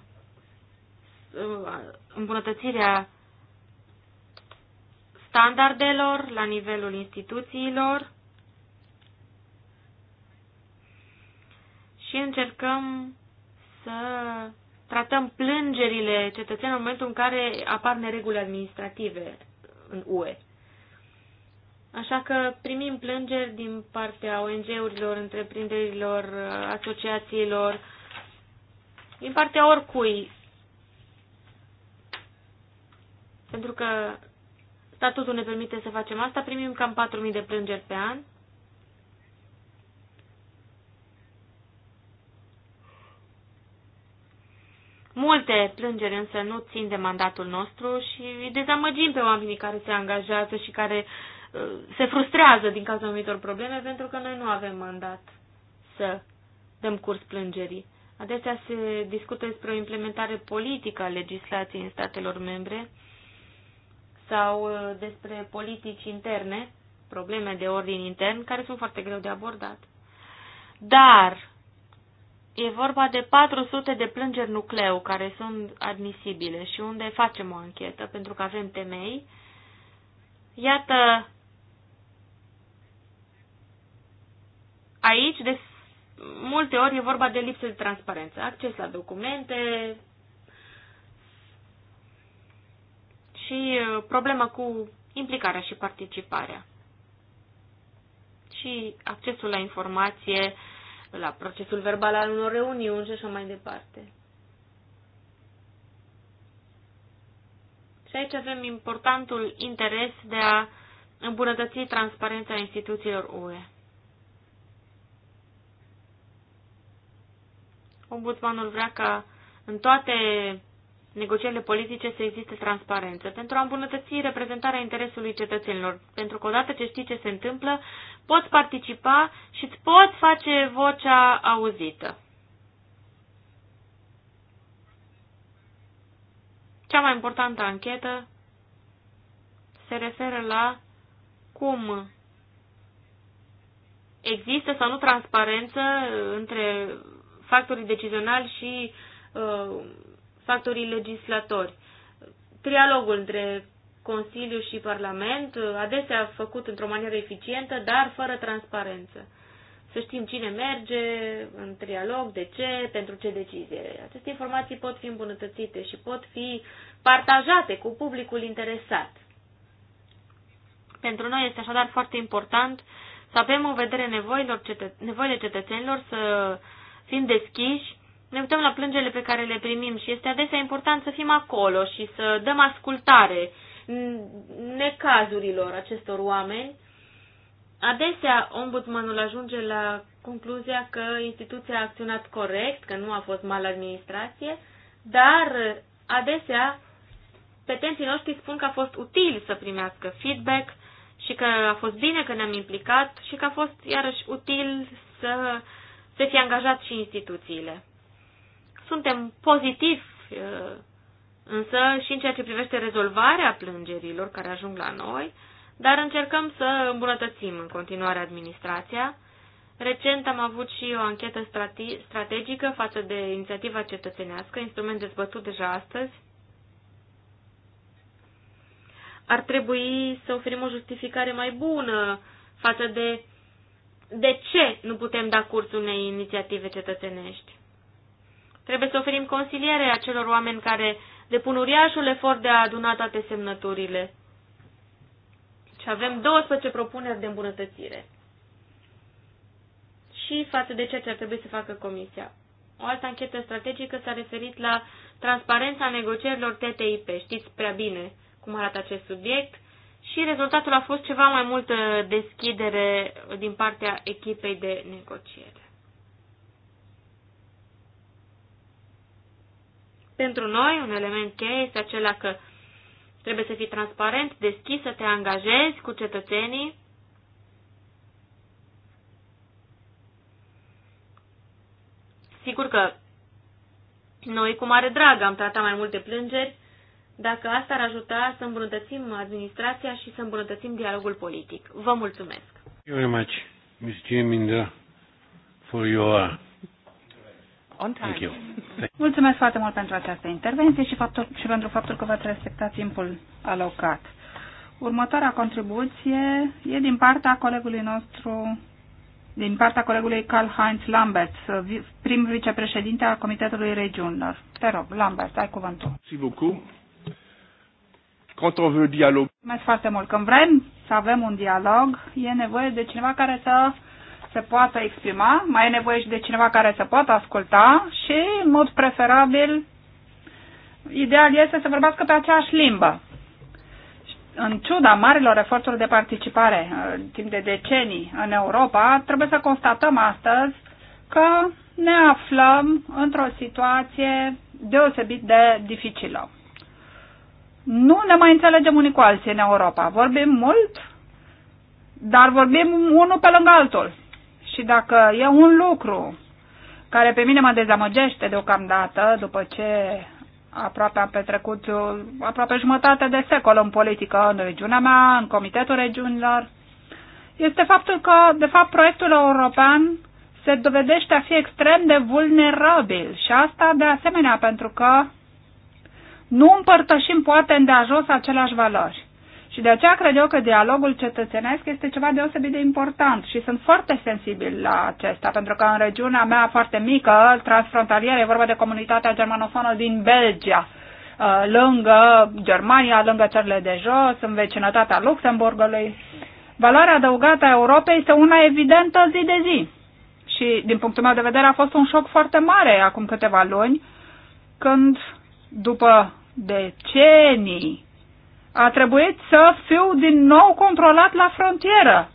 uh, îmbunătățirea standardelor la nivelul instituțiilor și încercăm să tratăm plângerile cetățenilor în momentul în care apar nereguli administrative în UE. Așa că primim plângeri din partea ONG-urilor, întreprinderilor, asociațiilor, din partea oricui. Pentru că statutul ne permite să facem asta, primim cam 4.000 de plângeri pe an. Multe plângeri însă nu țin de mandatul nostru și îi dezamăgim pe oamenii care se angajează și care uh, se frustrează din cauza anumitor probleme pentru că noi nu avem mandat să dăm curs plângerii. Adesea se discută despre o implementare politică a legislației în statelor membre sau uh, despre politici interne, probleme de ordin intern, care sunt foarte greu de abordat. Dar e vorba de 400 de plângeri nucleu care sunt admisibile și unde facem o anchetă pentru că avem temei. Iată Aici, de multe ori, e vorba de lipsă de transparență, acces la documente și uh, problema cu implicarea și participarea și accesul la informație, la procesul verbal al unor reuniuni și așa mai departe. Și aici avem importantul interes de a îmbunătăți transparența instituțiilor UE. Ombudsmanul vrea ca în toate negocierile politice să existe transparență, pentru a îmbunătăți reprezentarea interesului cetățenilor, pentru că odată ce știi ce se întâmplă, poți participa și îți poți face vocea auzită. Cea mai importantă anchetă se referă la cum există sau nu transparență între factorii decizionali și uh, factorii legislatori. Trialogul între Consiliu și Parlament, uh, adesea făcut într-o manieră eficientă, dar fără transparență. Să știm cine merge în trialog, de ce, pentru ce decizie. Aceste informații pot fi îmbunătățite și pot fi partajate cu publicul interesat. Pentru noi este așadar foarte important să avem o vedere nevoilor cetă- nevoile cetățenilor, să fiind deschiși, ne uităm la plângele pe care le primim și este adesea important să fim acolo și să dăm ascultare necazurilor acestor oameni. Adesea, ombudsmanul ajunge la concluzia că instituția a acționat corect, că nu a fost mal administrație, dar adesea petenții noștri spun că a fost util să primească feedback și că a fost bine că ne-am implicat și că a fost iarăși util să să fi angajat și instituțiile. Suntem pozitiv, uh, însă și în ceea ce privește rezolvarea plângerilor care ajung la noi, dar încercăm să îmbunătățim în continuare administrația. Recent am avut și o anchetă strate strategică față de inițiativa cetățenească, instrument dezbătut deja astăzi. Ar trebui să oferim o justificare mai bună față de de ce nu putem da curs unei inițiative cetățenești. Trebuie să oferim consiliere acelor oameni care depun uriașul efort de a aduna toate semnăturile. Și avem 12 propuneri de îmbunătățire. Și față de ceea ce ar trebui să facă Comisia. O altă anchetă strategică s-a referit la transparența negocierilor TTIP. Știți prea bine cum arată acest subiect și rezultatul a fost ceva mai multă deschidere din partea echipei de negociere. Pentru noi, un element cheie este acela că trebuie să fii transparent, deschis, să te angajezi cu cetățenii, Sigur că noi cu mare drag am tratat mai multe plângeri dacă asta ar ajuta să îmbunătățim administrația și să îmbunătățim dialogul politic. Vă mulțumesc! Very much, Ms. Geminda, for your... On time. Thank you. [LAUGHS] Mulțumesc foarte mult pentru această intervenție și, faptul, și pentru faptul că v-ați respectat timpul alocat. Următoarea contribuție e din partea colegului nostru, din partea colegului Karl Heinz Lambert, prim vicepreședinte al Comitetului Regiunilor. Te rog, Lambert, ai cuvântul. Mulțumesc. Quand on veut dialog. Mulțumesc foarte mult. Când vrem să avem un dialog, e nevoie de cineva care să se poată exprima, mai e nevoie și de cineva care să poată asculta și, în mod preferabil, ideal este să vorbească pe aceeași limbă. În ciuda marilor eforturi de participare uh, timp de decenii în Europa, trebuie să constatăm astăzi că ne aflăm într-o situație deosebit de dificilă nu ne mai înțelegem unii cu alții în Europa. Vorbim mult, dar vorbim unul pe lângă altul. Și dacă e un lucru care pe mine mă dezamăgește deocamdată, după ce aproape am petrecut aproape jumătate de secol în politică, în regiunea mea, în Comitetul Regiunilor, este faptul că, de fapt, proiectul european se dovedește a fi extrem de vulnerabil și asta, de asemenea, pentru că nu împărtășim poate ajuns aceleași valori. Și de aceea cred eu că dialogul cetățenesc este ceva deosebit de important și sunt foarte sensibil la acesta, pentru că în regiunea mea foarte mică, transfrontalieră, e vorba de comunitatea germanofonă din Belgia, uh, lângă Germania, lângă țările de jos, în vecinătatea Luxemburgului. Valoarea adăugată a Europei este una evidentă zi de zi. Și, din punctul meu de vedere, a fost un șoc foarte mare acum câteva luni, când, după decenii, a trebuit să fiu din nou controlat la frontieră.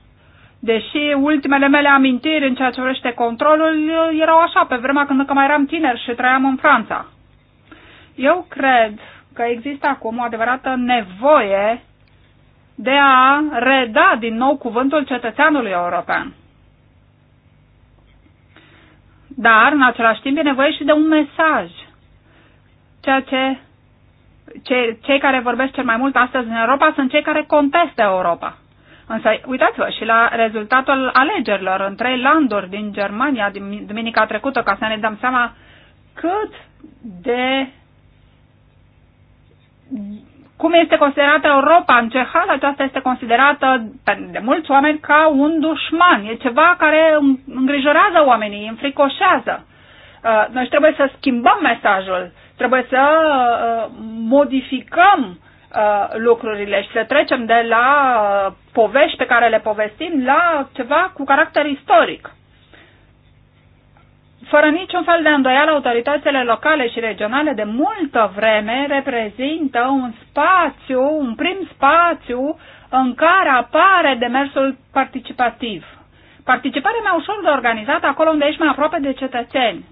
Deși ultimele mele amintiri în ceea ce vrește controlul erau așa, pe vremea când încă mai eram tiner și trăiam în Franța. Eu cred că există acum o adevărată nevoie de a reda din nou cuvântul cetățeanului european. Dar, în același timp, e nevoie și de un mesaj, ceea ce cei, cei care vorbesc cel mai mult astăzi în Europa sunt cei care contestă Europa. Însă uitați-vă și la rezultatul alegerilor în trei landuri din Germania din duminica trecută, ca să ne dăm seama cât de cum este considerată Europa în ce hal aceasta este considerată de mulți oameni ca un dușman. E ceva care îngrijorează oamenii, îi înfricoșează. Uh, noi trebuie să schimbăm mesajul Trebuie să uh, modificăm uh, lucrurile și să trecem de la uh, povești pe care le povestim la ceva cu caracter istoric. Fără niciun fel de îndoială, autoritățile locale și regionale de multă vreme reprezintă un spațiu, un prim spațiu în care apare demersul participativ. Participarea mai ușor de organizat acolo unde ești mai aproape de cetățeni.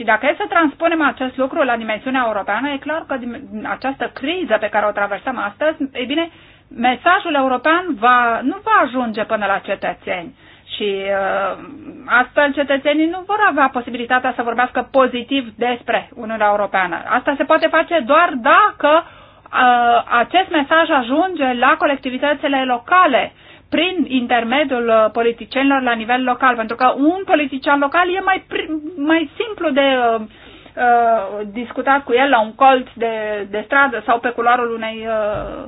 Și dacă e să transpunem acest lucru la dimensiunea europeană, e clar că această criză pe care o traversăm astăzi, e bine, mesajul european va, nu va ajunge până la cetățeni. Și uh, astfel cetățenii nu vor avea posibilitatea să vorbească pozitiv despre Uniunea Europeană. Asta se poate face doar dacă uh, acest mesaj ajunge la colectivitățile locale prin intermediul uh, politicienilor la nivel local, pentru că un politician local e mai, mai simplu de uh, uh, discutat cu el la un colț de, de stradă sau pe culoarul unei, uh,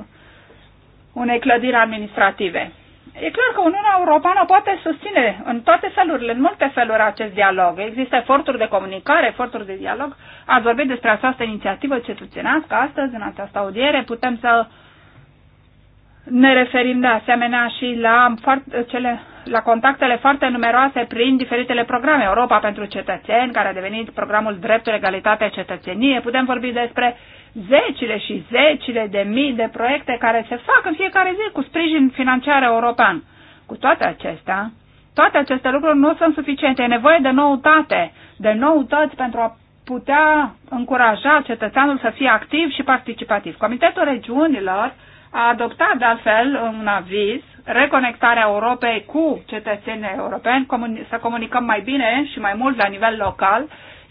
unei clădiri administrative. E clar că Uniunea Europeană poate susține în toate felurile, în multe feluri, acest dialog. Există eforturi de comunicare, eforturi de dialog. Ați vorbit despre această inițiativă cetățenească astăzi, în această audiere. Putem să uh, ne referim de asemenea și la, cele, la contactele foarte numeroase prin diferitele programe. Europa pentru cetățeni, care a devenit programul Dreptul, Egalitatea, Cetățenie. Putem vorbi despre zecile și zecile de mii de proiecte care se fac în fiecare zi cu sprijin financiar european. Cu toate acestea, toate aceste lucruri nu sunt suficiente. E nevoie de noutate, de noutăți pentru a putea încuraja cetățeanul să fie activ și participativ. Comitetul regiunilor a adoptat de altfel un aviz reconectarea Europei cu cetățenii europeni, să comunicăm mai bine și mai mult la nivel local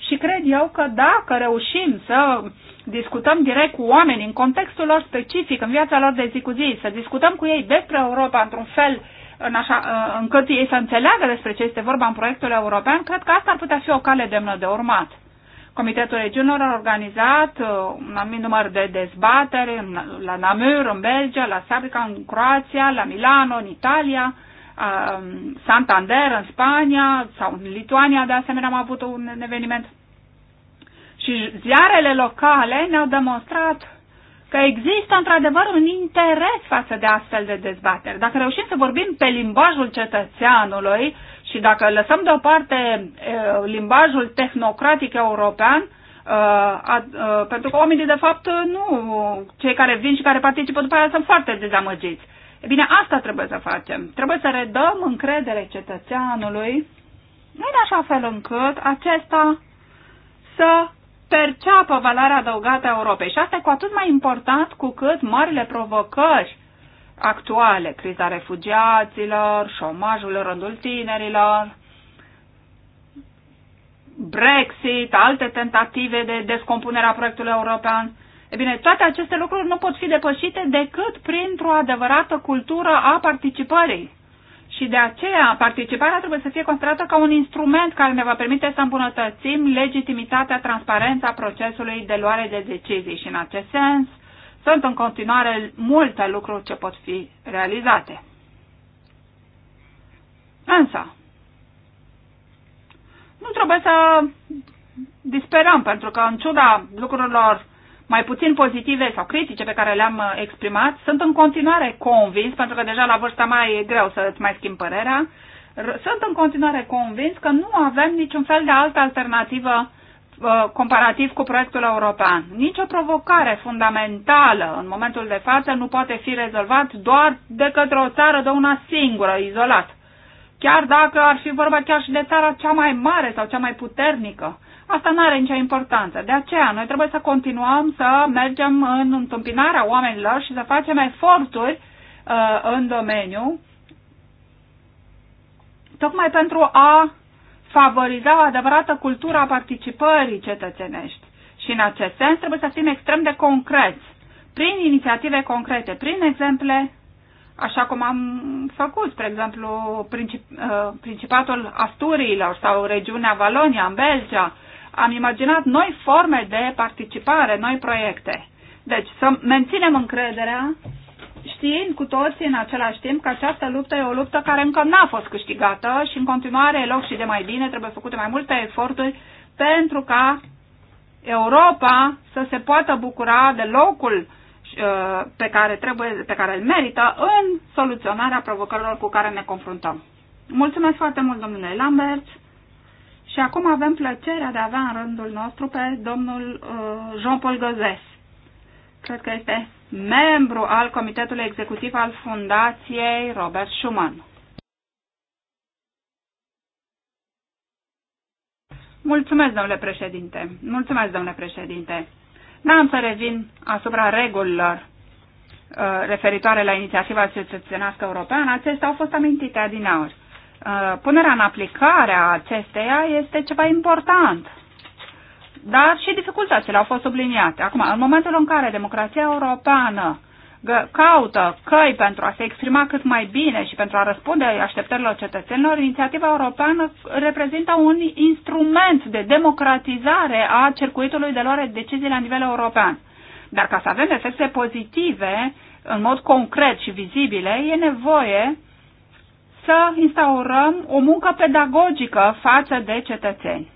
și cred eu că dacă reușim să discutăm direct cu oameni în contextul lor specific, în viața lor de zi cu zi, să discutăm cu ei despre Europa într-un fel în așa, încât ei să înțeleagă despre ce este vorba în proiectul european, cred că asta ar putea fi o cale demnă de urmat. Comitetul Regiunilor a organizat uh, un anumit număr de dezbateri la Namur, în Belgia, la Sabrica, în Croația, la Milano, în Italia, uh, Santander, în Spania sau în Lituania, de asemenea am avut un eveniment. Și ziarele locale ne-au demonstrat că există într-adevăr un interes față de astfel de dezbateri. Dacă reușim să vorbim pe limbajul cetățeanului și dacă lăsăm deoparte limbajul tehnocratic european, pentru că oamenii, de fapt, nu, cei care vin și care participă după aceea sunt foarte dezamăgiți. E bine, asta trebuie să facem. Trebuie să redăm încredere cetățeanului în așa fel încât acesta să perceapă valoarea adăugată a Europei. Și asta e cu atât mai important cu cât marile provocări actuale, criza refugiaților, șomajul în rândul tinerilor, Brexit, alte tentative de descompunere a proiectului european. E bine, toate aceste lucruri nu pot fi depășite decât printr-o adevărată cultură a participării. Și de aceea, participarea trebuie să fie considerată ca un instrument care ne va permite să îmbunătățim legitimitatea, transparența procesului de luare de decizii. Și în acest sens, sunt în continuare multe lucruri ce pot fi realizate. Însă, nu trebuie să disperăm, pentru că în ciuda lucrurilor mai puțin pozitive sau critice pe care le-am exprimat, sunt în continuare convins, pentru că deja la vârsta mai e greu să îți mai schimb părerea, sunt în continuare convins că nu avem niciun fel de altă alternativă Uh, comparativ cu proiectul european. Nici o provocare fundamentală în momentul de față nu poate fi rezolvat doar de către o țară de una singură, izolat. Chiar dacă ar fi vorba chiar și de țara cea mai mare sau cea mai puternică, asta nu are nicio importanță. De aceea, noi trebuie să continuăm să mergem în întâmpinarea oamenilor și să facem eforturi uh, în domeniu, tocmai pentru a favoriza o adevărată cultură a participării cetățenești. Și în acest sens trebuie să fim extrem de concreți, prin inițiative concrete, prin exemple, așa cum am făcut, spre exemplu, Princip uh, Principatul Asturiilor sau regiunea Valonia în Belgia. Am imaginat noi forme de participare, noi proiecte. Deci să menținem încrederea știind cu toții în același timp că această luptă e o luptă care încă n-a fost câștigată și în continuare e loc și de mai bine, trebuie făcute mai multe eforturi pentru ca Europa să se poată bucura de locul uh, pe care, trebuie, pe care îl merită în soluționarea provocărilor cu care ne confruntăm. Mulțumesc foarte mult, domnule Lambert. Și acum avem plăcerea de a avea în rândul nostru pe domnul uh, Jean-Paul Găzes cred că este membru al Comitetului Executiv al Fundației Robert Schuman. Mulțumesc, domnule președinte. Mulțumesc, domnule președinte. N-am să revin asupra regulilor uh, referitoare la inițiativa cetățenească europeană. Acestea au fost amintite adinauri. Uh, punerea în aplicare a acesteia este ceva important dar și dificultățile au fost subliniate. Acum, în momentul în care democrația europeană caută căi pentru a se exprima cât mai bine și pentru a răspunde așteptărilor cetățenilor, inițiativa europeană reprezintă un instrument de democratizare a circuitului de luare de decizii la nivel european. Dar ca să avem efecte pozitive, în mod concret și vizibile, e nevoie să instaurăm o muncă pedagogică față de cetățeni.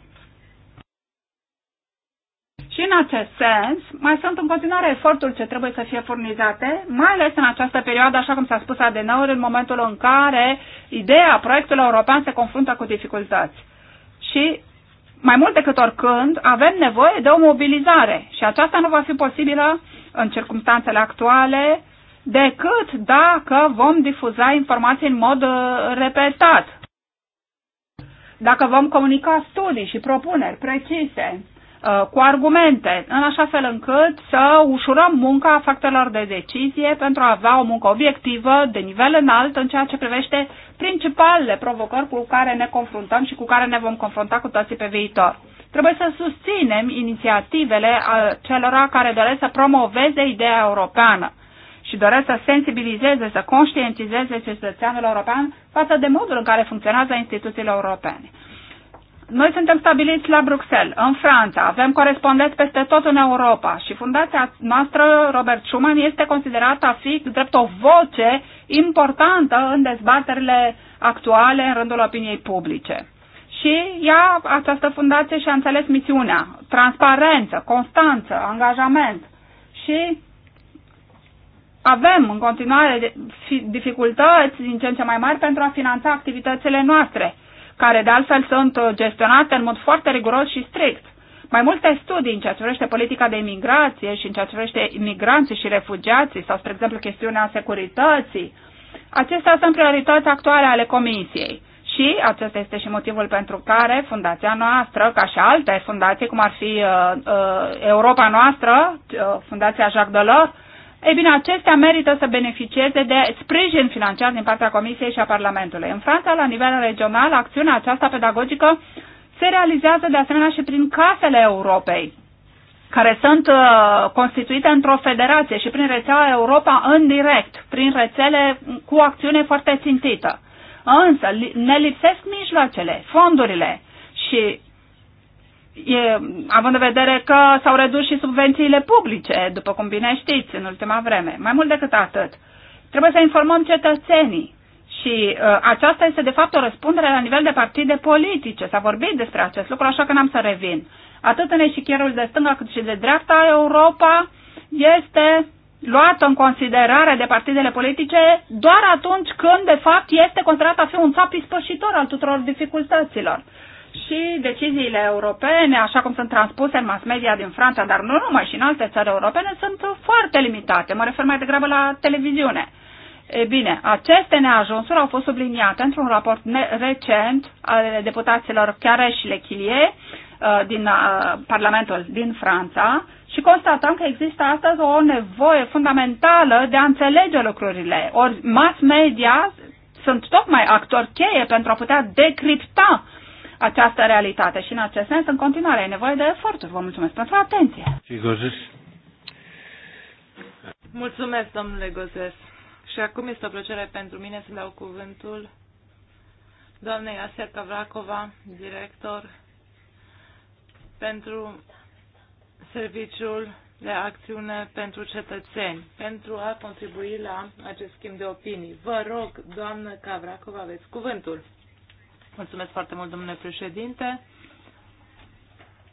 Și în acest sens, mai sunt în continuare eforturi ce trebuie să fie furnizate, mai ales în această perioadă, așa cum s-a spus adenaur, în momentul în care ideea proiectului european se confruntă cu dificultăți. Și mai mult decât oricând, avem nevoie de o mobilizare și aceasta nu va fi posibilă în circunstanțele actuale decât dacă vom difuza informații în mod uh, repetat, dacă vom comunica studii și propuneri precise Uh, cu argumente, în așa fel încât să ușurăm munca factorilor de decizie pentru a avea o muncă obiectivă, de nivel înalt, în ceea ce privește principalele provocări cu care ne confruntăm și cu care ne vom confrunta cu toții pe viitor. Trebuie să susținem inițiativele uh, celor care doresc să promoveze ideea europeană și doresc să sensibilizeze, să conștientizeze cetățeanul european față de modul în care funcționează instituțiile europene. Noi suntem stabiliți la Bruxelles, în Franța, avem corespondenți peste tot în Europa și fundația noastră, Robert Schuman, este considerată a fi drept o voce importantă în dezbaterile actuale în rândul opiniei publice. Și ea, această fundație, și-a înțeles misiunea, transparență, constanță, angajament și avem în continuare dificultăți din ce în ce mai mari pentru a finanța activitățile noastre – care de altfel sunt gestionate în mod foarte riguros și strict. Mai multe studii în ceea ce privește politica de imigrație și în ceea ce privește imigranții și refugiații sau, spre exemplu, chestiunea securității. Acestea sunt priorități actuale ale Comisiei. Și acesta este și motivul pentru care fundația noastră, ca și alte fundații, cum ar fi uh, uh, Europa noastră, uh, Fundația Jacques Delors, ei bine, acestea merită să beneficieze de sprijin financiar din partea Comisiei și a Parlamentului. În Franța, la nivel regional, acțiunea aceasta pedagogică se realizează de asemenea și prin casele Europei, care sunt uh, constituite într-o federație și prin rețeaua Europa în direct, prin rețele cu acțiune foarte țintită. Însă ne lipsesc mijloacele, fondurile și e, având în vedere că s-au redus și subvențiile publice, după cum bine știți, în ultima vreme. Mai mult decât atât, trebuie să informăm cetățenii și uh, aceasta este, de fapt, o răspundere la nivel de partide politice. S-a vorbit despre acest lucru, așa că n-am să revin. Atât în eșichierul de stânga cât și de dreapta, Europa este luată în considerare de partidele politice doar atunci când, de fapt, este considerat a fi un țap ispășitor al tuturor dificultăților și deciziile europene, așa cum sunt transpuse în mass media din Franța, dar nu numai și în alte țări europene, sunt foarte limitate. Mă refer mai degrabă la televiziune. E bine, aceste neajunsuri au fost subliniate într-un raport recent al deputaților Chiare și Lechilie uh, din uh, Parlamentul din Franța și constatăm că există astăzi o nevoie fundamentală de a înțelege lucrurile. Ori mass media sunt tocmai actori cheie pentru a putea decripta această realitate. Și în acest sens, în continuare, e nevoie de eforturi. Vă mulțumesc pentru atenție. Mulțumesc, domnule Gozes. Și acum este o plăcere pentru mine să dau cuvântul doamnei Aserca Cavracova, director pentru Serviciul de Acțiune pentru Cetățeni, pentru a contribui la acest schimb de opinii. Vă rog, doamnă Cavracova, aveți cuvântul. Mulțumesc foarte mult, domnule președinte.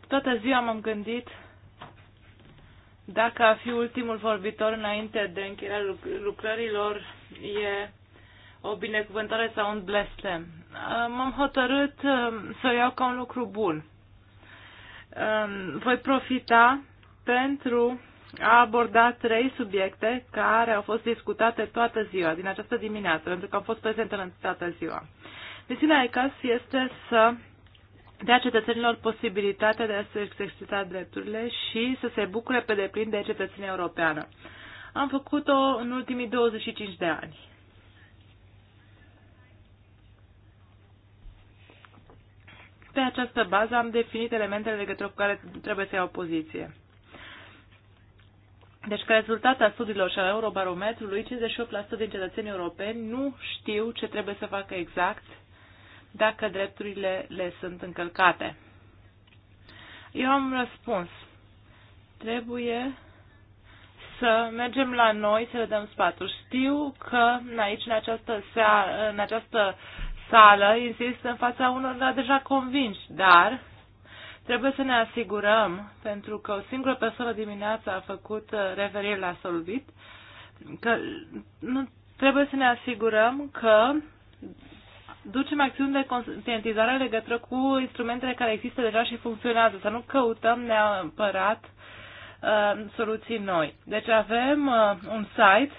Toată ziua m-am gândit dacă a fi ultimul vorbitor înainte de încheierea lucrărilor e o binecuvântare sau un blestem. M-am hotărât um, să o iau ca un lucru bun. Um, voi profita pentru a aborda trei subiecte care au fost discutate toată ziua, din această dimineață, pentru că am fost prezentă în toată ziua. Misiunea ICAS este să dea cetățenilor posibilitatea de a se exercita drepturile și să se bucure pe deplin de cetățenia europeană. Am făcut-o în ultimii 25 de ani. Pe această bază am definit elementele legătură cu care trebuie să iau poziție. Deci, ca rezultat a studiilor și a Eurobarometrului, 58% din cetățenii europeni nu știu ce trebuie să facă exact dacă drepturile le sunt încălcate. Eu am răspuns. Trebuie să mergem la noi să le dăm sfatul. Știu că aici, în această, seară, în această sală, insist în fața unor deja convinși, dar trebuie să ne asigurăm, pentru că o singură persoană dimineața a făcut uh, referire la Solvit, că nu, trebuie să ne asigurăm că ducem acțiuni de conștientizare legătură cu instrumentele care există deja și funcționează, să nu căutăm neapărat uh, soluții noi. Deci avem uh, un site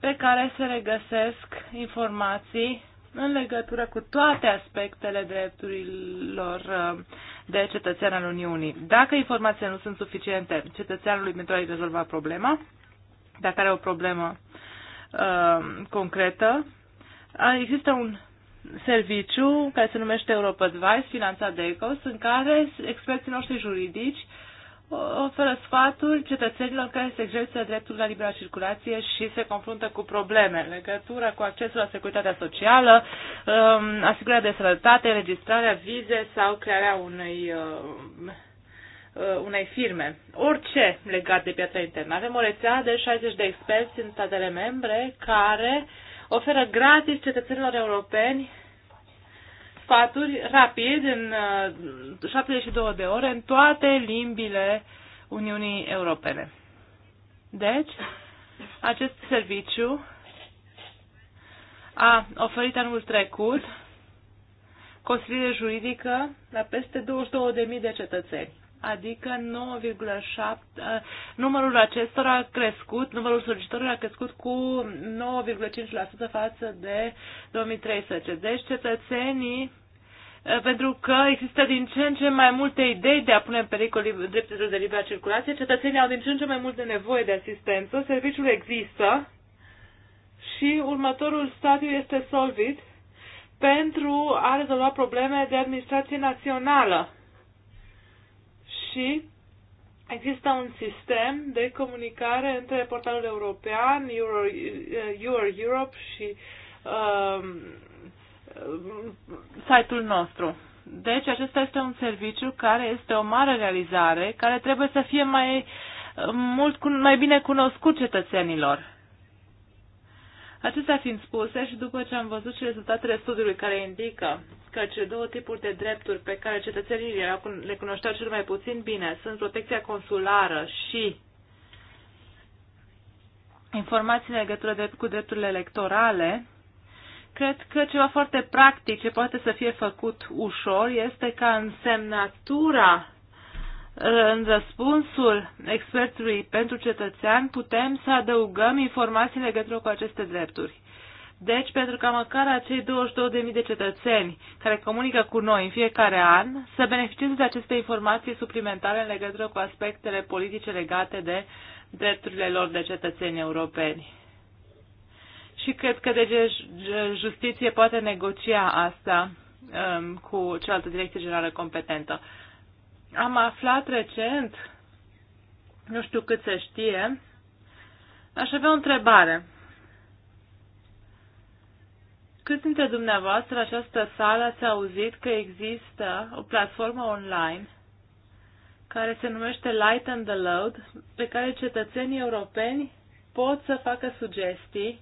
pe care se regăsesc informații în legătură cu toate aspectele drepturilor uh, de cetățean al Uniunii. Dacă informațiile nu sunt suficiente cetățeanului pentru a-i rezolva problema, dacă are o problemă uh, concretă, există un serviciu care se numește Europe Advice, finanțat de ECOS, în care experții noștri juridici uh, oferă sfaturi cetățenilor care se exercită dreptul la libera circulație și se confruntă cu probleme în legătură cu accesul la securitatea socială, um, asigurarea de sănătate, înregistrarea vize sau crearea unei um, uh, unei firme. Orice legat de piața internă. Avem o rețea de 60 de experți în statele membre care uh, oferă gratis cetățenilor europeni sfaturi rapid în 72 uh, de ore în toate limbile Uniunii Europene. Deci, acest serviciu a oferit anul trecut consiliere juridică la peste 22.000 de cetățeni adică 9,7, uh, numărul acestora a crescut, numărul solicitorilor a crescut cu 9,5% față de 2013. Deci cetățenii uh, pentru că există din ce în ce mai multe idei de a pune în pericol drepturile de liberă circulație, cetățenii au din ce în ce mai multe nevoie de asistență, serviciul există și următorul stadiu este solvit pentru a rezolva probleme de administrație națională și există un sistem de comunicare între portalul european, Euro, eh, Euro Europe și uh, site-ul nostru. Deci acesta este un serviciu care este o mare realizare, care trebuie să fie mai, mult, mai bine cunoscut cetățenilor. Acestea fiind spuse și după ce am văzut și rezultatele studiului care indică că cele două tipuri de drepturi pe care cetățenii le cunoșteau cel mai puțin bine sunt protecția consulară și informații în legătură de, cu drepturile electorale, cred că ceva foarte practic ce poate să fie făcut ușor este ca în semnatura, în răspunsul expertului pentru cetățean, putem să adăugăm informații în legătură cu aceste drepturi. Deci, pentru ca măcar acei 22.000 de cetățeni care comunică cu noi în fiecare an să beneficieze de aceste informații suplimentare în legătură cu aspectele politice legate de drepturile lor de cetățeni europeni. Și cred că de justiție poate negocia asta um, cu cealaltă direcție generală competentă. Am aflat recent, nu știu cât se știe, aș avea o întrebare. Cât dintre dumneavoastră această sală ați auzit că există o platformă online care se numește Light and the Load, pe care cetățenii europeni pot să facă sugestii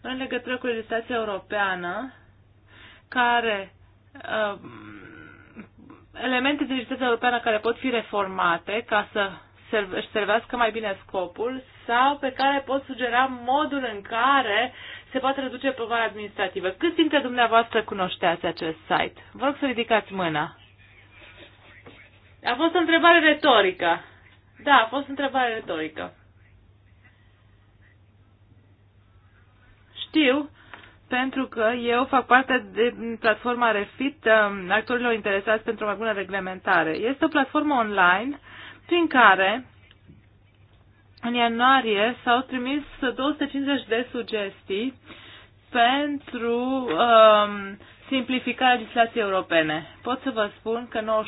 în legătură cu legislația europeană, care uh, elemente din legislația europeană care pot fi reformate ca să își servească mai bine scopul sau pe care pot sugera modul în care se poate reduce povara administrativă. Câți dintre dumneavoastră cunoșteați acest site? Vă rog să ridicați mâna. A fost o întrebare retorică. Da, a fost o întrebare retorică. Știu, pentru că eu fac parte de platforma Refit, um, actorilor interesați pentru o mai bună reglementare. Este o platformă online prin care în ianuarie s-au trimis 250 de sugestii pentru um, simplificarea legislației europene. Pot să vă spun că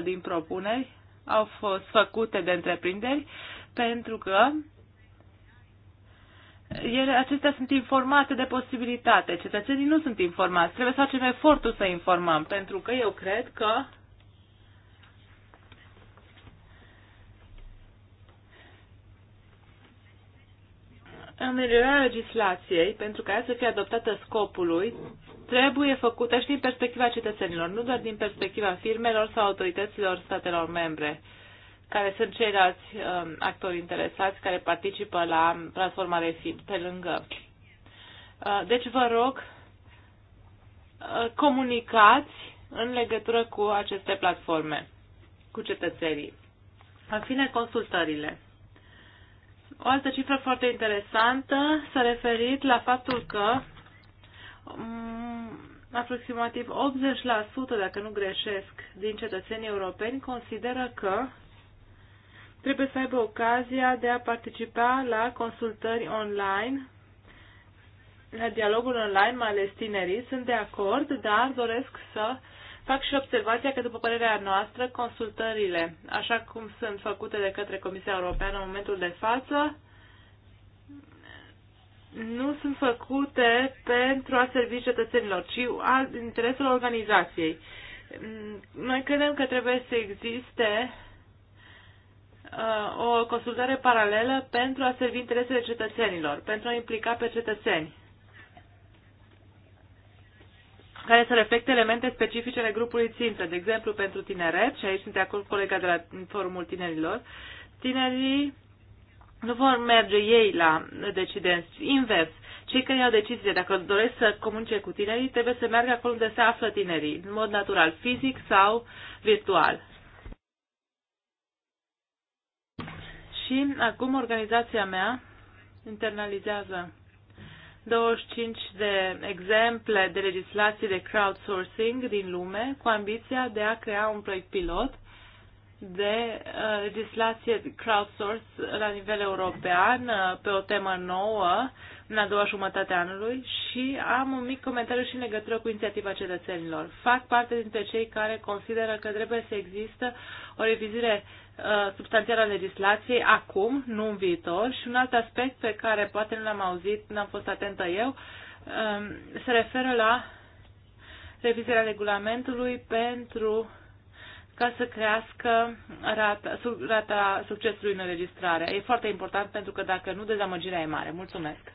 99% din propuneri au fost făcute de întreprinderi pentru că ele, acestea sunt informate de posibilitate. Cetățenii nu sunt informați. Trebuie să facem efortul să informăm, pentru că eu cred că ameliorarea legislației, pentru ca ea să fie adoptată scopului, trebuie făcută și din perspectiva cetățenilor, nu doar din perspectiva firmelor sau autorităților statelor membre, care sunt ceilalți um, actori interesați care participă la transformare FIP pe lângă. Uh, deci vă rog, uh, comunicați în legătură cu aceste platforme, cu cetățenii. În fine, consultările. O altă cifră foarte interesantă s-a referit la faptul că mm, aproximativ 80%, dacă nu greșesc, din cetățenii europeni consideră că trebuie să aibă ocazia de a participa la consultări online, la dialogul online, mai ales tinerii. Sunt de acord, dar doresc să uh, Fac și observația că, după părerea noastră, consultările, așa cum sunt făcute de către Comisia Europeană în momentul de față, nu sunt făcute pentru a servi cetățenilor, ci al interesul organizației. Noi credem că trebuie să existe uh, o consultare paralelă pentru a servi interesele cetățenilor, pentru a implica pe cetățeni care să reflecte elemente specifice ale grupului țintă, de exemplu pentru tineret, și aici sunt acolo colega de la Forumul Tinerilor, tinerii nu vor merge ei la decidenți, invers. Cei care iau decizie, dacă doresc să comunice cu tinerii, trebuie să meargă acolo unde se află tinerii, în mod natural, fizic sau virtual. Și acum organizația mea internalizează 25 de exemple de legislații de crowdsourcing din lume cu ambiția de a crea un proiect pilot de uh, legislație crowdsource la nivel european uh, pe o temă nouă în a doua jumătate a anului și am un mic comentariu și în legătură cu inițiativa cetățenilor. Fac parte dintre cei care consideră că trebuie să există o revizire uh, substanțială a legislației acum, nu în viitor și un alt aspect pe care poate nu l-am auzit, n-am fost atentă eu, uh, se referă la revizirea regulamentului pentru ca să crească rata, rata succesului în înregistrare. E foarte important pentru că dacă nu, dezamăgirea e mare. Mulțumesc!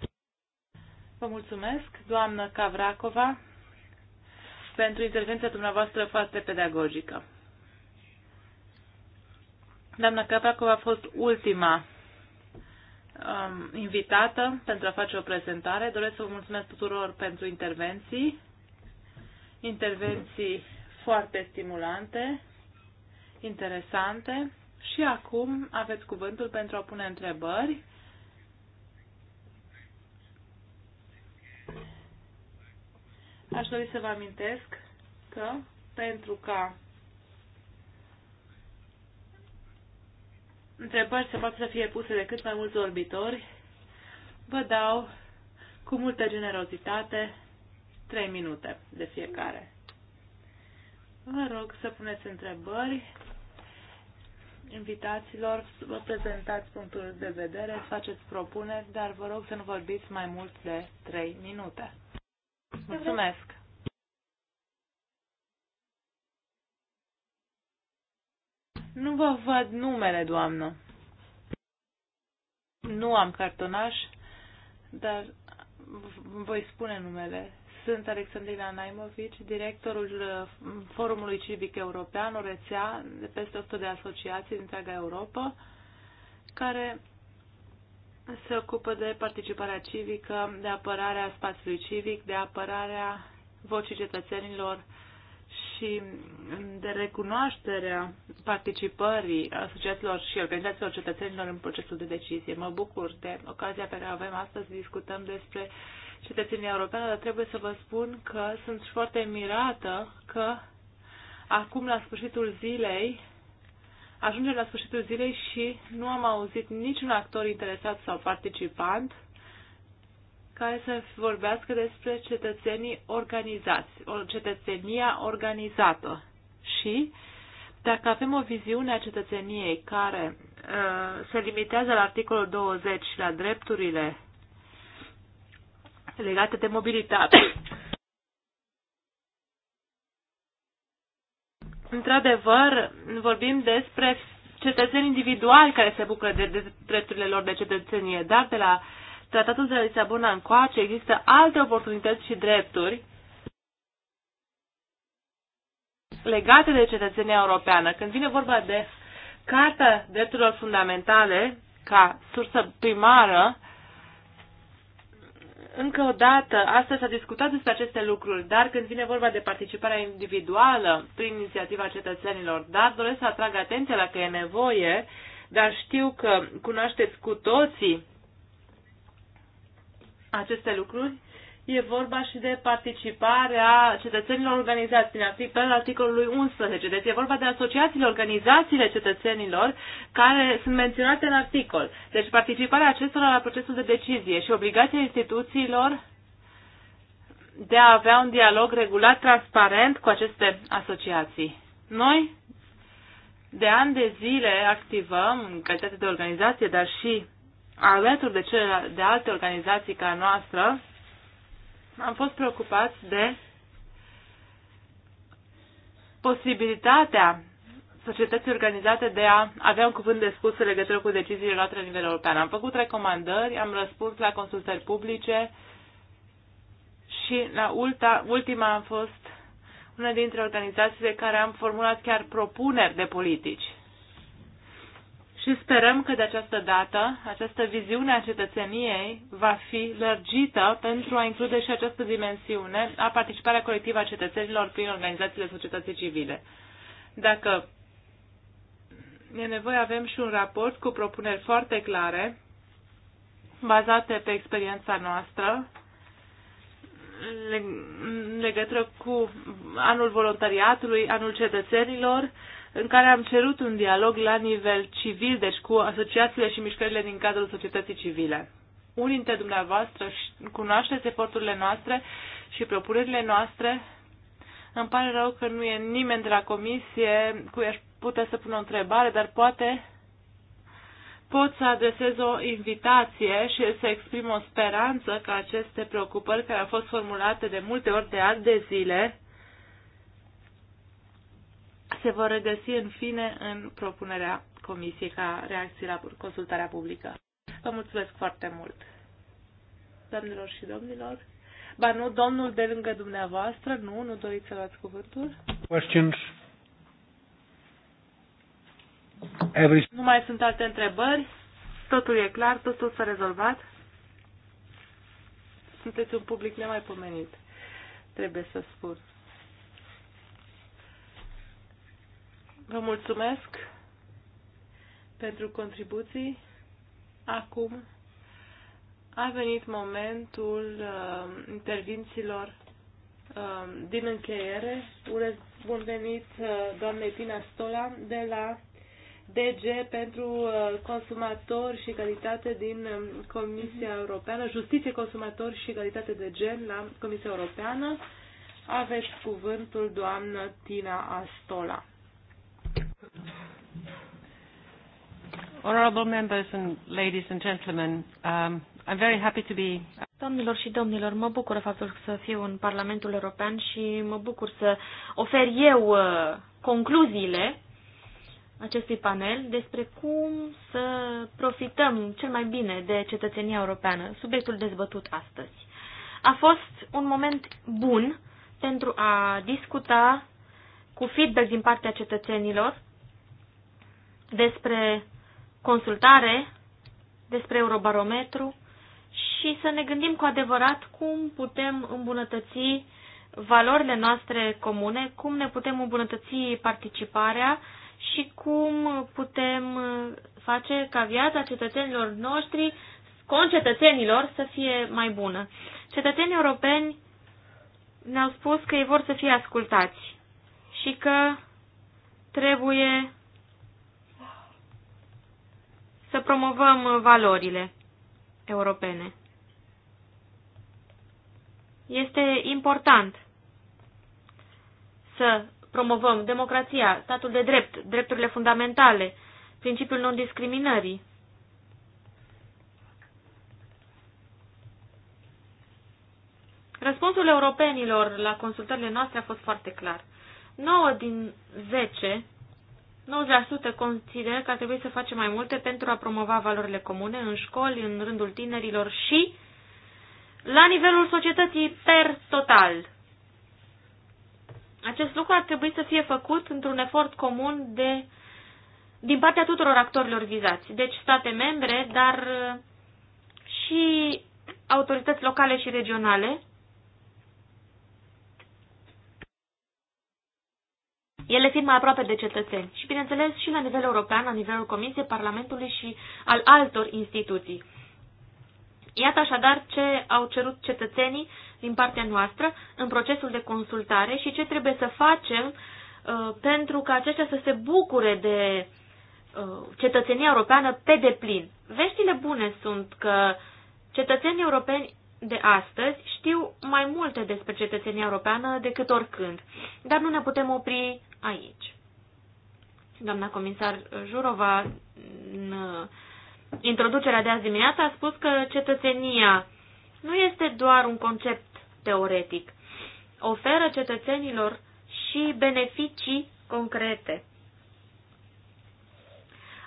Vă mulțumesc, doamnă Cavracova, pentru intervenția dumneavoastră foarte pedagogică. Doamna Cavracova a fost ultima um, invitată pentru a face o prezentare. Doresc să vă mulțumesc tuturor pentru intervenții, intervenții foarte stimulante, interesante. Și acum aveți cuvântul pentru a pune întrebări Aș dori să vă amintesc că pentru ca întrebări se poate să fie puse de cât mai mulți orbitori, vă dau cu multă generozitate 3 minute de fiecare. Vă rog să puneți întrebări invitaților, vă prezentați punctul de vedere, faceți propuneri, dar vă rog să nu vorbiți mai mult de 3 minute. Mulțumesc! Nu vă văd numele, doamnă. Nu am cartonaș, dar voi spune numele. Sunt Alexandrina Naimovici, directorul uh, Forumului Civic European, o rețea de peste 100 de asociații din întreaga Europa, care se ocupă de participarea civică, de apărarea spațiului civic, de apărarea vocii cetățenilor și de recunoașterea participării asociațiilor și organizațiilor cetățenilor în procesul de decizie. Mă bucur de ocazia pe care o avem astăzi, discutăm despre cetățenia europeană, dar trebuie să vă spun că sunt foarte mirată că acum, la sfârșitul zilei, ajungem la sfârșitul zilei și nu am auzit niciun actor interesat sau participant care să vorbească despre cetățenii organizați, o cetățenia organizată. Și dacă avem o viziune a cetățeniei care uh, se limitează la articolul 20 și la drepturile legate de mobilitate într-adevăr, vorbim despre cetățeni individuali care se bucură de, de drepturile lor de cetățenie, dar de la Tratatul de la Lisabona încoace există alte oportunități și drepturi legate de cetățenia europeană. Când vine vorba de Carta Drepturilor Fundamentale, ca sursă primară, încă o dată, astăzi s-a discutat despre aceste lucruri, dar când vine vorba de participarea individuală prin inițiativa cetățenilor, dar doresc să atrag atenția la că e nevoie, dar știu că cunoașteți cu toții aceste lucruri, E vorba și de participarea cetățenilor organizați prin articolul articolului 11. Deci e vorba de asociațiile, organizațiile cetățenilor care sunt menționate în articol. Deci participarea acestora la procesul de decizie și obligația instituțiilor de a avea un dialog regulat, transparent cu aceste asociații. Noi, de ani de zile, activăm în calitate de organizație, dar și alături de, cele, de alte organizații ca noastră, am fost preocupați de posibilitatea societății organizate de a avea un cuvânt de spus în legătură cu deciziile luate la nivel european. Am făcut recomandări, am răspuns la consultări publice și la ulta, ultima am fost una dintre organizațiile care am formulat chiar propuneri de politici și sperăm că de această dată această viziune a cetățeniei va fi lărgită pentru a include și această dimensiune a participarea colectivă a cetățenilor prin organizațiile societății civile. Dacă e nevoie, avem și un raport cu propuneri foarte clare, bazate pe experiența noastră, în legătură cu anul voluntariatului, anul cetățenilor, în care am cerut un dialog la nivel civil, deci cu asociațiile și mișcările din cadrul societății civile. Unii dintre dumneavoastră cunoașteți eforturile noastre și propunerile noastre. Îmi pare rău că nu e nimeni de la comisie care aș putea să pun o întrebare, dar poate pot să adresez o invitație și să exprim o speranță că aceste preocupări care au fost formulate de multe ori de ani de zile se vor regăsi în fine în propunerea Comisiei ca reacție la consultarea publică. Vă mulțumesc foarte mult! Doamnelor și domnilor, ba nu, domnul de lângă dumneavoastră, nu, nu doriți să luați cuvântul? Questions? Every... Nu mai sunt alte întrebări? Totul e clar, totul s-a rezolvat? Sunteți un public nemaipomenit, trebuie să spun. Vă mulțumesc pentru contribuții. Acum a venit momentul uh, intervințiilor uh, din încheiere. Urez bun venit uh, doamnei Tina Stola de la DG pentru uh, consumatori și calitate din um, Comisia mhm. Europeană, Justiție, Consumatori și Calitate de Gen la Comisia Europeană. Aveți cuvântul doamnă Tina Astola. Honorable members and ladies and gentlemen, um, I'm very happy to be Doamnelor și domnilor, mă bucură faptul să fiu în Parlamentul European și mă bucur să ofer eu uh, concluziile acestui panel despre cum să profităm cel mai bine de cetățenia europeană, subiectul dezbătut astăzi. A fost un moment bun pentru a discuta cu feedback din partea cetățenilor despre consultare despre Eurobarometru și să ne gândim cu adevărat cum putem îmbunătăți valorile noastre comune, cum ne putem îmbunătăți participarea și cum putem face ca viața cetățenilor noștri, concetățenilor, să fie mai bună. Cetățenii europeni ne-au spus că ei vor să fie ascultați și că trebuie să promovăm valorile europene. Este important să promovăm democrația, statul de drept, drepturile fundamentale, principiul non-discriminării. Răspunsul europenilor la consultările noastre a fost foarte clar. 9 din 10 90% consideră că ar trebui să facem mai multe pentru a promova valorile comune în școli, în rândul tinerilor și la nivelul societății per total. Acest lucru ar trebui să fie făcut într-un efort comun de, din partea tuturor actorilor vizați, deci state membre, dar și autorități locale și regionale, ele fiind mai aproape de cetățeni și, bineînțeles, și la nivel european, la nivelul Comisiei, Parlamentului și al altor instituții. Iată așadar ce au cerut cetățenii din partea noastră în procesul de consultare și ce trebuie să facem uh, pentru ca aceștia să se bucure de uh, cetățenia europeană pe deplin. Veștile bune sunt că cetățenii europeni de astăzi știu mai multe despre cetățenia europeană decât oricând, dar nu ne putem opri aici. Doamna comisar Jurova, în introducerea de azi dimineață, a spus că cetățenia nu este doar un concept teoretic. Oferă cetățenilor și beneficii concrete.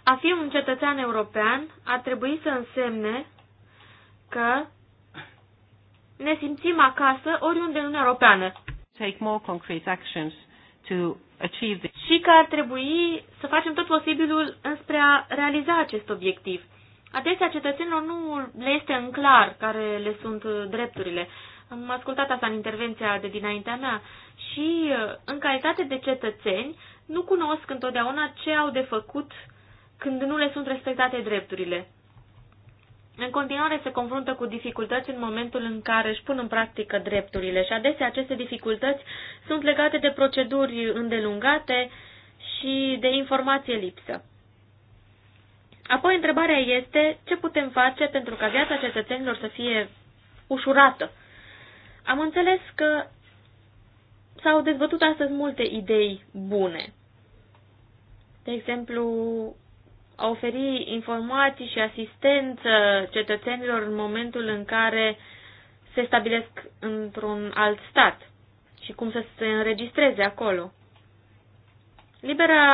A fi un cetățean european ar trebui să însemne că ne simțim acasă oriunde în Uniunea Europeană. Take more concrete actions to achieve this. Și că ar trebui să facem tot posibilul înspre a realiza acest obiectiv. Adesea cetățenilor nu le este în clar care le sunt drepturile. Am ascultat asta în intervenția de dinaintea mea și, în calitate de cetățeni, nu cunosc întotdeauna ce au de făcut când nu le sunt respectate drepturile în continuare se confruntă cu dificultăți în momentul în care își pun în practică drepturile și adesea aceste dificultăți sunt legate de proceduri îndelungate și de informație lipsă. Apoi întrebarea este ce putem face pentru ca viața cetățenilor să fie ușurată. Am înțeles că s-au dezbătut astăzi multe idei bune. De exemplu, a oferi informații și asistență cetățenilor în momentul în care se stabilesc într-un alt stat și cum să se înregistreze acolo. Libera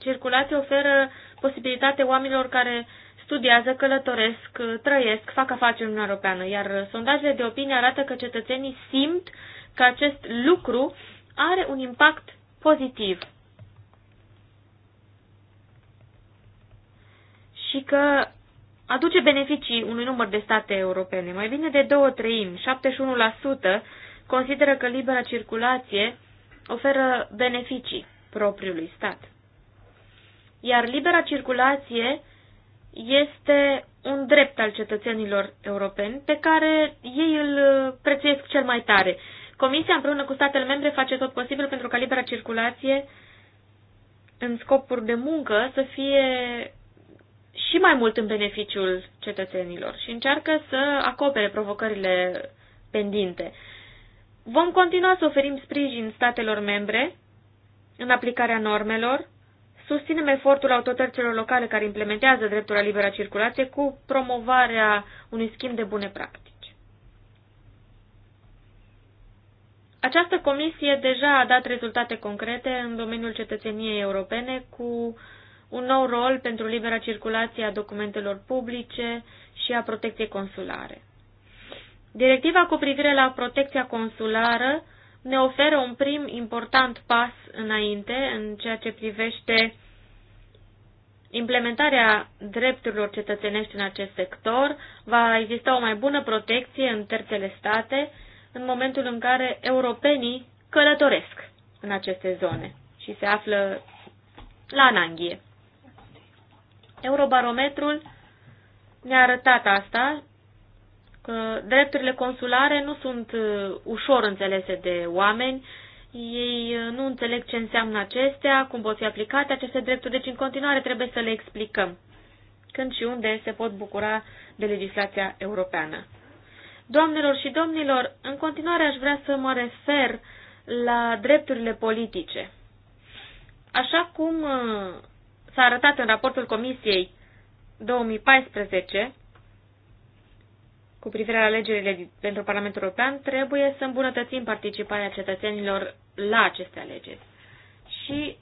circulație oferă posibilitate oamenilor care studiază, călătoresc, trăiesc, fac afaceri în Europeană, iar sondajele de opinie arată că cetățenii simt că acest lucru are un impact pozitiv și că aduce beneficii unui număr de state europene. Mai bine de două treimi, 71%, consideră că libera circulație oferă beneficii propriului stat. Iar libera circulație este un drept al cetățenilor europeni pe care ei îl prețuiesc cel mai tare. Comisia împreună cu statele membre face tot posibil pentru ca libera circulație în scopuri de muncă să fie și mai mult în beneficiul cetățenilor și încearcă să acopere provocările pendinte. Vom continua să oferim sprijin statelor membre în aplicarea normelor, susținem efortul autorităților locale care implementează dreptul la libera circulație cu promovarea unui schimb de bune practici. Această comisie deja a dat rezultate concrete în domeniul cetățeniei europene cu un nou rol pentru libera circulație a documentelor publice și a protecției consulare. Directiva cu privire la protecția consulară ne oferă un prim important pas înainte în ceea ce privește implementarea drepturilor cetățenești în acest sector, va exista o mai bună protecție în terțele state în momentul în care europenii călătoresc în aceste zone și se află la ananghie. Eurobarometrul ne-a arătat asta, că drepturile consulare nu sunt uh, ușor înțelese de oameni, ei uh, nu înțeleg ce înseamnă acestea, cum pot fi aplicate aceste drepturi, deci în continuare trebuie să le explicăm când și unde se pot bucura de legislația europeană. Doamnelor și domnilor, în continuare aș vrea să mă refer la drepturile politice. Așa cum uh, s-a arătat în raportul Comisiei 2014 cu privire la alegerile pentru Parlamentul European, trebuie să îmbunătățim participarea cetățenilor la aceste alegeri. Și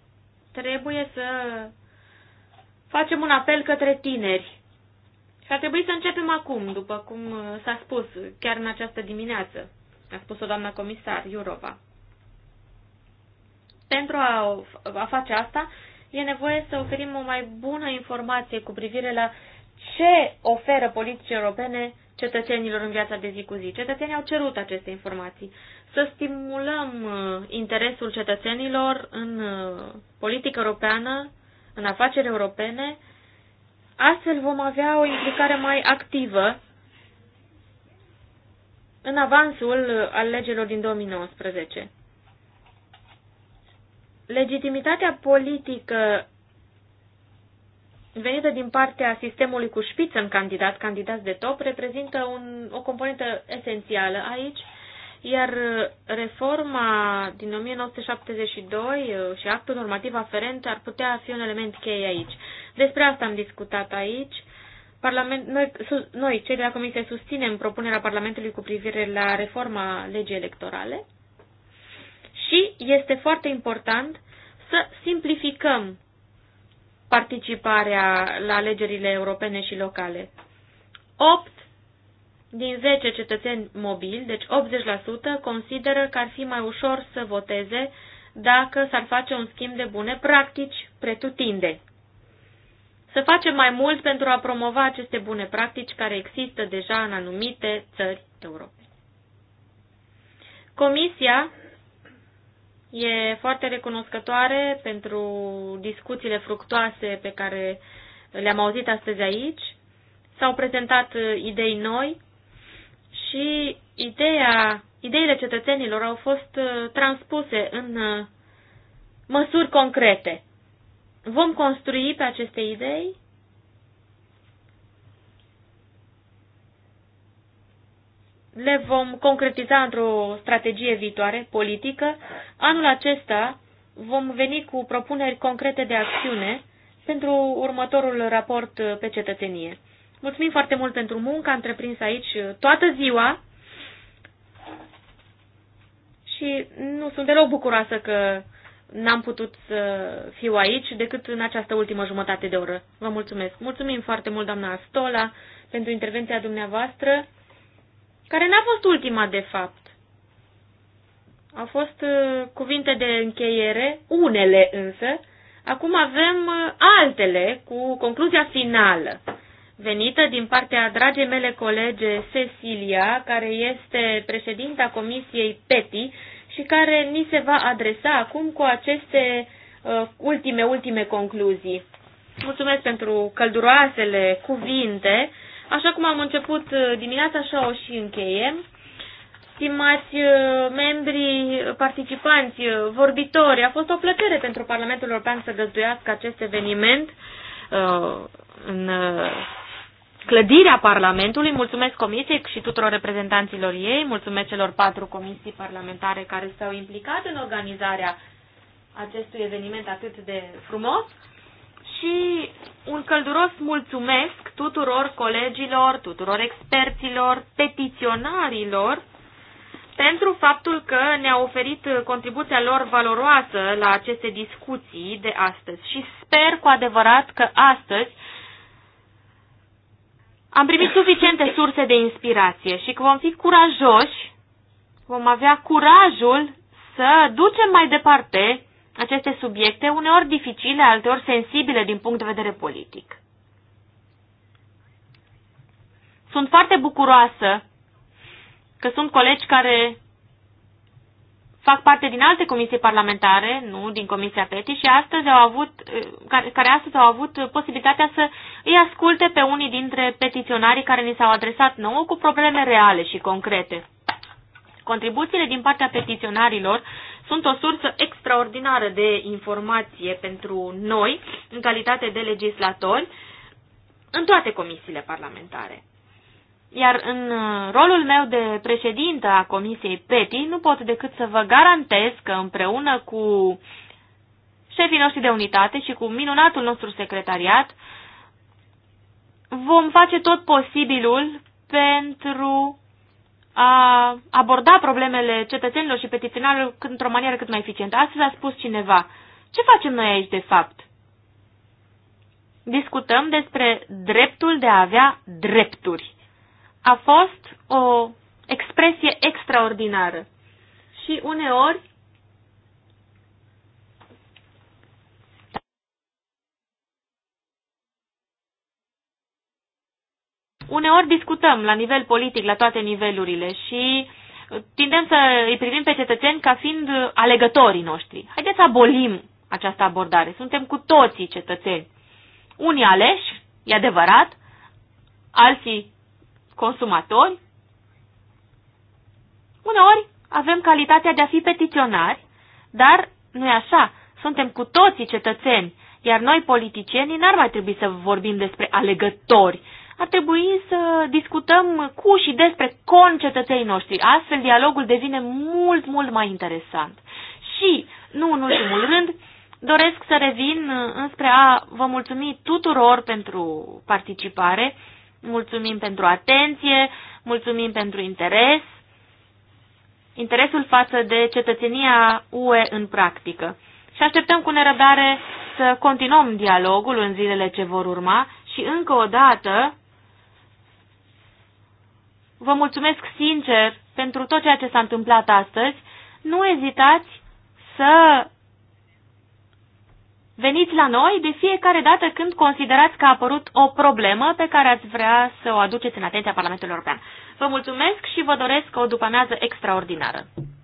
trebuie să facem un apel către tineri. Și ar trebui să începem acum, după cum uh, s-a spus chiar în această dimineață, a spus-o doamna comisar Iurova. Pentru a, a face asta, e nevoie să oferim o mai bună informație cu privire la ce oferă politicii europene cetățenilor în viața de zi cu zi. Cetățenii au cerut aceste informații. Să stimulăm uh, interesul cetățenilor în uh, politică europeană, în afaceri europene, astfel vom avea o implicare mai activă în avansul uh, alegerilor din 2019. Legitimitatea politică venită din partea sistemului cu șpiță în candidat, candidați de top, reprezintă un, o componentă esențială aici, iar reforma din 1972 uh, și actul normativ aferent ar putea fi un element cheie aici. Despre asta am discutat aici. Parlament, noi, noi, cei de la Comisie, susținem propunerea Parlamentului cu privire la reforma legii electorale și este foarte important să simplificăm participarea la alegerile europene și locale. 8 din 10 cetățeni mobili, deci 80%, consideră că ar fi mai ușor să voteze dacă s-ar face un schimb de bune practici pretutindeni. Să facem mai mult pentru a promova aceste bune practici care există deja în anumite țări europene. Comisia E foarte recunoscătoare pentru discuțiile fructoase pe care le-am auzit astăzi aici. S-au prezentat uh, idei noi și ideea, ideile cetățenilor au fost uh, transpuse în uh, măsuri concrete. Vom construi pe aceste idei le vom concretiza într-o strategie viitoare politică. Anul acesta vom veni cu propuneri concrete de acțiune pentru următorul raport pe cetățenie. Mulțumim foarte mult pentru munca întreprinsă aici toată ziua și nu sunt deloc bucuroasă că n-am putut să fiu aici decât în această ultimă jumătate de oră. Vă mulțumesc. Mulțumim foarte mult, doamna Stola, pentru intervenția dumneavoastră care n-a fost ultima de fapt. Au fost uh, cuvinte de încheiere, unele însă. Acum avem uh, altele cu concluzia finală, venită din partea dragei mele colege Cecilia, care este președinta Comisiei PETI și care ni se va adresa acum cu aceste uh, ultime, ultime concluzii. Mulțumesc pentru călduroasele cuvinte Așa cum am început uh, dimineața, așa o și încheiem. Stimați uh, membrii, participanți, uh, vorbitori, a fost o plăcere pentru Parlamentul European să găzduiască acest eveniment în clădirea Parlamentului. Mulțumesc Comisiei și tuturor reprezentanților ei, mulțumesc celor patru comisii parlamentare care s-au implicat în organizarea acestui eveniment atât de frumos și un călduros mulțumesc tuturor colegilor, tuturor experților, petiționarilor pentru faptul că ne au oferit contribuția lor valoroasă la aceste discuții de astăzi și sper cu adevărat că astăzi am primit suficiente surse de inspirație și că vom fi curajoși, vom avea curajul să ducem mai departe aceste subiecte, uneori dificile, alteori sensibile din punct de vedere politic. Sunt foarte bucuroasă că sunt colegi care fac parte din alte comisii parlamentare, nu din Comisia PETI, și astăzi au avut, eh, care, care astăzi au avut posibilitatea să îi asculte pe unii dintre petiționarii care ni s-au adresat nouă cu probleme reale și concrete. Contribuțiile din partea petiționarilor sunt o sursă extraordinară de informație pentru noi, în calitate de legislatori, în toate comisiile parlamentare. Iar în uh, rolul meu de președintă a Comisiei PETI, nu pot decât să vă garantez că împreună cu șefii noștri de unitate și cu minunatul nostru secretariat, vom face tot posibilul pentru a aborda problemele cetățenilor și petiționarilor într-o manieră cât mai eficientă. Astăzi a spus cineva, ce facem noi aici de fapt? Discutăm despre dreptul de a avea drepturi. A fost o expresie extraordinară. Și uneori uneori discutăm la nivel politic, la toate nivelurile și uh, tindem să îi privim pe cetățeni ca fiind uh, alegătorii noștri. Haideți să abolim această abordare. Suntem cu toții cetățeni. Unii aleși, e adevărat, alții consumatori. Uneori avem calitatea de a fi petiționari, dar nu e așa. Suntem cu toții cetățeni, iar noi politicienii n-ar mai trebui să vorbim despre alegători, ar trebui să discutăm cu și despre concetățenii noștri. Astfel, dialogul devine mult, mult mai interesant. Și, nu în ultimul rând, doresc să revin uh, înspre a vă mulțumi tuturor pentru participare, mulțumim pentru atenție, mulțumim pentru interes, interesul față de cetățenia UE în practică. Și așteptăm cu nerăbdare să continuăm dialogul în zilele ce vor urma și încă o dată Vă mulțumesc sincer pentru tot ceea ce s-a întâmplat astăzi. Nu ezitați să veniți la noi de fiecare dată când considerați că a apărut o problemă pe care ați vrea să o aduceți în atenția Parlamentului European. Vă mulțumesc și vă doresc o după-amiază extraordinară.